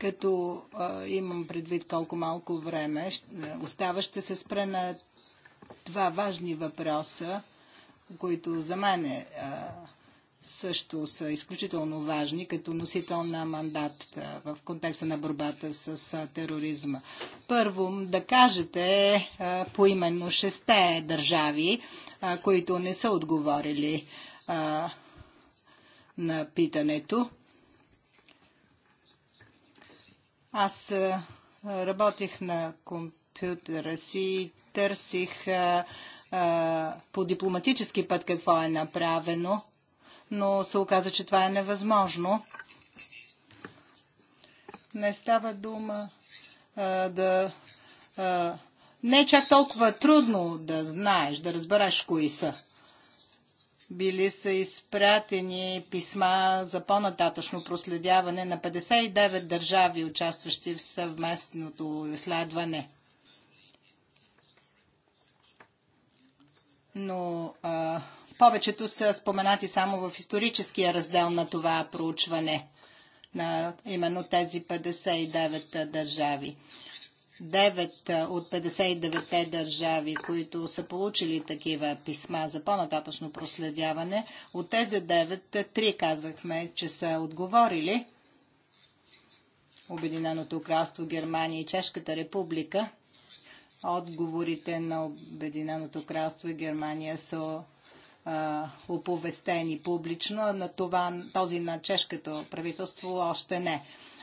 S1: Като а, имам предвид толкова малко време, е, остава ще се спре на два важни въпроса, които за мен е, а, също са изключително важни като носител на мандат в контекста на борбата с тероризма. Първо, да кажете поименно шесте държави, които не са отговорили на питането. Аз работих на компютъра си, и търсих по дипломатически път какво е направено но се оказа, че това е невъзможно. Не става дума а, да. А, не е чак толкова трудно да знаеш, да разбереш кои са. Били са изпратени писма за по-нататъчно проследяване на 59 държави, участващи в съвместното изследване. но а, повечето са споменати само в историческия раздел на това проучване на именно тези 59 държави. 9 от 59-те държави, които са получили такива писма за по-нататъчно проследяване, от тези 9, 3 казахме, че са отговорили Обединеното кралство Германия и Чешката република – Отговорите на Обединеното кралство и Германия са а, оповестени публично, а на това, този на чешкото правителство още не.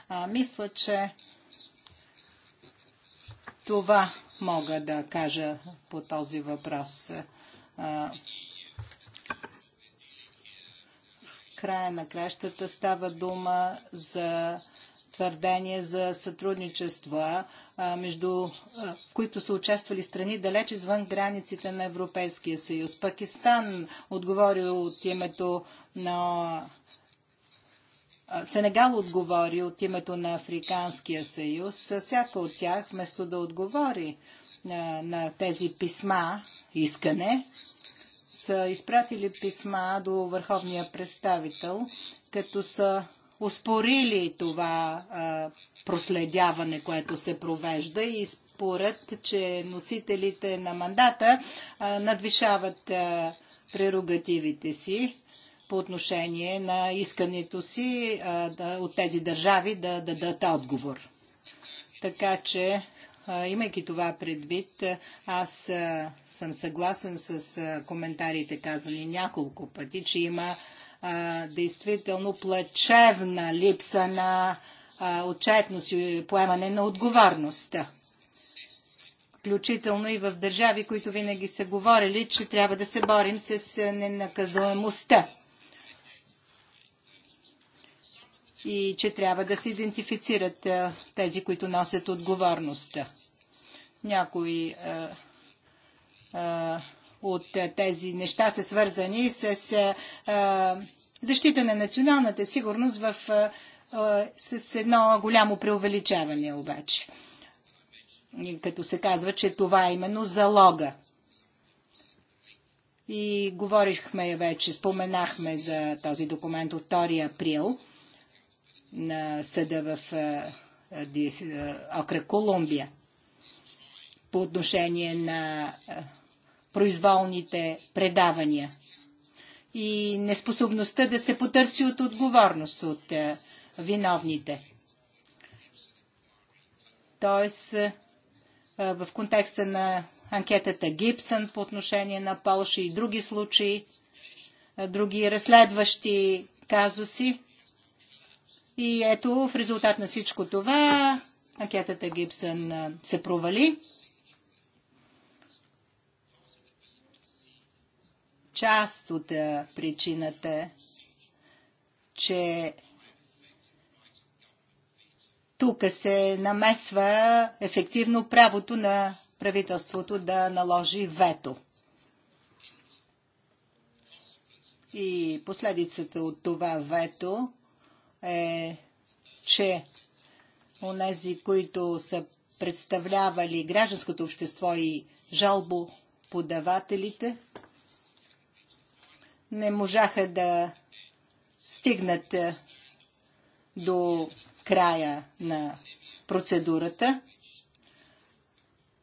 S1: А, мисля, че това мога да кажа по този въпрос. А, в края на кращата става дума за твърдения за сътрудничества, между, в които са участвали страни далеч извън границите на Европейския съюз. Пакистан отговори от името на Сенегал отговори от името на Африканския съюз. Всяка от тях, вместо да отговори на, на тези писма, искане, са изпратили писма до върховния представител, като са успорили това проследяване, което се провежда и според, че носителите на мандата надвишават прерогативите си по отношение на искането си от тези държави да, дадат отговор. Така че, имайки това предвид, аз съм съгласен с коментарите казани няколко пъти, че има действително плачевна липса на отчетност и поемане на отговорността. Включително и в държави, които винаги са говорили, че трябва да се борим с ненаказуемостта. и че трябва да се идентифицират тези, които носят отговорността. Някои а, а, от е, тези неща са свързани с е, е, защита на националната сигурност в, с едно голямо преувеличаване обаче. Като се казва, че това е именно залога и говорихме вече, споменахме за този документ от 2 април на съда в Окра Колумбия по отношение на произволните предавания и неспособността да се потърси от отговорност от е, виновните. Тоест, е, е, в контекста на анкетата Гибсън по отношение на Полша и други случаи, други разследващи казуси. И ето, в резултат на всичко това, анкетата Гибсън се провали част от причината, че тук се намесва ефективно правото на правителството да наложи вето. И последицата от това вето е, че онези, които са представлявали гражданското общество и жалбоподавателите, не можаха да стигнат е, до края на процедурата,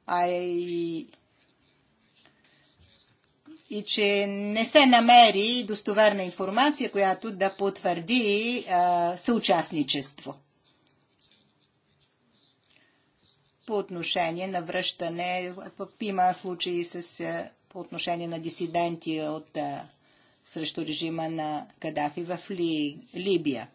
S1: а и, и че не се намери достоверна информация, която да потвърди а, е, съучастничество. По отношение на връщане, има случаи с, е, по отношение на дисиденти от а, срещу режима на Кадафи в Ли, Либия,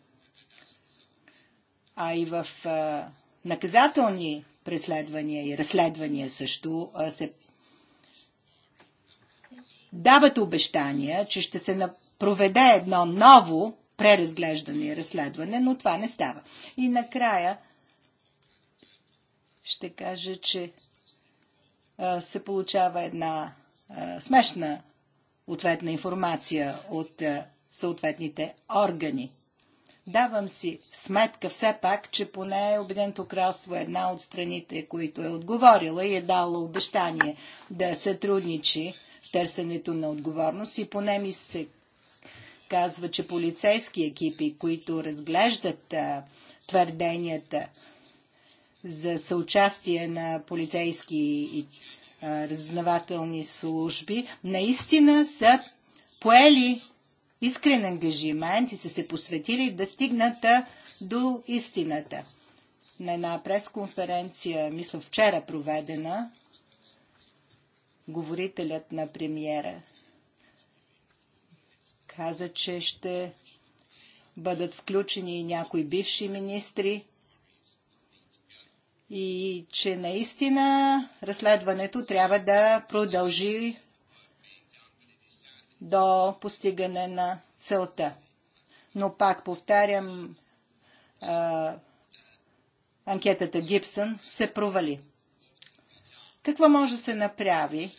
S1: а и в а, наказателни преследвания и разследвания също а, се дават обещания, че ще се проведе едно ново преразглеждане и разследване, но това не става. И накрая ще кажа, че се получава една а, смешна ответна информация от е, съответните органи. Давам си сметка все пак, че поне Обединеното кралство е една от страните, които е отговорила и е дала обещание да сътрудничи в търсенето на отговорност и поне ми се казва, че полицейски екипи, които разглеждат е, твърденията за съучастие на полицейски и разузнавателни служби, наистина са поели искрен ангажимент и са се посветили да стигнат до истината. На една пресконференция, мисля вчера проведена, говорителят на премиера каза, че ще бъдат включени и някои бивши министри и че наистина разследването трябва да продължи до постигане на целта. Но пак повтарям, а, анкетата Гибсън се провали. Какво може да се направи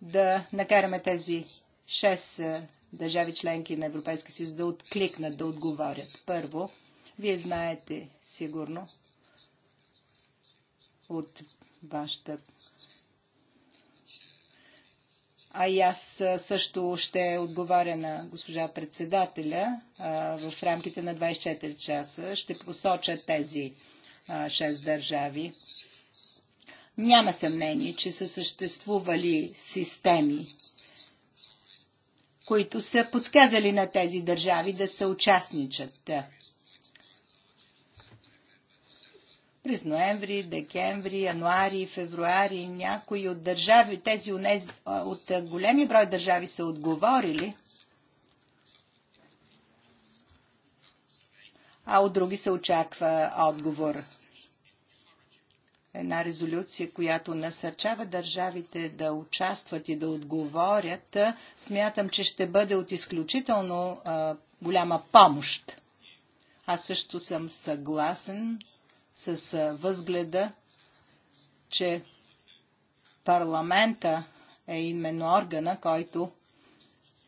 S1: да накараме тези 6 държави членки на Европейския съюз да откликнат, да отговорят? Първо, вие знаете сигурно, от вашата а и аз също ще отговаря на госпожа председателя в рамките на 24 часа. Ще посоча тези 6 държави. Няма съмнение, че са съществували системи, които са подсказали на тези държави да се участничат През ноември, декември, януари, февруари някои от държави, тези от големи брой държави са отговорили, а от други се очаква отговор. Една резолюция, която насърчава държавите да участват и да отговорят, смятам, че ще бъде от изключително голяма помощ. Аз също съм съгласен с възгледа, че парламента е именно органа, който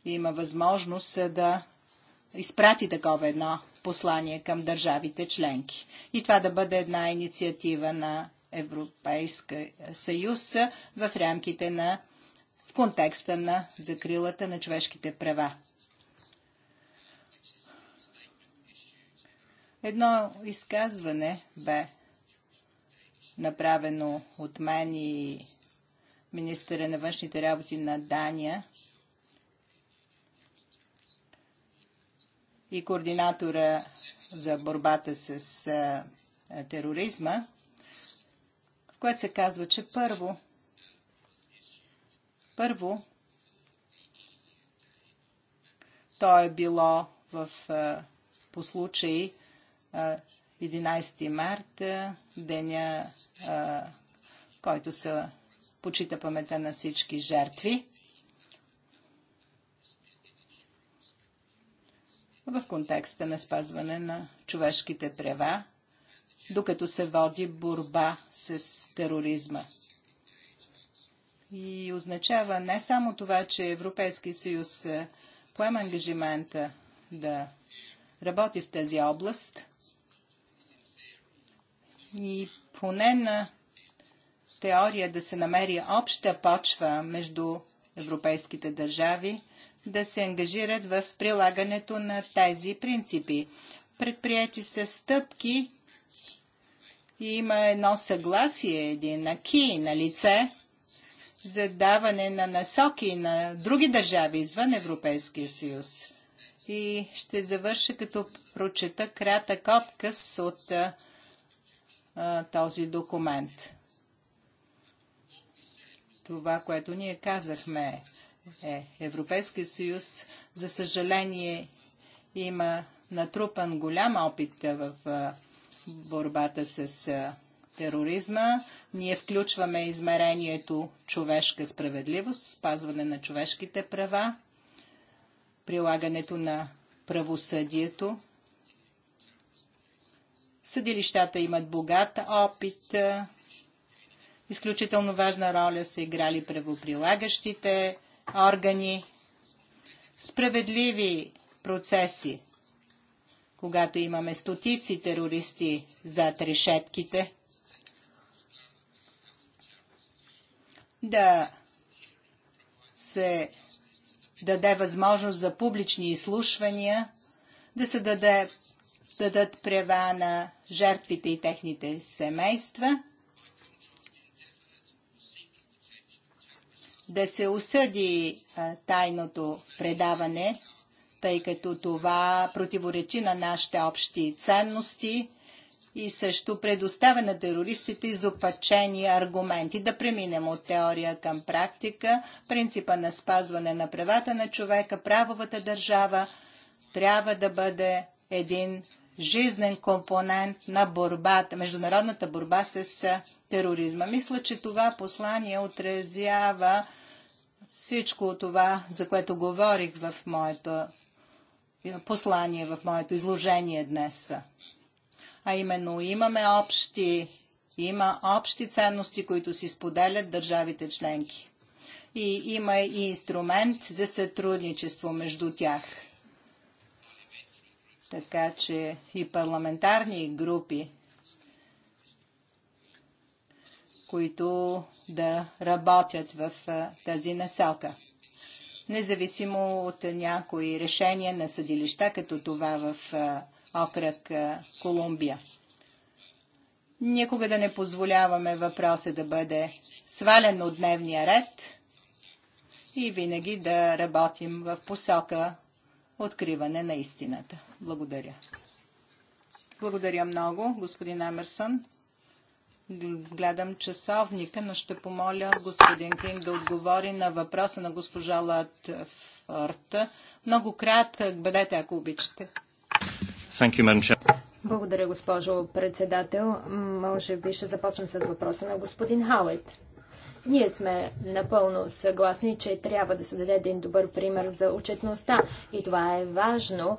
S1: има възможност да изпрати такова едно послание към държавите членки. И това да бъде една инициатива на Европейска съюз в рамките на в контекста на закрилата на човешките права. Едно изказване бе направено от мен и министъра на външните работи на Дания и координатора за борбата с тероризма, в което се казва, че първо, първо, то е било в, по случай 11 март деня, който се почита памета на всички жертви. в контекста на спазване на човешките права, докато се води борба с тероризма. И означава не само това, че Европейски съюз поема ангажимента да работи в тази област, и поне на теория да се намери обща почва между европейските държави, да се ангажират в прилагането на тези принципи. Предприяти са стъпки и има едно съгласие, един аки на лице за даване на насоки на други държави извън Европейския съюз. И ще завърша като прочета кратък отказ от този документ. Това, което ние казахме е, Европейския съюз, за съжаление, има натрупан голям опит в борбата с тероризма. Ние включваме измерението човешка справедливост, спазване на човешките права, прилагането на правосъдието Съдилищата имат богат опит. Изключително важна роля са играли правоприлагащите органи. Справедливи процеси, когато имаме стотици терористи зад решетките. Да се даде възможност за публични изслушвания, да се даде дадат права на жертвите и техните семейства, да се осъди тайното предаване, тъй като това противоречи на нашите общи ценности и също предоставя на терористите изопачени аргументи. Да преминем от теория към практика, принципа на спазване на правата на човека, правовата държава трябва да бъде един жизнен компонент на борбата, международната борба с тероризма. Мисля, че това послание отразява всичко това, за което говорих в моето е, послание, в моето изложение днес. А именно имаме общи, има общи ценности, които си споделят държавите членки. И има и инструмент за сътрудничество между тях – така че и парламентарни групи, които да работят в тази населка. Независимо от някои решения на съдилища, като това в окръг Колумбия. Никога да не позволяваме въпроса да бъде свален от дневния ред и винаги да работим в посока откриване на истината. Благодаря. Благодаря много, господин Емерсън. Гледам часовника, но ще помоля господин Кинг да отговори на въпроса на госпожа Латфорт. Много кратък
S3: бъдете, ако обичате. Благодаря, госпожо председател. Може би ще започна с въпроса на господин Хаует. Ние сме напълно съгласни, че трябва да се даде един добър пример за отчетността и това е важно,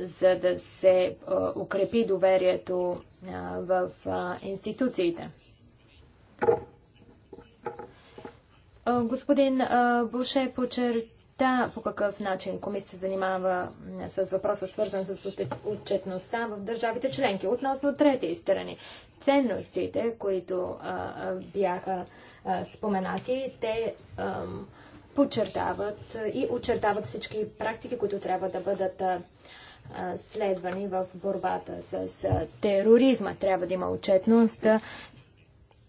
S3: за да се укрепи доверието в институциите. Господин Буше почерта Та, по какъв начин комисията се занимава с въпроса свързан с отчетността в държавите членки, относно трети страни. Ценностите, които а, бяха а, споменати, те а, подчертават и очертават всички практики, които трябва да бъдат следвани в борбата с тероризма. Трябва да има отчетност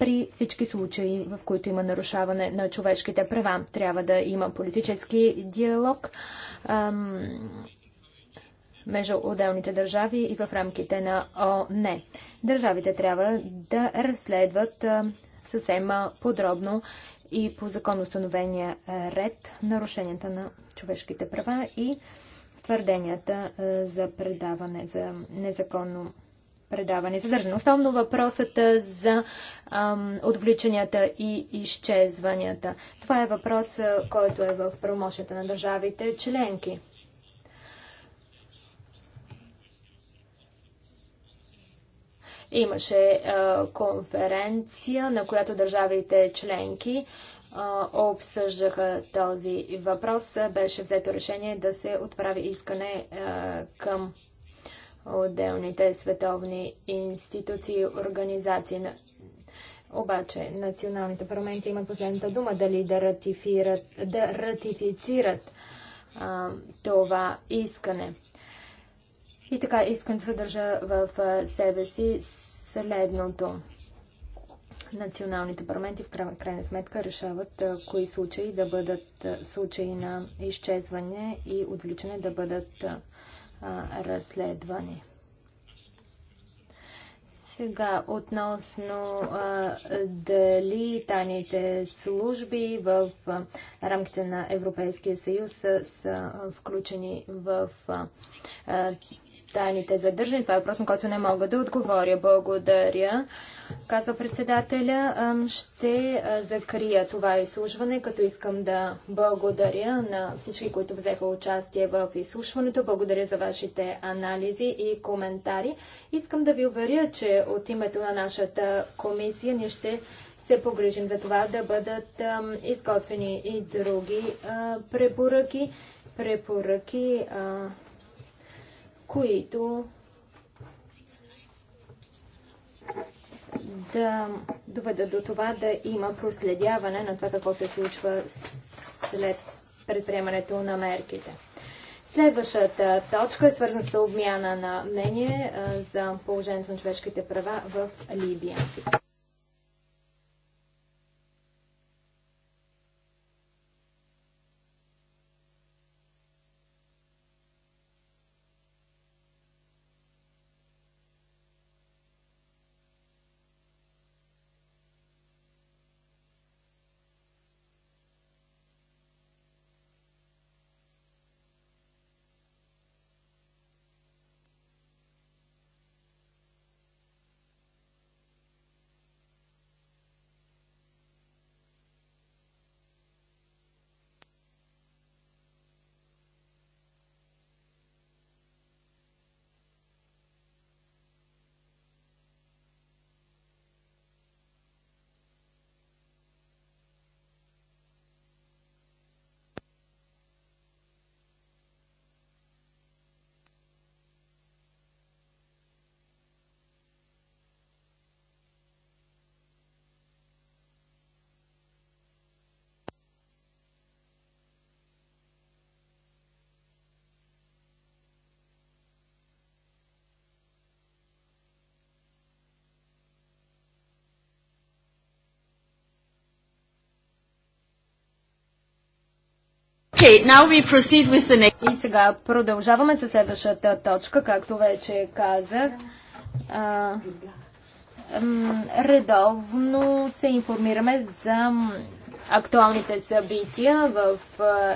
S3: при всички случаи, в които има нарушаване на човешките права. Трябва да има политически диалог ам, между отделните държави и в рамките на ОНЕ. Държавите трябва да разследват съвсем подробно и по законоустановения ред нарушенията на човешките права и твърденията за предаване, за незаконно предаване задържано. Основно въпросът за ам, отвличанията и изчезванията. Това е въпрос, който е в промощата на държавите членки. Имаше а, конференция, на която държавите членки а, обсъждаха този въпрос. Беше взето решение да се отправи искане а, към отделните световни институции и организации. Обаче националните парламенти имат последната дума дали да, ратифират, да ратифицират а, това искане. И така, искам да съдържа в себе си следното. Националните парламенти в крайна сметка решават кои случаи да бъдат случаи на изчезване и отвличане да бъдат а, разследване. Сега относно дали тайните служби в рамките на Европейския съюз са, включени в тайните задържани? Това е въпрос, на който не мога да отговоря. Благодаря. Казва председателя, ще закрия това изслушване, като искам да благодаря на всички, които взеха участие в изслушването. Благодаря за вашите анализи и коментари. Искам да ви уверя, че от името на нашата комисия ние ще се погрежим за това да бъдат изготвени и други препоръки. Препоръки които да доведат до това да има проследяване на това какво се случва след предприемането на мерките. Следващата точка е свързана с обмяна на мнение за положението на човешките права в Либия. Okay, now we proceed with the next. И сега продължаваме с следващата точка, както вече казах. А, редовно се информираме за актуалните събития в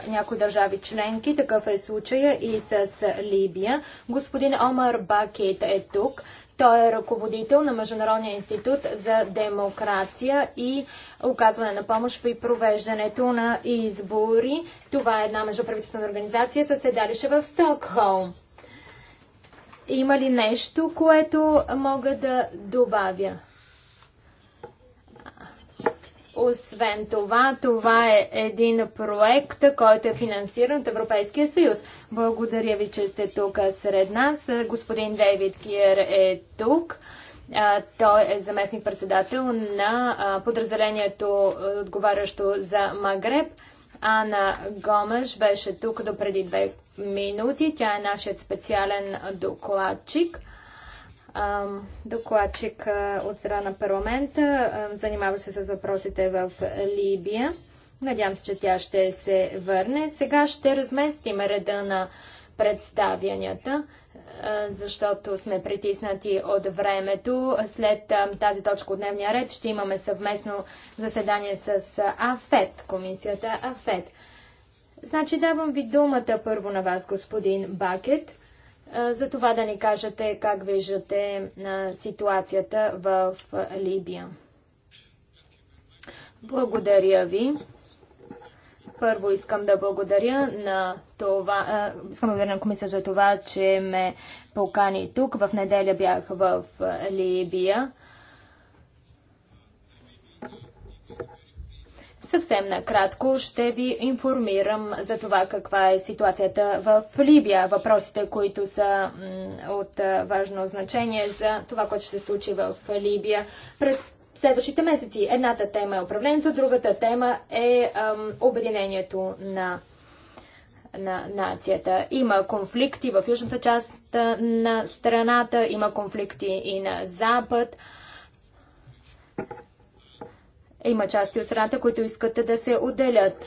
S3: някои държави членки. Такъв е случая и с Либия. Господин Омар Бакет е тук. Той е ръководител на Международния институт за демокрация и оказване на помощ при провеждането на избори. Това е една междуправителствена организация със седалище в Стокхолм. Има ли нещо, което мога да добавя? Освен това, това е един проект, който е финансиран от Европейския съюз. Благодаря ви, че сте тук сред нас. Господин Дейвид Киер е тук. Той е заместник-председател на подразделението, отговарящо за Магреб. Ана Гомеш беше тук до преди две минути. Тя е нашият специален докладчик докладчик от страна на парламента, занимава се с въпросите в Либия. Надявам се, че тя ще се върне. Сега ще разместим реда на представянията, защото сме притиснати от времето. След тази точка от дневния ред ще имаме съвместно заседание с АФЕТ, комисията АФЕТ. Значи давам ви думата първо на вас, господин Бакет за това да ни кажете как виждате ситуацията в Либия. Благодаря ви. Първо искам да благодаря на това, искам да благодаря на комисия за това, че ме покани тук. В неделя бях в Либия. Съвсем накратко ще ви информирам за това каква е ситуацията в Либия. Въпросите, които са от важно значение за това, което ще се случи в Либия през следващите месеци. Едната тема е управлението, другата тема е ам, обединението на на нацията. Има конфликти в южната част на страната, има конфликти и на запад. Има части от страната, които искат да се отделят.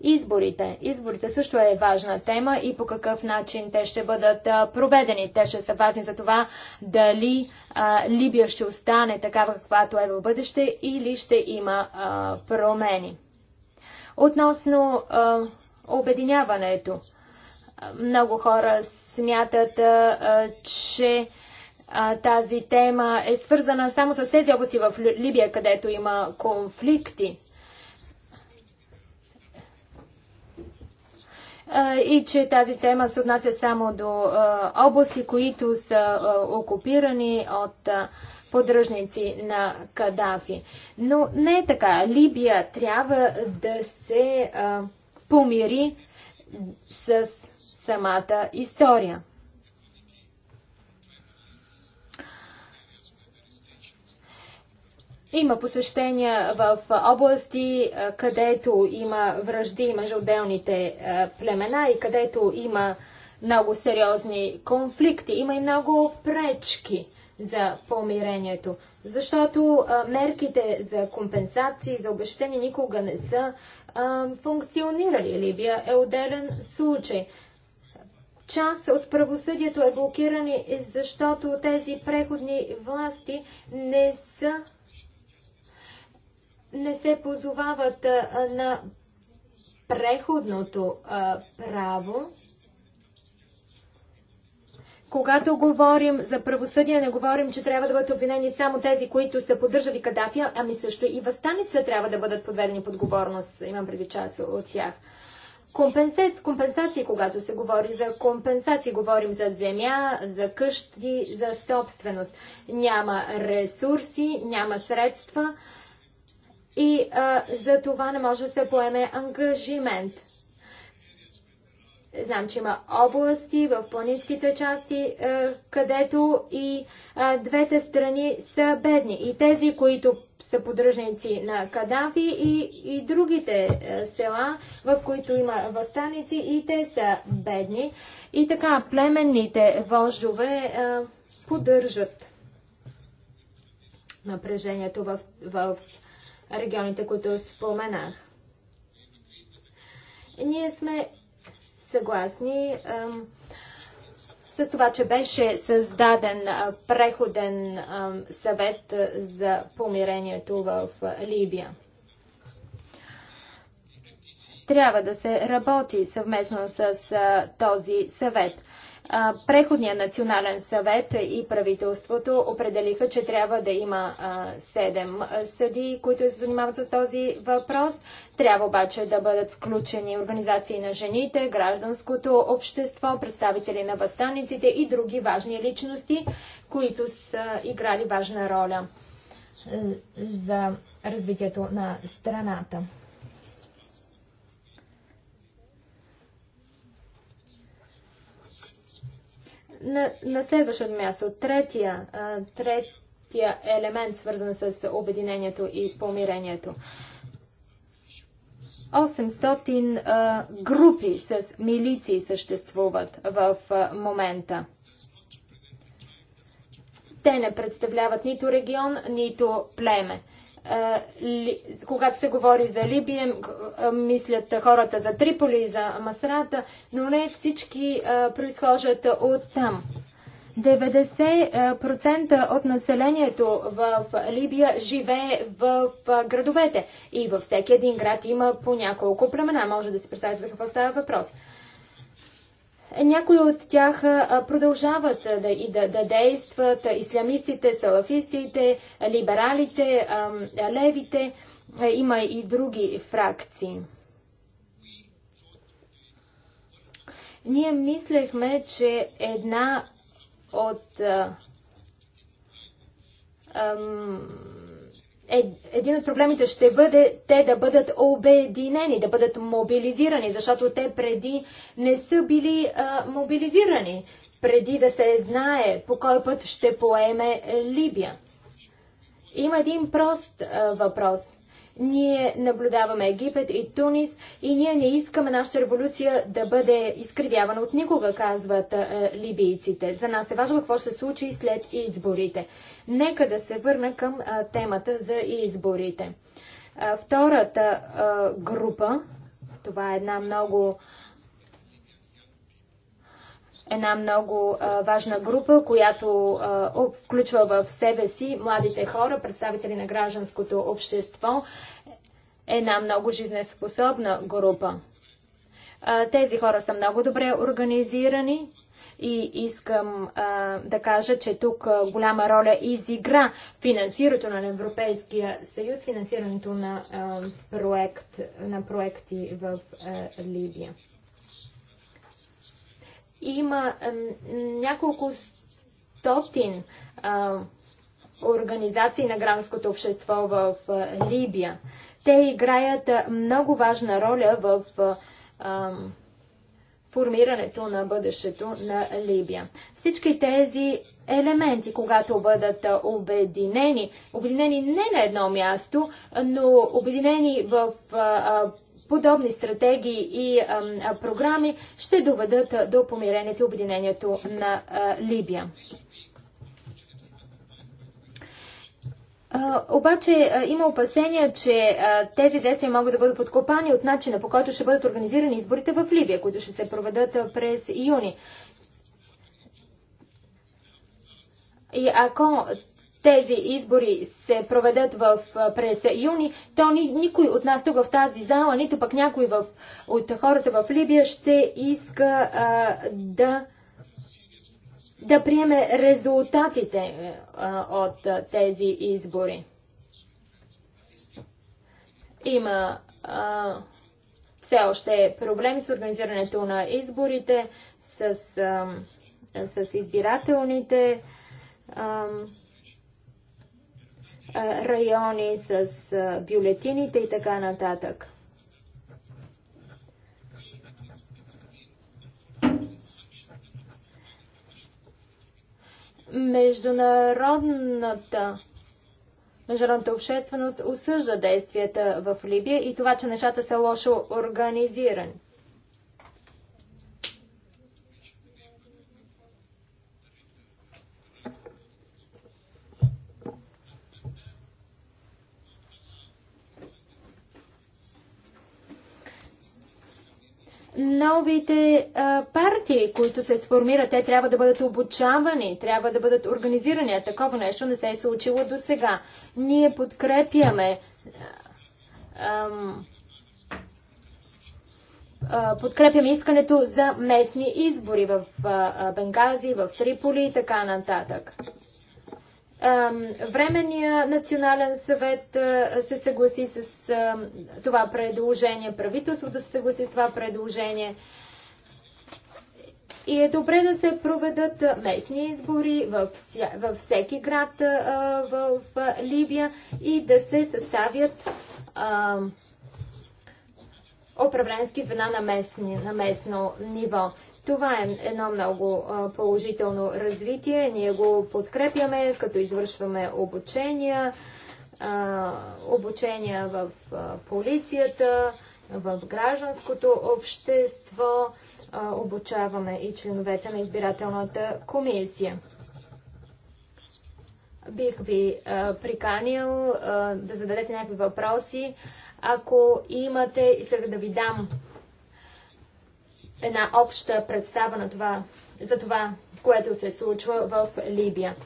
S3: Изборите. Изборите също е важна тема и по какъв начин те ще бъдат проведени. Те ще са важни за това дали а, Либия ще остане такава каквато е в бъдеще или ще има а, промени. Относно обединяването. Много хора смятат, че тази тема е свързана само с тези области в Либия, където има конфликти. и че тази тема се отнася само до области, които са окупирани от подръжници на Кадафи. Но не е така. Либия трябва да се помири с самата история. Има посещения в области, където има връжди между отделните племена и където има много сериозни конфликти. Има и много пречки за помирението. Защото мерките за компенсации, за обещания никога не са функционирали. Либия е отделен случай. Част от правосъдието е блокирани, защото тези преходни власти не са не се позовават а, на преходното а, право. Когато говорим за правосъдие, не говорим, че трябва да бъдат обвинени само тези, които са поддържали кадафия, ами също и възстаница трябва да бъдат подведени под говорност. Имам преди част от тях. компенсации, когато се говори за компенсации, говорим за земя, за къщи, за собственост. Няма ресурси, няма средства и а, за това не може да се поеме ангажимент. Знам, че има области в планинските части, а, където и а, двете страни са бедни. И тези, които са поддръжници на Кадафи и, и другите а, села, в които има възстаници и те са бедни. И така, племенните вождове поддържат напрежението в, в регионите, които споменах. Ние сме съгласни с това, че беше създаден преходен съвет за помирението в Либия. Трябва да се работи съвместно с този съвет. Преходния национален съвет и правителството определиха, че трябва да има седем съди, които се занимават с този въпрос. Трябва обаче да бъдат включени организации на жените, гражданското общество, представители на възстаниците и други важни личности, които са играли важна роля за развитието на страната. На, на следващото място, третия, а, третия елемент, свързан с обединението и помирението. 800 а, групи с милиции съществуват в а, момента. Те не представляват нито регион, нито племе когато се говори за Либия, мислят хората за Триполи и за Масрата, но не всички произхождат от там. 90% от населението в Либия живее в градовете и във всеки един град има по няколко племена. Може да си представите за какво става въпрос. Някои от тях продължават да, и да, да действат. Ислямистите, салафистите, либералите, левите. Има и други фракции. Ние мислехме, че една от ам, е, един от проблемите ще бъде те да бъдат обединени, да бъдат мобилизирани, защото те преди не са били а, мобилизирани, преди да се знае по кой път ще поеме Либия. Има един прост а, въпрос – ние наблюдаваме Египет и Тунис и ние не искаме нашата революция да бъде изкривявана от никога, казват е, либийците. За нас е важно какво ще се случи след изборите. Нека да се върна към е, темата за изборите. Е, втората група, това е една много една много а, важна група, която а, включва в себе си младите хора, представители на гражданското общество, една много жизнеспособна група. А, тези хора са много добре организирани и искам а, да кажа, че тук голяма роля изигра финансирането на Европейския съюз, финансирането на, а, проект, на проекти в а, Ливия. Има няколко стотин е, организации на гражданското общество в е, Либия. Те играят много важна роля в е, формирането на бъдещето на Либия. Всички тези елементи, когато бъдат обединени, обединени не на едно място, но обединени в подобни стратегии и програми ще доведат до помирението и обединението на Либия. обаче има опасения, че тези действия могат да бъдат подкопани от начина по който ще бъдат организирани изборите в Либия, които ще се проведат през юни. И ако тези избори се проведат в, през юни, то ни, никой от нас тук в тази зала, нито пък някой в, от хората в Либия ще иска а, да да приеме резултатите а, от а, тези избори. Има а, все още проблеми с организирането на изборите, с, а, с избирателните а, райони с бюлетините и така нататък. Международната Международната общественост осъжда действията в Либия и това, че нещата са лошо организирани. новите а, партии, които се сформират, те трябва да бъдат обучавани, трябва да бъдат организирани. А такова нещо не се е случило до сега. Ние подкрепяме а, а, подкрепяме искането за местни избори в Бенгази, в Триполи и така нататък. Временния национален съвет се съгласи с това предложение, правителството се съгласи с това предложение. И е добре да се проведат местни избори във, всеки град в Ливия и да се съставят управленски звена на местно ниво. Това е едно много положително развитие. Ние го подкрепяме, като извършваме обучения, обучения в полицията, в гражданското общество, обучаваме и членовете на избирателната комисия. Бих ви приканил да зададете някакви въпроси, ако имате, и сега да ви дам една обща представа на това, за това, което се случва в Либия.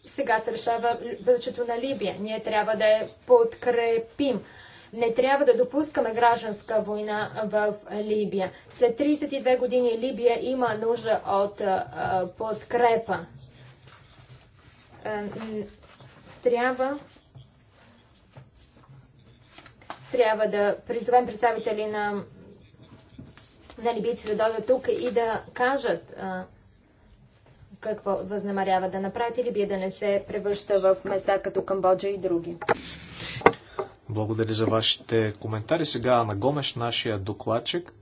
S3: Сега се решава бъдещето на Либия. Ние трябва да я подкрепим. Не трябва да допускаме гражданска война в Либия. След 32 години Либия има нужда от а, подкрепа. А, трябва трябва да призовем представители на на либийци да дойдат тук и да кажат а, какво възнамарява да направят или бие да не се превръща в места като Камбоджа и други.
S2: Благодаря за вашите коментари. Сега на Гомеш, нашия докладчик.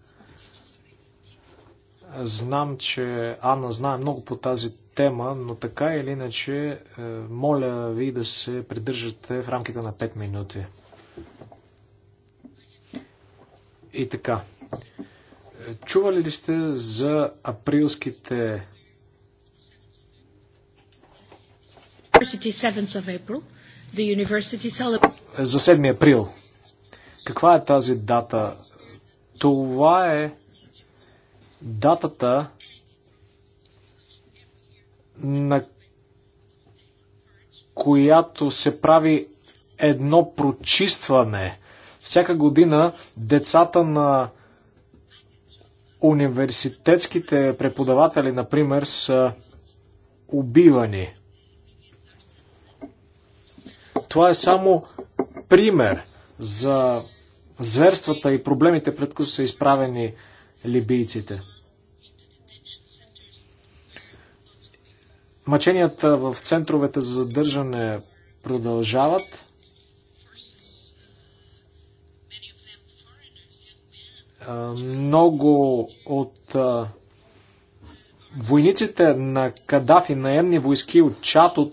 S2: Знам, че Анна знае много по тази тема, но така или иначе, е, моля ви да се придържате в рамките на 5 минути. И така. Чували ли сте за априлските за 7 април. Каква е тази дата? Това е датата, на която се прави едно прочистване. Всяка година децата на университетските преподаватели, например, са убивани. Това е само пример за зверствата и проблемите, пред които са изправени либийците. Мъченията в центровете за задържане продължават. много от войниците на Кадафи, наемни войски от чат от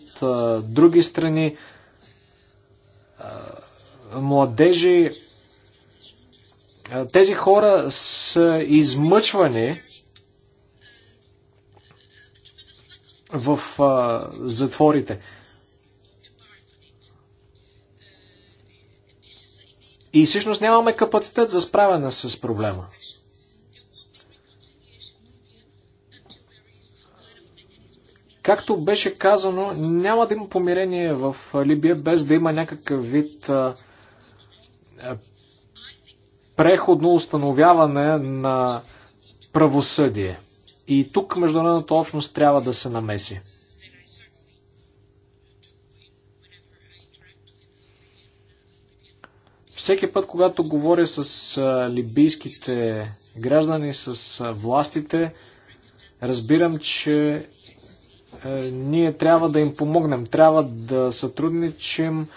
S2: други страни, младежи, тези хора са измъчвани в затворите. И всъщност нямаме капацитет за справяне с проблема. Както беше казано, няма да има помирение в Либия без да има някакъв вид а, преходно установяване на правосъдие. И тук международната общност трябва да се намеси. Всеки път, когато говоря с либийските граждани, с властите, разбирам, че ние трябва да им помогнем, трябва да сътрудничим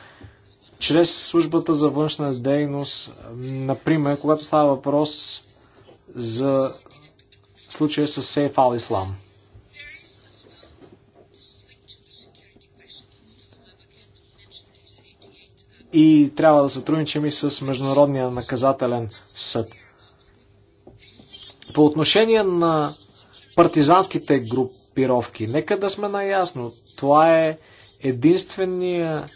S2: чрез службата за външна дейност, например, когато става въпрос за случая с Сейф Ал Ислам. и трябва да сътрудничим и с Международния наказателен съд. По отношение на партизанските групировки, нека да сме наясно, това е единствения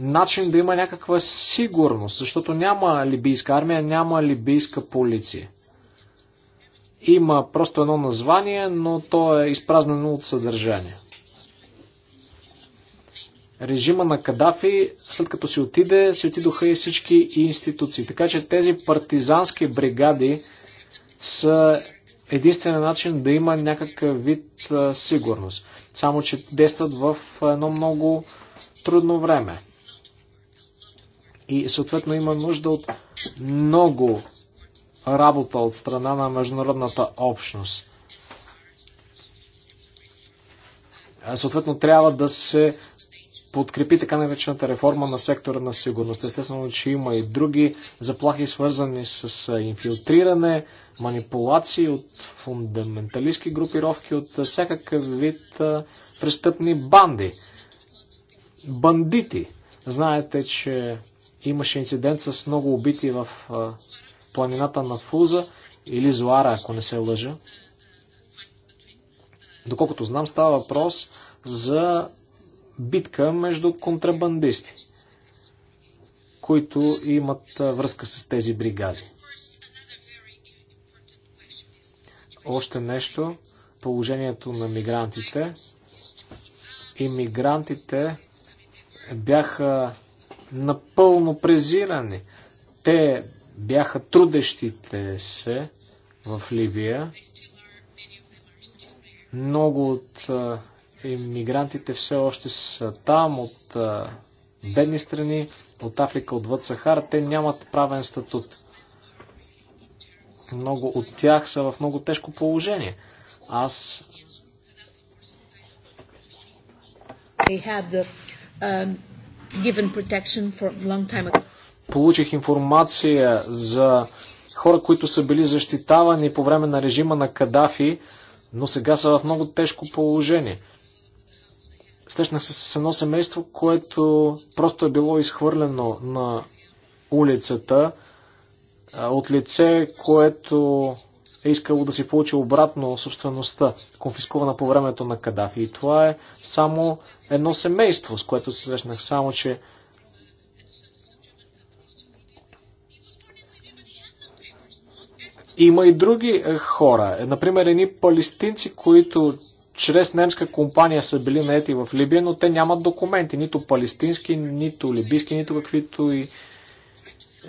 S2: начин да има някаква сигурност, защото няма либийска армия, няма либийска полиция. Има просто едно название, но то е изпразнено от съдържание режима на Кадафи, след като си отиде, си отидоха и всички институции. Така че тези партизански бригади са единствения начин да има някакъв вид а, сигурност. Само, че действат в едно много трудно време. И съответно има нужда от много работа от страна на международната общност. Съответно трябва да се подкрепи така наречената реформа на сектора на сигурност. Естествено, че има и други заплахи, свързани с инфилтриране, манипулации от фундаменталистски групировки, от всякакъв вид престъпни банди. Бандити. Знаете, че имаше инцидент с много убити в планината на Фуза или Зоара, ако не се лъжа. Доколкото знам, става въпрос за битка между контрабандисти, които имат връзка с тези бригади. Още нещо, положението на мигрантите. Имигрантите бяха напълно презирани. Те бяха трудещите се в Ливия. Много от иммигрантите все още са там от бедни страни, от Африка, отвъд Сахара. Те нямат правен статут. Много от тях са в много тежко положение. Аз um, Получих информация за хора, които са били защитавани по време на режима на Кадафи, но сега са в много тежко положение. Срещнах се с едно семейство, което просто е било изхвърлено на улицата от лице, което е искало да си получи обратно собствеността, конфискувана по времето на Кадафи. И това е само едно семейство, с което се срещнах, само че Има и други е, хора. Е, например, едни палестинци, които чрез немска компания са били наети в Либия, но те нямат документи, нито палестински, нито либийски, нито каквито и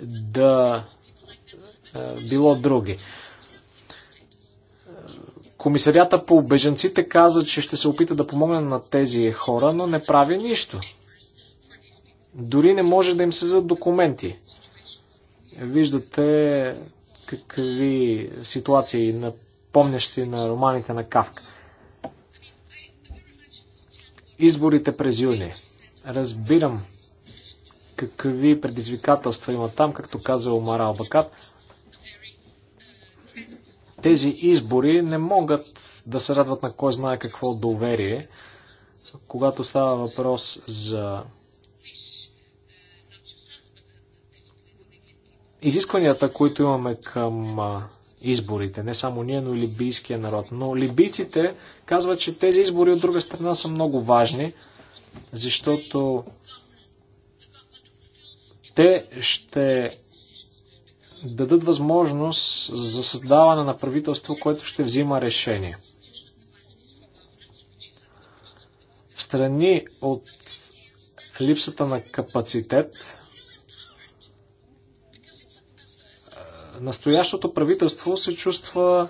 S2: да е, било други. Е, комисарията по беженците каза, че ще се опита да помогне на тези хора, но не прави нищо. Дори не може да им се за документи. Виждате какви ситуации, напомнящи на романите на Кавка изборите през юни. Разбирам какви предизвикателства има там, както каза Омара Албакат. Тези избори не могат да се радват на кой знае какво доверие, когато става въпрос за изискванията, които имаме към изборите. Не само ние, но и либийския народ. Но либийците казват, че тези избори от друга страна са много важни, защото те ще дадат възможност за създаване на правителство, което ще взима решение. В страни от липсата на капацитет настоящото правителство се чувства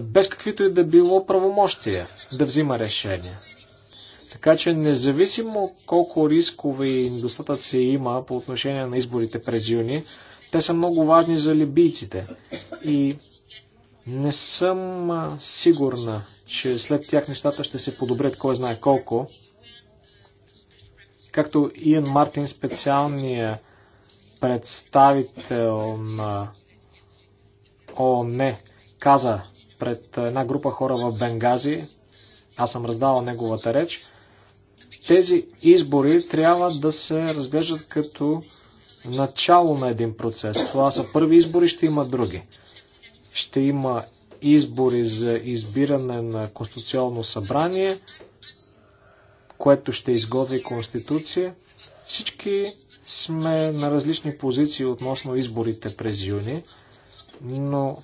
S2: без каквито и да било правомощия да взима решения. Така че независимо колко рискове и недостатъци има по отношение на изборите през юни, те са много важни за либийците. И не съм сигурна, че след тях нещата ще се подобрят кой знае колко. Както Иен Мартин, специалният представител на ООН каза пред една група хора в Бенгази, аз съм раздавал неговата реч, тези избори трябва да се разглеждат като начало на един процес. Това са първи избори, ще има други. Ще има избори за избиране на Конституционно събрание, което ще изготви Конституция. Всички сме на различни позиции относно изборите през юни, но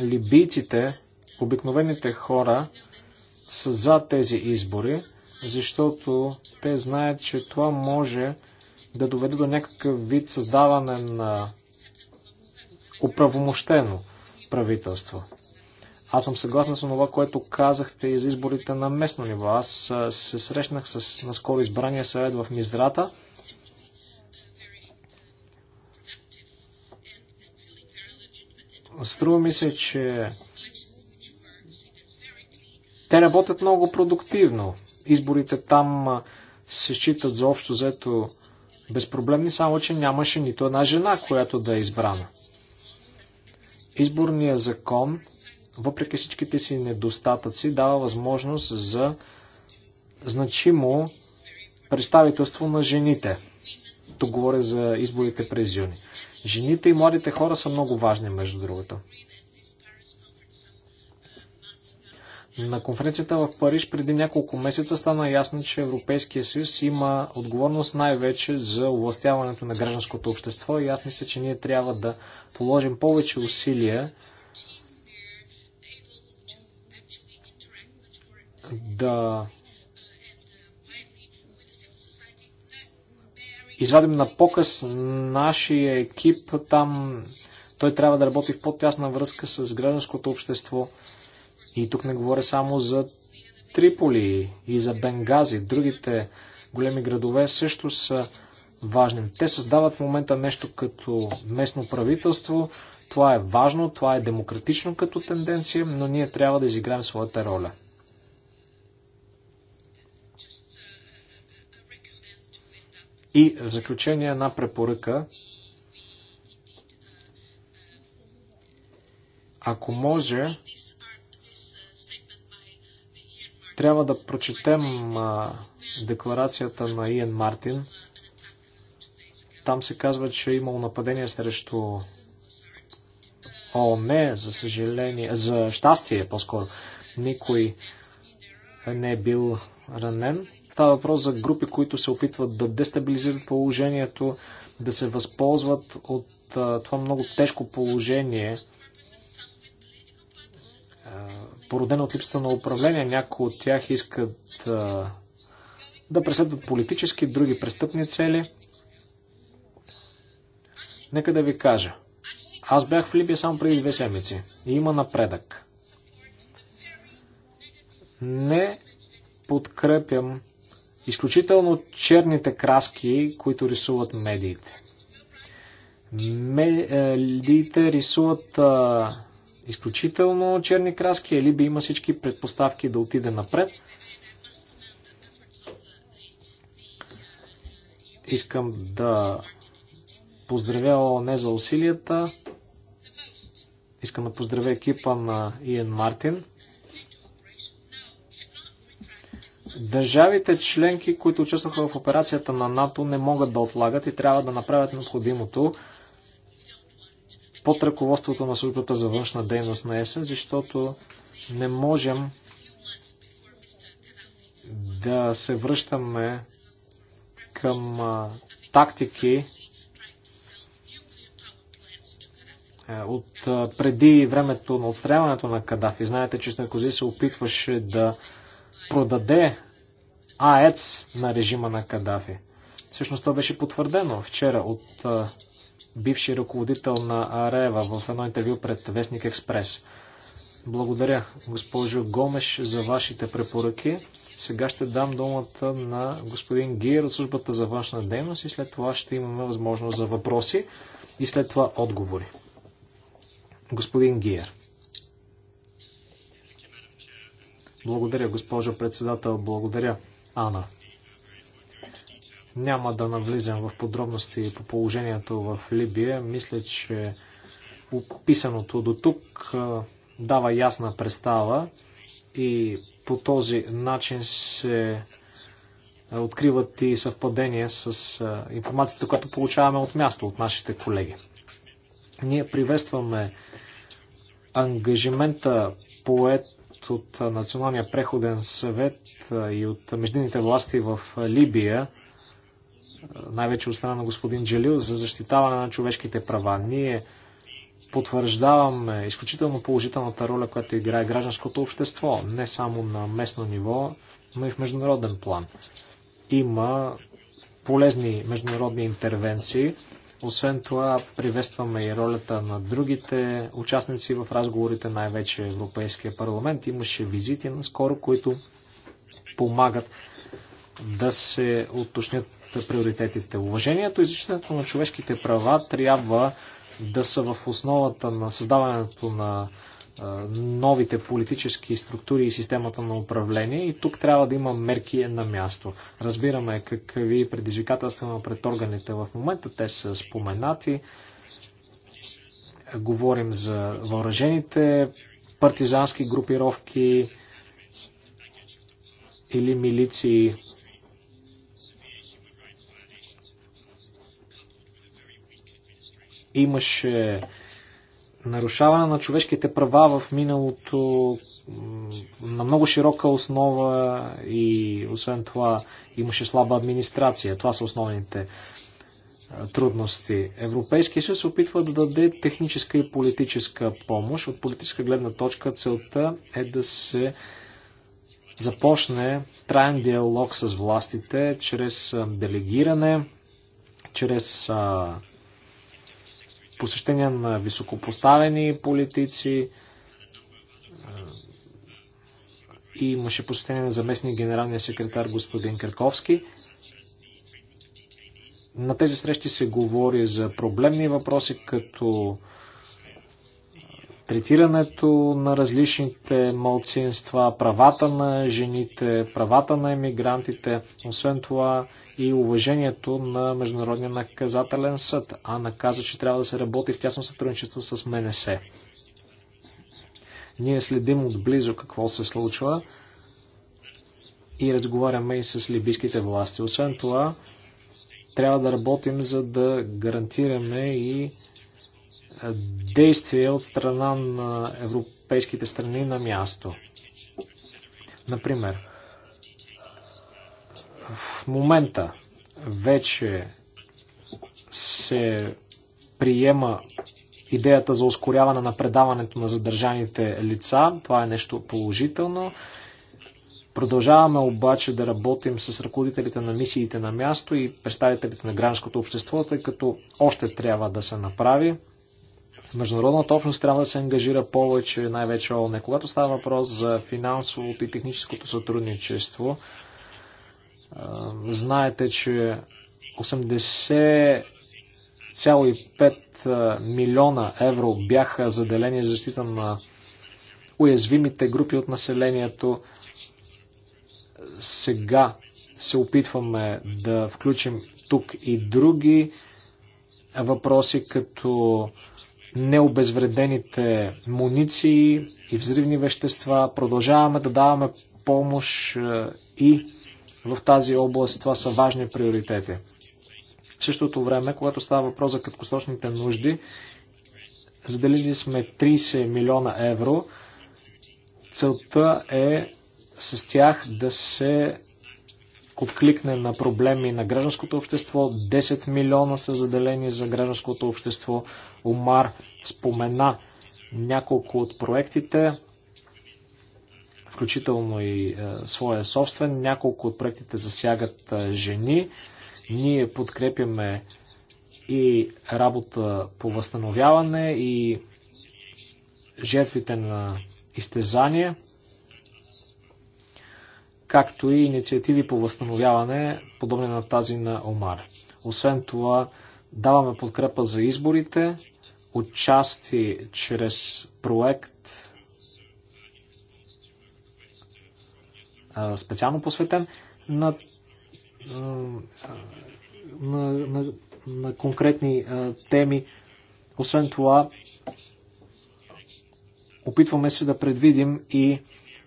S2: либийците, обикновените хора, са за тези избори, защото те знаят, че това може да доведе до някакъв вид създаване на оправомощено правителство. Аз съм съгласен с това, което казахте и за изборите на местно ниво. Аз се срещнах с наскоро избрания съвет в миздрата. Струва ми се, че те работят много продуктивно. Изборите там се считат за общо взето безпроблемни, само че нямаше нито една жена, която да е избрана. Изборният закон, въпреки всичките си недостатъци, дава възможност за значимо представителство на жените. Тук говоря за изборите през юни. Жените и младите хора са много важни, между другото. На конференцията в Париж преди няколко месеца стана ясно, че Европейския съюз има отговорност най-вече за овластяването на гражданското общество и аз мисля, че ние трябва да положим повече усилия да извадим на показ нашия екип там. Той трябва да работи в по-тясна връзка с гражданското общество. И тук не говоря само за Триполи и за Бенгази. Другите големи градове също са важни. Те създават в момента нещо като местно правителство. Това е важно, това е демократично като тенденция, но ние трябва да изиграем своята роля. И в заключение една препоръка. Ако може, трябва да прочетем а, декларацията на Иен Мартин. Там се казва, че е имал нападение срещу ООН, за съжаление, за щастие по-скоро. Никой не е бил ранен. Става въпрос за групи, които се опитват да дестабилизират положението, да се възползват от това много тежко положение, породено от липсата на управление. Някои от тях искат да преследват политически, други престъпни цели. Нека да ви кажа. Аз бях в Либия само преди две седмици и има напредък. Не подкрепям изключително черните краски, които рисуват медиите. Медиите е, рисуват а, е, изключително черни краски, или би има всички предпоставки да отиде напред. Искам да поздравя ООН за усилията. Искам да поздравя екипа на Иен Мартин. Държавите членки, които участваха в операцията на НАТО, не могат да отлагат и трябва да направят необходимото под ръководството на службата за външна дейност на ЕСЕ, защото не можем да се връщаме към тактики е, от преди времето на отстрелването на Кадафи. Знаете, че Снекози се опитваше да продаде аец на режима на Кадафи. Всъщност това беше потвърдено вчера от бивши ръководител на Арева в едно интервю пред Вестник Експрес. Благодаря, госпожо Гомеш, за вашите препоръки. Сега ще дам думата на господин Гир от службата за външна дейност и след това ще имаме възможност за въпроси и след това отговори. Господин Гиер. Благодаря, госпожо председател. Благодаря Ана. Няма да навлизам в подробности по положението в Либия. Мисля, че описаното до тук дава ясна представа и по този начин се откриват и съвпадения с информацията, която получаваме от място от нашите колеги. Ние приветстваме ангажимента поет от Националния преходен съвет и от междинните власти в Либия, най-вече от страна на господин Джалил, за защитаване на човешките права. Ние потвърждаваме изключително положителната роля, която играе гражданското общество, не само на местно ниво, но и в международен план. Има полезни международни интервенции, освен това, приветстваме и ролята на другите участници в разговорите, най-вече Европейския парламент. Имаше визити наскоро, които помагат да се уточнят приоритетите. Уважението и защитането на човешките права трябва да са в основата на създаването на новите политически структури и системата на управление и тук трябва да има мерки на място. Разбираме какви предизвикателства има пред органите в момента, те са споменати. Говорим за въоръжените партизански групировки или милиции. Имаше нарушаване на човешките права в миналото на много широка основа и освен това имаше слаба администрация. Това са основните трудности. Европейския съюз се опитва да даде техническа и политическа помощ. От политическа гледна точка целта е да се започне траен диалог с властите чрез делегиране, чрез а, посещения на високопоставени политици, и имаше посещение на заместния генералния секретар господин Карковски. На тези срещи се говори за проблемни въпроси, като третирането на различните малцинства, правата на жените, правата на емигрантите, освен това и уважението на Международния наказателен съд. а каза, че трябва да се работи в тясно сътрудничество с МНС. Ние следим отблизо какво се случва и разговаряме и с либийските власти. Освен това, трябва да работим, за да гарантираме и действия от страна на европейските страни на място. Например, в момента вече се приема идеята за ускоряване на предаването на задържаните лица. Това е нещо положително. Продължаваме обаче да работим с ръководителите на мисиите на място и представителите на гражданското общество, тъй като още трябва да се направи. Международната общност трябва да се ангажира повече, най-вече ООН. Когато става въпрос за финансовото и техническото сътрудничество, знаете, че 80,5 милиона евро бяха заделени за защита на уязвимите групи от населението. Сега се опитваме да включим тук и други въпроси, като необезвредените муниции и взривни вещества. Продължаваме да даваме помощ е, и в тази област. Това са важни приоритети. В същото време, когато става въпрос за краткосрочните нужди, заделили сме 30 милиона евро. Целта е с тях да се откликне на проблеми на гражданското общество. 10 милиона са заделени за гражданското общество. Омар спомена няколко от проектите, включително и е, своя собствен. Няколко от проектите засягат е, жени. Ние подкрепяме и работа по възстановяване и жертвите на изтезания както и инициативи по възстановяване, подобни на тази на Омар. Освен това, даваме подкрепа за изборите, отчасти чрез проект специално посветен на, на, на, на конкретни теми. Освен това, опитваме се да предвидим и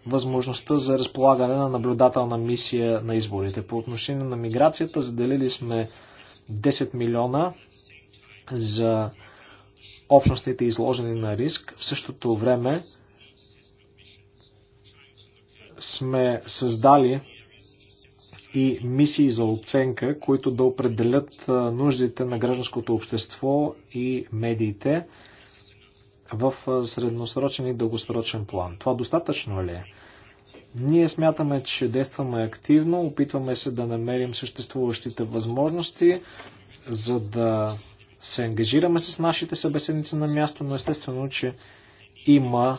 S2: възможността за разполагане на наблюдателна мисия на изборите. По отношение на миграцията заделили сме 10 милиона за общностите изложени на риск. В същото време сме създали и мисии за оценка, които да определят нуждите на гражданското общество и медиите в средносрочен и дългосрочен план. Това достатъчно ли е? Ние смятаме, че действаме активно, опитваме се да намерим съществуващите възможности, за да се ангажираме с нашите събеседници на място, но естествено, че има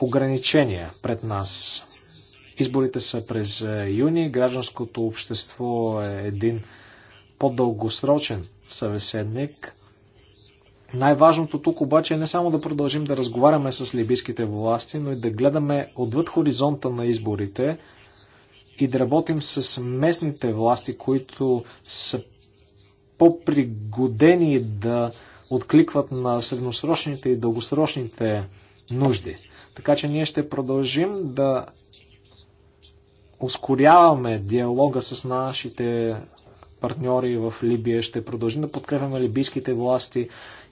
S2: ограничения пред нас. Изборите са през юни, гражданското общество е един по-дългосрочен събеседник. Най-важното тук обаче е не само да продължим да разговаряме с либийските власти, но и да гледаме отвъд хоризонта на изборите и да работим с местните власти, които са по-пригодени да откликват на средносрочните и дългосрочните нужди. Така че ние ще продължим да ускоряваме диалога с нашите партньори в Либия, ще продължим да подкрепяме либийските власти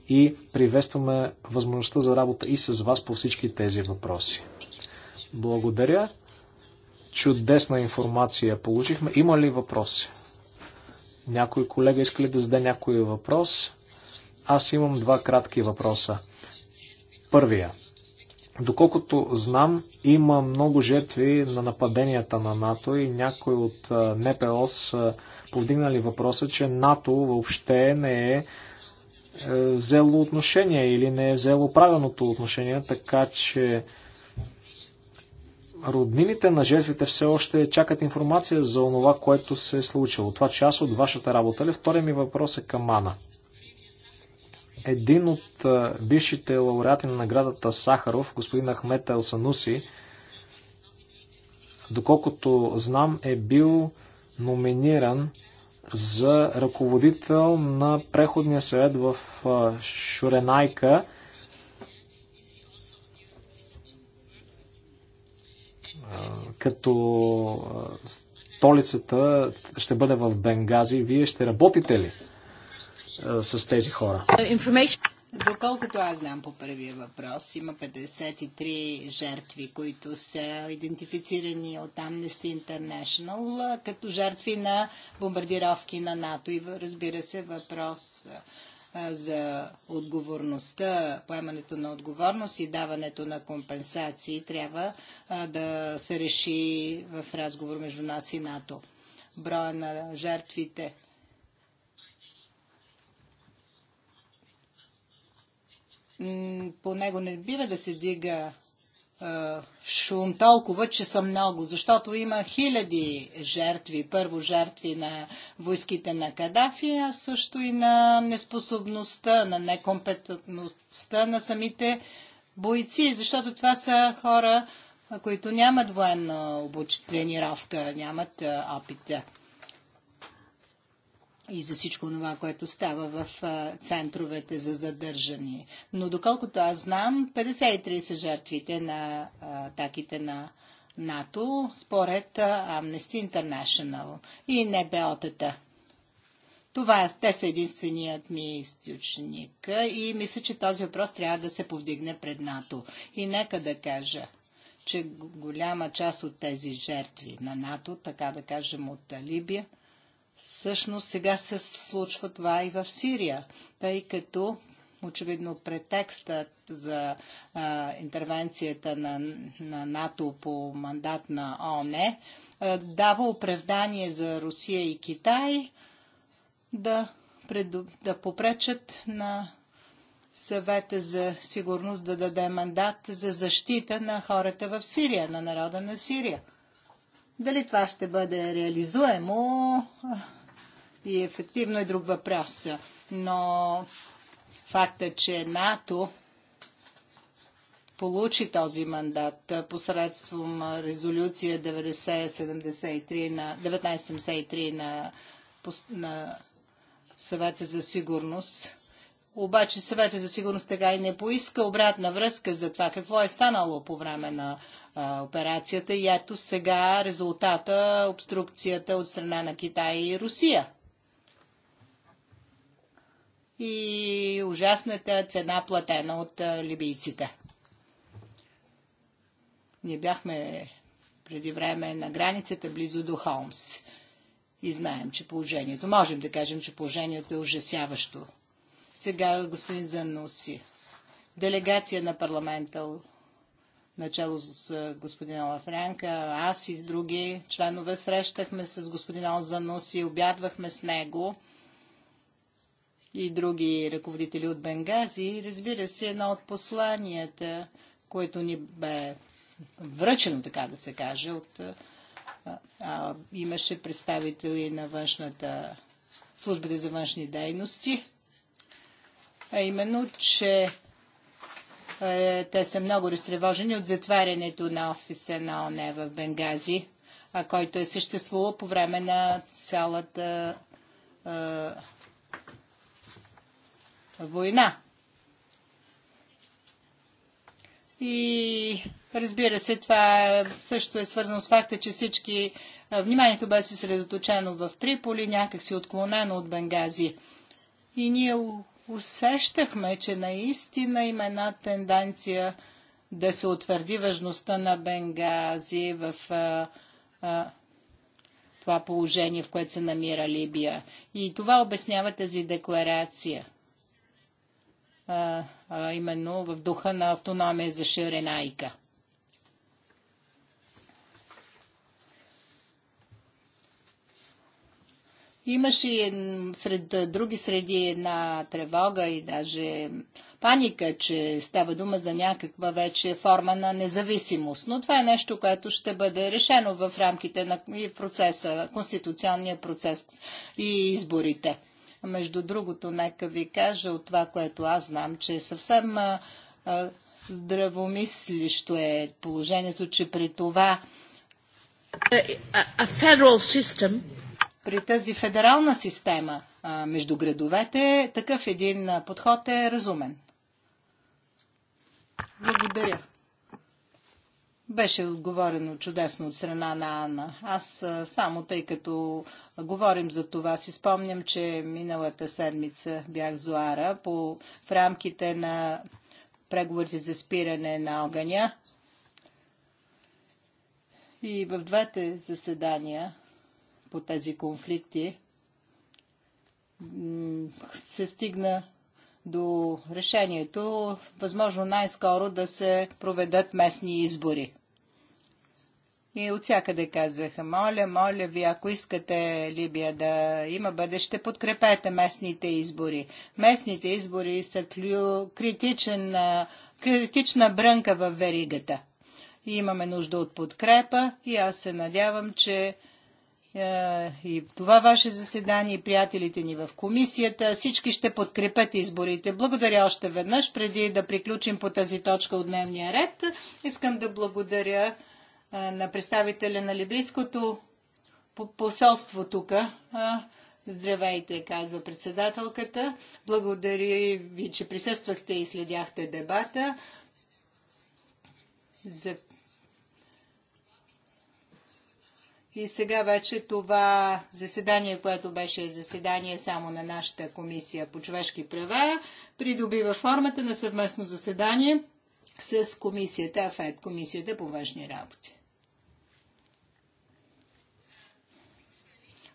S2: и приветстваме възможността за работа и с вас по всички тези въпроси. Благодаря. Чудесна информация получихме. Има ли въпроси? Някой колега иска ли да зададе някой въпрос? Аз имам два кратки въпроса. Първия. Доколкото знам, има много жертви на нападенията на НАТО и някои от НПО са повдигнали въпроса, че НАТО въобще не е е, взело отношение или не е взело правилното отношение, така че роднините на жертвите все още чакат информация за онова, което се е случило. Това част от вашата работа ли? Втория ми въпрос е към Ана. Един от е, бившите лауреати на наградата Сахаров, господин Ахмет Елсануси, доколкото знам, е бил номиниран за ръководител на преходния съвет в Шуренайка. Като столицата ще бъде в Бенгази, вие ще работите ли с тези хора?
S1: Доколкото аз знам по първия въпрос, има 53 жертви, които са идентифицирани от Amnesty International като жертви на бомбардировки на НАТО. И разбира се, въпрос за отговорността, поемането на отговорност и даването на компенсации трябва да се реши в разговор между нас и НАТО. Броя на жертвите по него не бива да се дига шум толкова, че са много, защото има хиляди жертви. Първо жертви на войските на Кадафи, а също и на неспособността, на некомпетентността на самите бойци, защото това са хора, които нямат военна обуч... тренировка, нямат опит и за всичко това, което става в центровете за задържане. Но доколкото аз знам, 53 са жертвите на атаките на НАТО, според Amnesty International и НБО-тата. Това е, те са единственият ми източник и мисля, че този въпрос трябва да се повдигне пред НАТО. И нека да кажа, че голяма част от тези жертви на НАТО, така да кажем от Либия, Всъщност сега се случва това и в Сирия, тъй като очевидно претекстът за а, интервенцията на, на НАТО по мандат на ООН дава оправдание за Русия и Китай да, преду, да попречат на съвета за сигурност да даде мандат за защита на хората в Сирия, на народа на Сирия. Дали това ще бъде реализуемо и ефективно е друг въпрос. Но факта, е, че НАТО получи този мандат посредством резолюция 1973 на, 1973 на, на съвета за сигурност. Обаче съвета за сигурност тега и не поиска обратна връзка за това какво е станало по време на а, операцията и ето сега резултата обструкцията от страна на Китай и Русия. И ужасната цена платена от а, либийците. Ние бяхме преди време на границата близо до Холмс. И знаем, че положението, можем да кажем, че положението е ужасяващо. Сега господин Зануси, Делегация на парламента начало с господин Лафранка, аз и други членове срещахме с господин Алзанус и обядвахме с него и други ръководители от Бенгази. Разбира се, едно от посланията, което ни бе връчено, така да се каже, от, а, а, имаше представители на външната службите за външни дейности, а именно, че е, те са много разтревожени от затварянето на офиса на ОНЕ в Бенгази, който е съществувал по време на цялата е, война. И разбира се, това също е свързано с факта, че всички е, вниманието бе съсредоточено в Триполи, някак си отклонено от Бенгази. И ние усещахме, че наистина има една тенденция да се утвърди важността на Бенгази в а, а, това положение, в което се намира Либия. И това обяснява тази декларация. А, а именно в духа на автономия за Ширенайка. Имаше и сред други среди една тревога и даже паника, че става дума за някаква вече форма на независимост. Но това е нещо, което ще бъде решено в рамките на процеса, конституционния процес и изборите. Между другото, нека ви кажа от това, което аз знам, че съвсем здравомислищо е положението, че при това. A, a federal system при тази федерална система между градовете, такъв един подход е разумен. Благодаря. Беше отговорено чудесно от страна на Анна. Аз само тъй като говорим за това, си спомням, че миналата седмица бях Зоара по, в рамките на преговорите за спиране на огъня. И в двете заседания по тези конфликти, се стигна до решението, възможно най-скоро да се проведат местни избори. И от всякъде казваха, моля, моля ви, ако искате Либия да има бъдеще, подкрепете местните избори. Местните избори са клю... критичен, критична брънка в веригата. И имаме нужда от подкрепа и аз се надявам, че е, и това ваше заседание, приятелите ни в комисията. Всички ще подкрепят изборите. Благодаря още веднъж, преди да приключим по тази точка от дневния ред. Искам да благодаря е, на представителя на либийското посолство тук. Е, здравейте, казва председателката. Благодаря ви, че присъствахте и следяхте дебата. За И сега вече това заседание, което беше заседание само на нашата комисия по човешки права, придобива формата на съвместно заседание с комисията ФЕД, комисията по външни работи.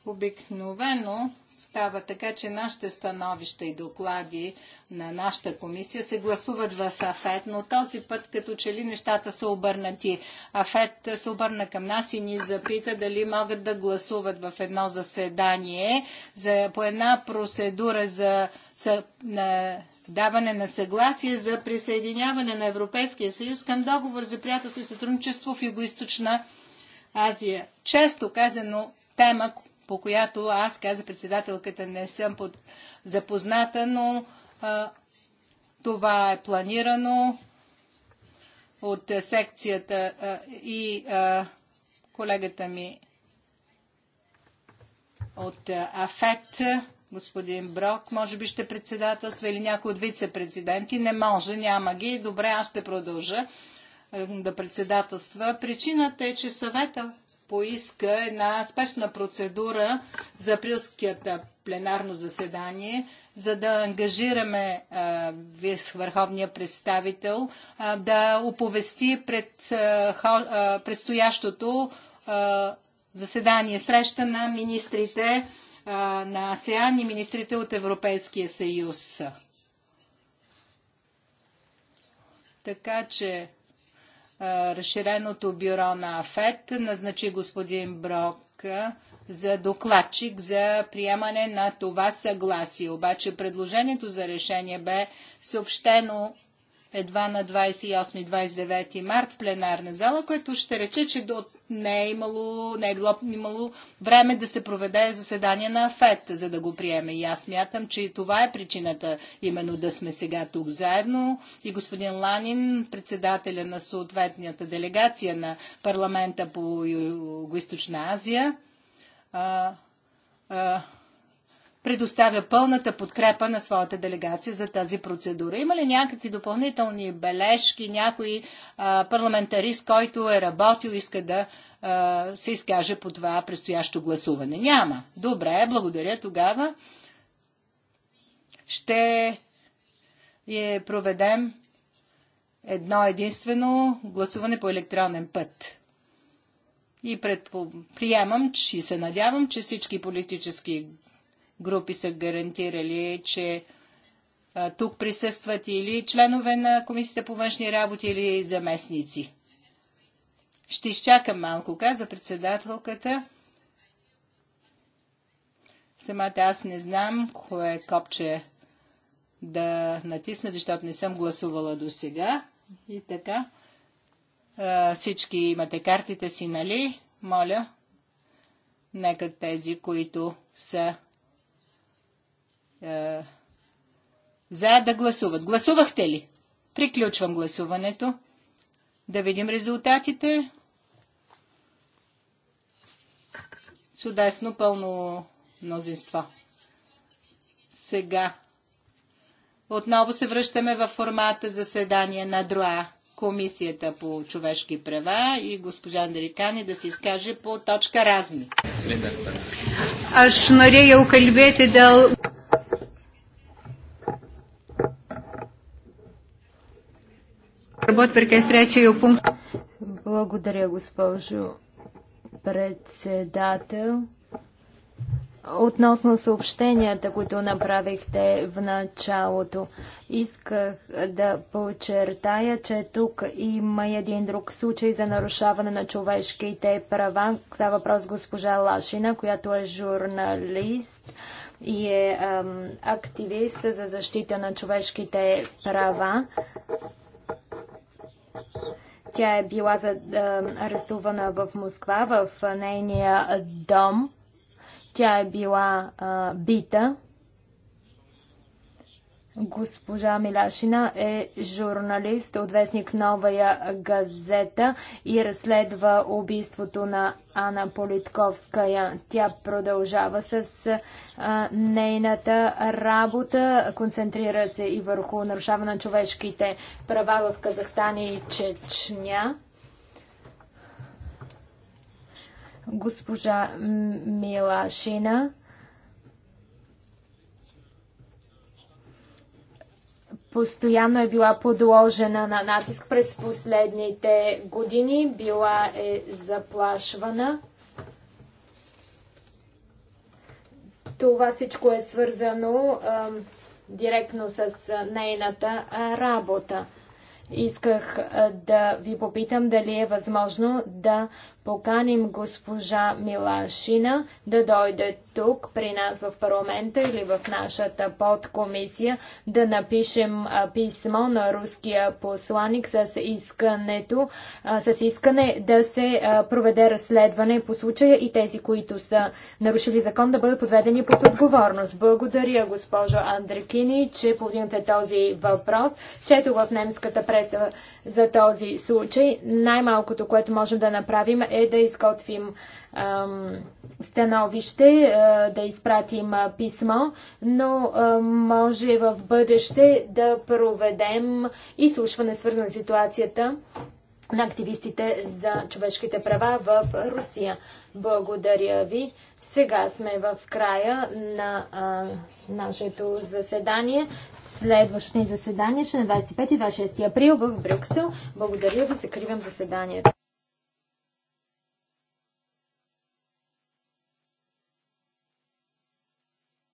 S1: Обикновено става така, че нашите становища и доклади на нашата комисия се гласуват в АФЕТ, но този път като че ли нещата са обърнати. АФЕТ се обърна към нас и ни запита дали могат да гласуват в едно заседание за, по една процедура за, за на, даване на съгласие за присъединяване на Европейския съюз към договор за приятелство и сътрудничество в Юго-Источна Азия. Често казано тема, по която аз, каза председателката, не съм под... запозната, но а, това е планирано от секцията а, и а, колегата ми от АФЕТ, господин Брок, може би ще председателства или някой от вице-президенти. Не може, няма ги. Добре, аз ще продължа да председателства. Причината е, че съвета поиска една спешна процедура за априлският пленарно заседание, за да ангажираме върховния представител а, да оповести пред а, а, предстоящото заседание среща на министрите на АСЕАН и министрите от Европейския съюз. Така че разширеното бюро на АФЕТ назначи господин Брок за докладчик за приемане на това съгласие. Обаче предложението за решение бе съобщено едва на 28-29 март в пленарна зала, което ще рече, че до не е, имало, не е било имало време да се проведе заседание на АФЕТ, за да го приеме. И аз мятам, че и това е причината именно да сме сега тук заедно. И господин Ланин, председателя на съответната делегация на парламента по Юго-Источна Азия, а, а, предоставя пълната подкрепа на своята делегация за тази процедура. Има ли някакви допълнителни бележки, някой а, парламентарист, който е работил, иска да а, се изкаже по това предстоящо гласуване? Няма. Добре, благодаря тогава. Ще е проведем едно единствено гласуване по електронен път. И предприемам, че се надявам, че всички политически групи са гарантирали, че тук присъстват или членове на Комисията по външни работи или заместници. Ще изчакам малко, каза председателката. Самата аз не знам кое копче да натисна, защото не съм гласувала до сега. И така. всички имате картите си, нали? Моля, нека тези, които са е, за да гласуват. Гласувахте ли? Приключвам гласуването. Да видим резултатите. Чудесно пълно мнозинство. Сега отново се връщаме в формата заседание на ДРОА, Комисията по човешки права и госпожа Андерикани да се изкаже по точка разни. Аз нарея укалибете Дел...
S3: Благодаря, госпожо председател. Относно съобщенията, които направихте в началото, исках да подчертая, че тук има един друг случай за нарушаване на човешките права. Става въпрос госпожа Лашина, която е журналист и е ам, активист за защита на човешките права. Тя е била за, а, арестувана в Москва, в нейния дом. Тя е била а, бита. Госпожа Милашина е журналист от вестник Новая газета и разследва убийството на Ана Политковская. Тя продължава с а, нейната работа, концентрира се и върху нарушаване на човешките права в Казахстан и Чечня. Госпожа Милашина постоянно е била подложена на натиск през последните години, била е заплашвана. Това всичко е свързано а, директно с нейната работа. Исках а, да ви попитам дали е възможно да поканим госпожа Милашина да дойде тук при нас в парламента или в нашата подкомисия да напишем писмо на руския посланник с, искането, с искане да се проведе разследване по случая и тези, които са нарушили закон, да бъдат подведени под отговорност. Благодаря, госпожо Андрекини, че повдигнате този въпрос. Чето в немската преса за този случай. Най-малкото, което можем да направим е да изготвим ам, становище, а, да изпратим а, писмо, но а, може в бъдеще да проведем изслушване свързано с ситуацията на активистите за човешките права в Русия. Благодаря ви. Сега сме в края на а, нашето заседание. Следващото ни заседание ще е на 25 и 26 април в Брюксел. Благодаря ви, закривам заседанието.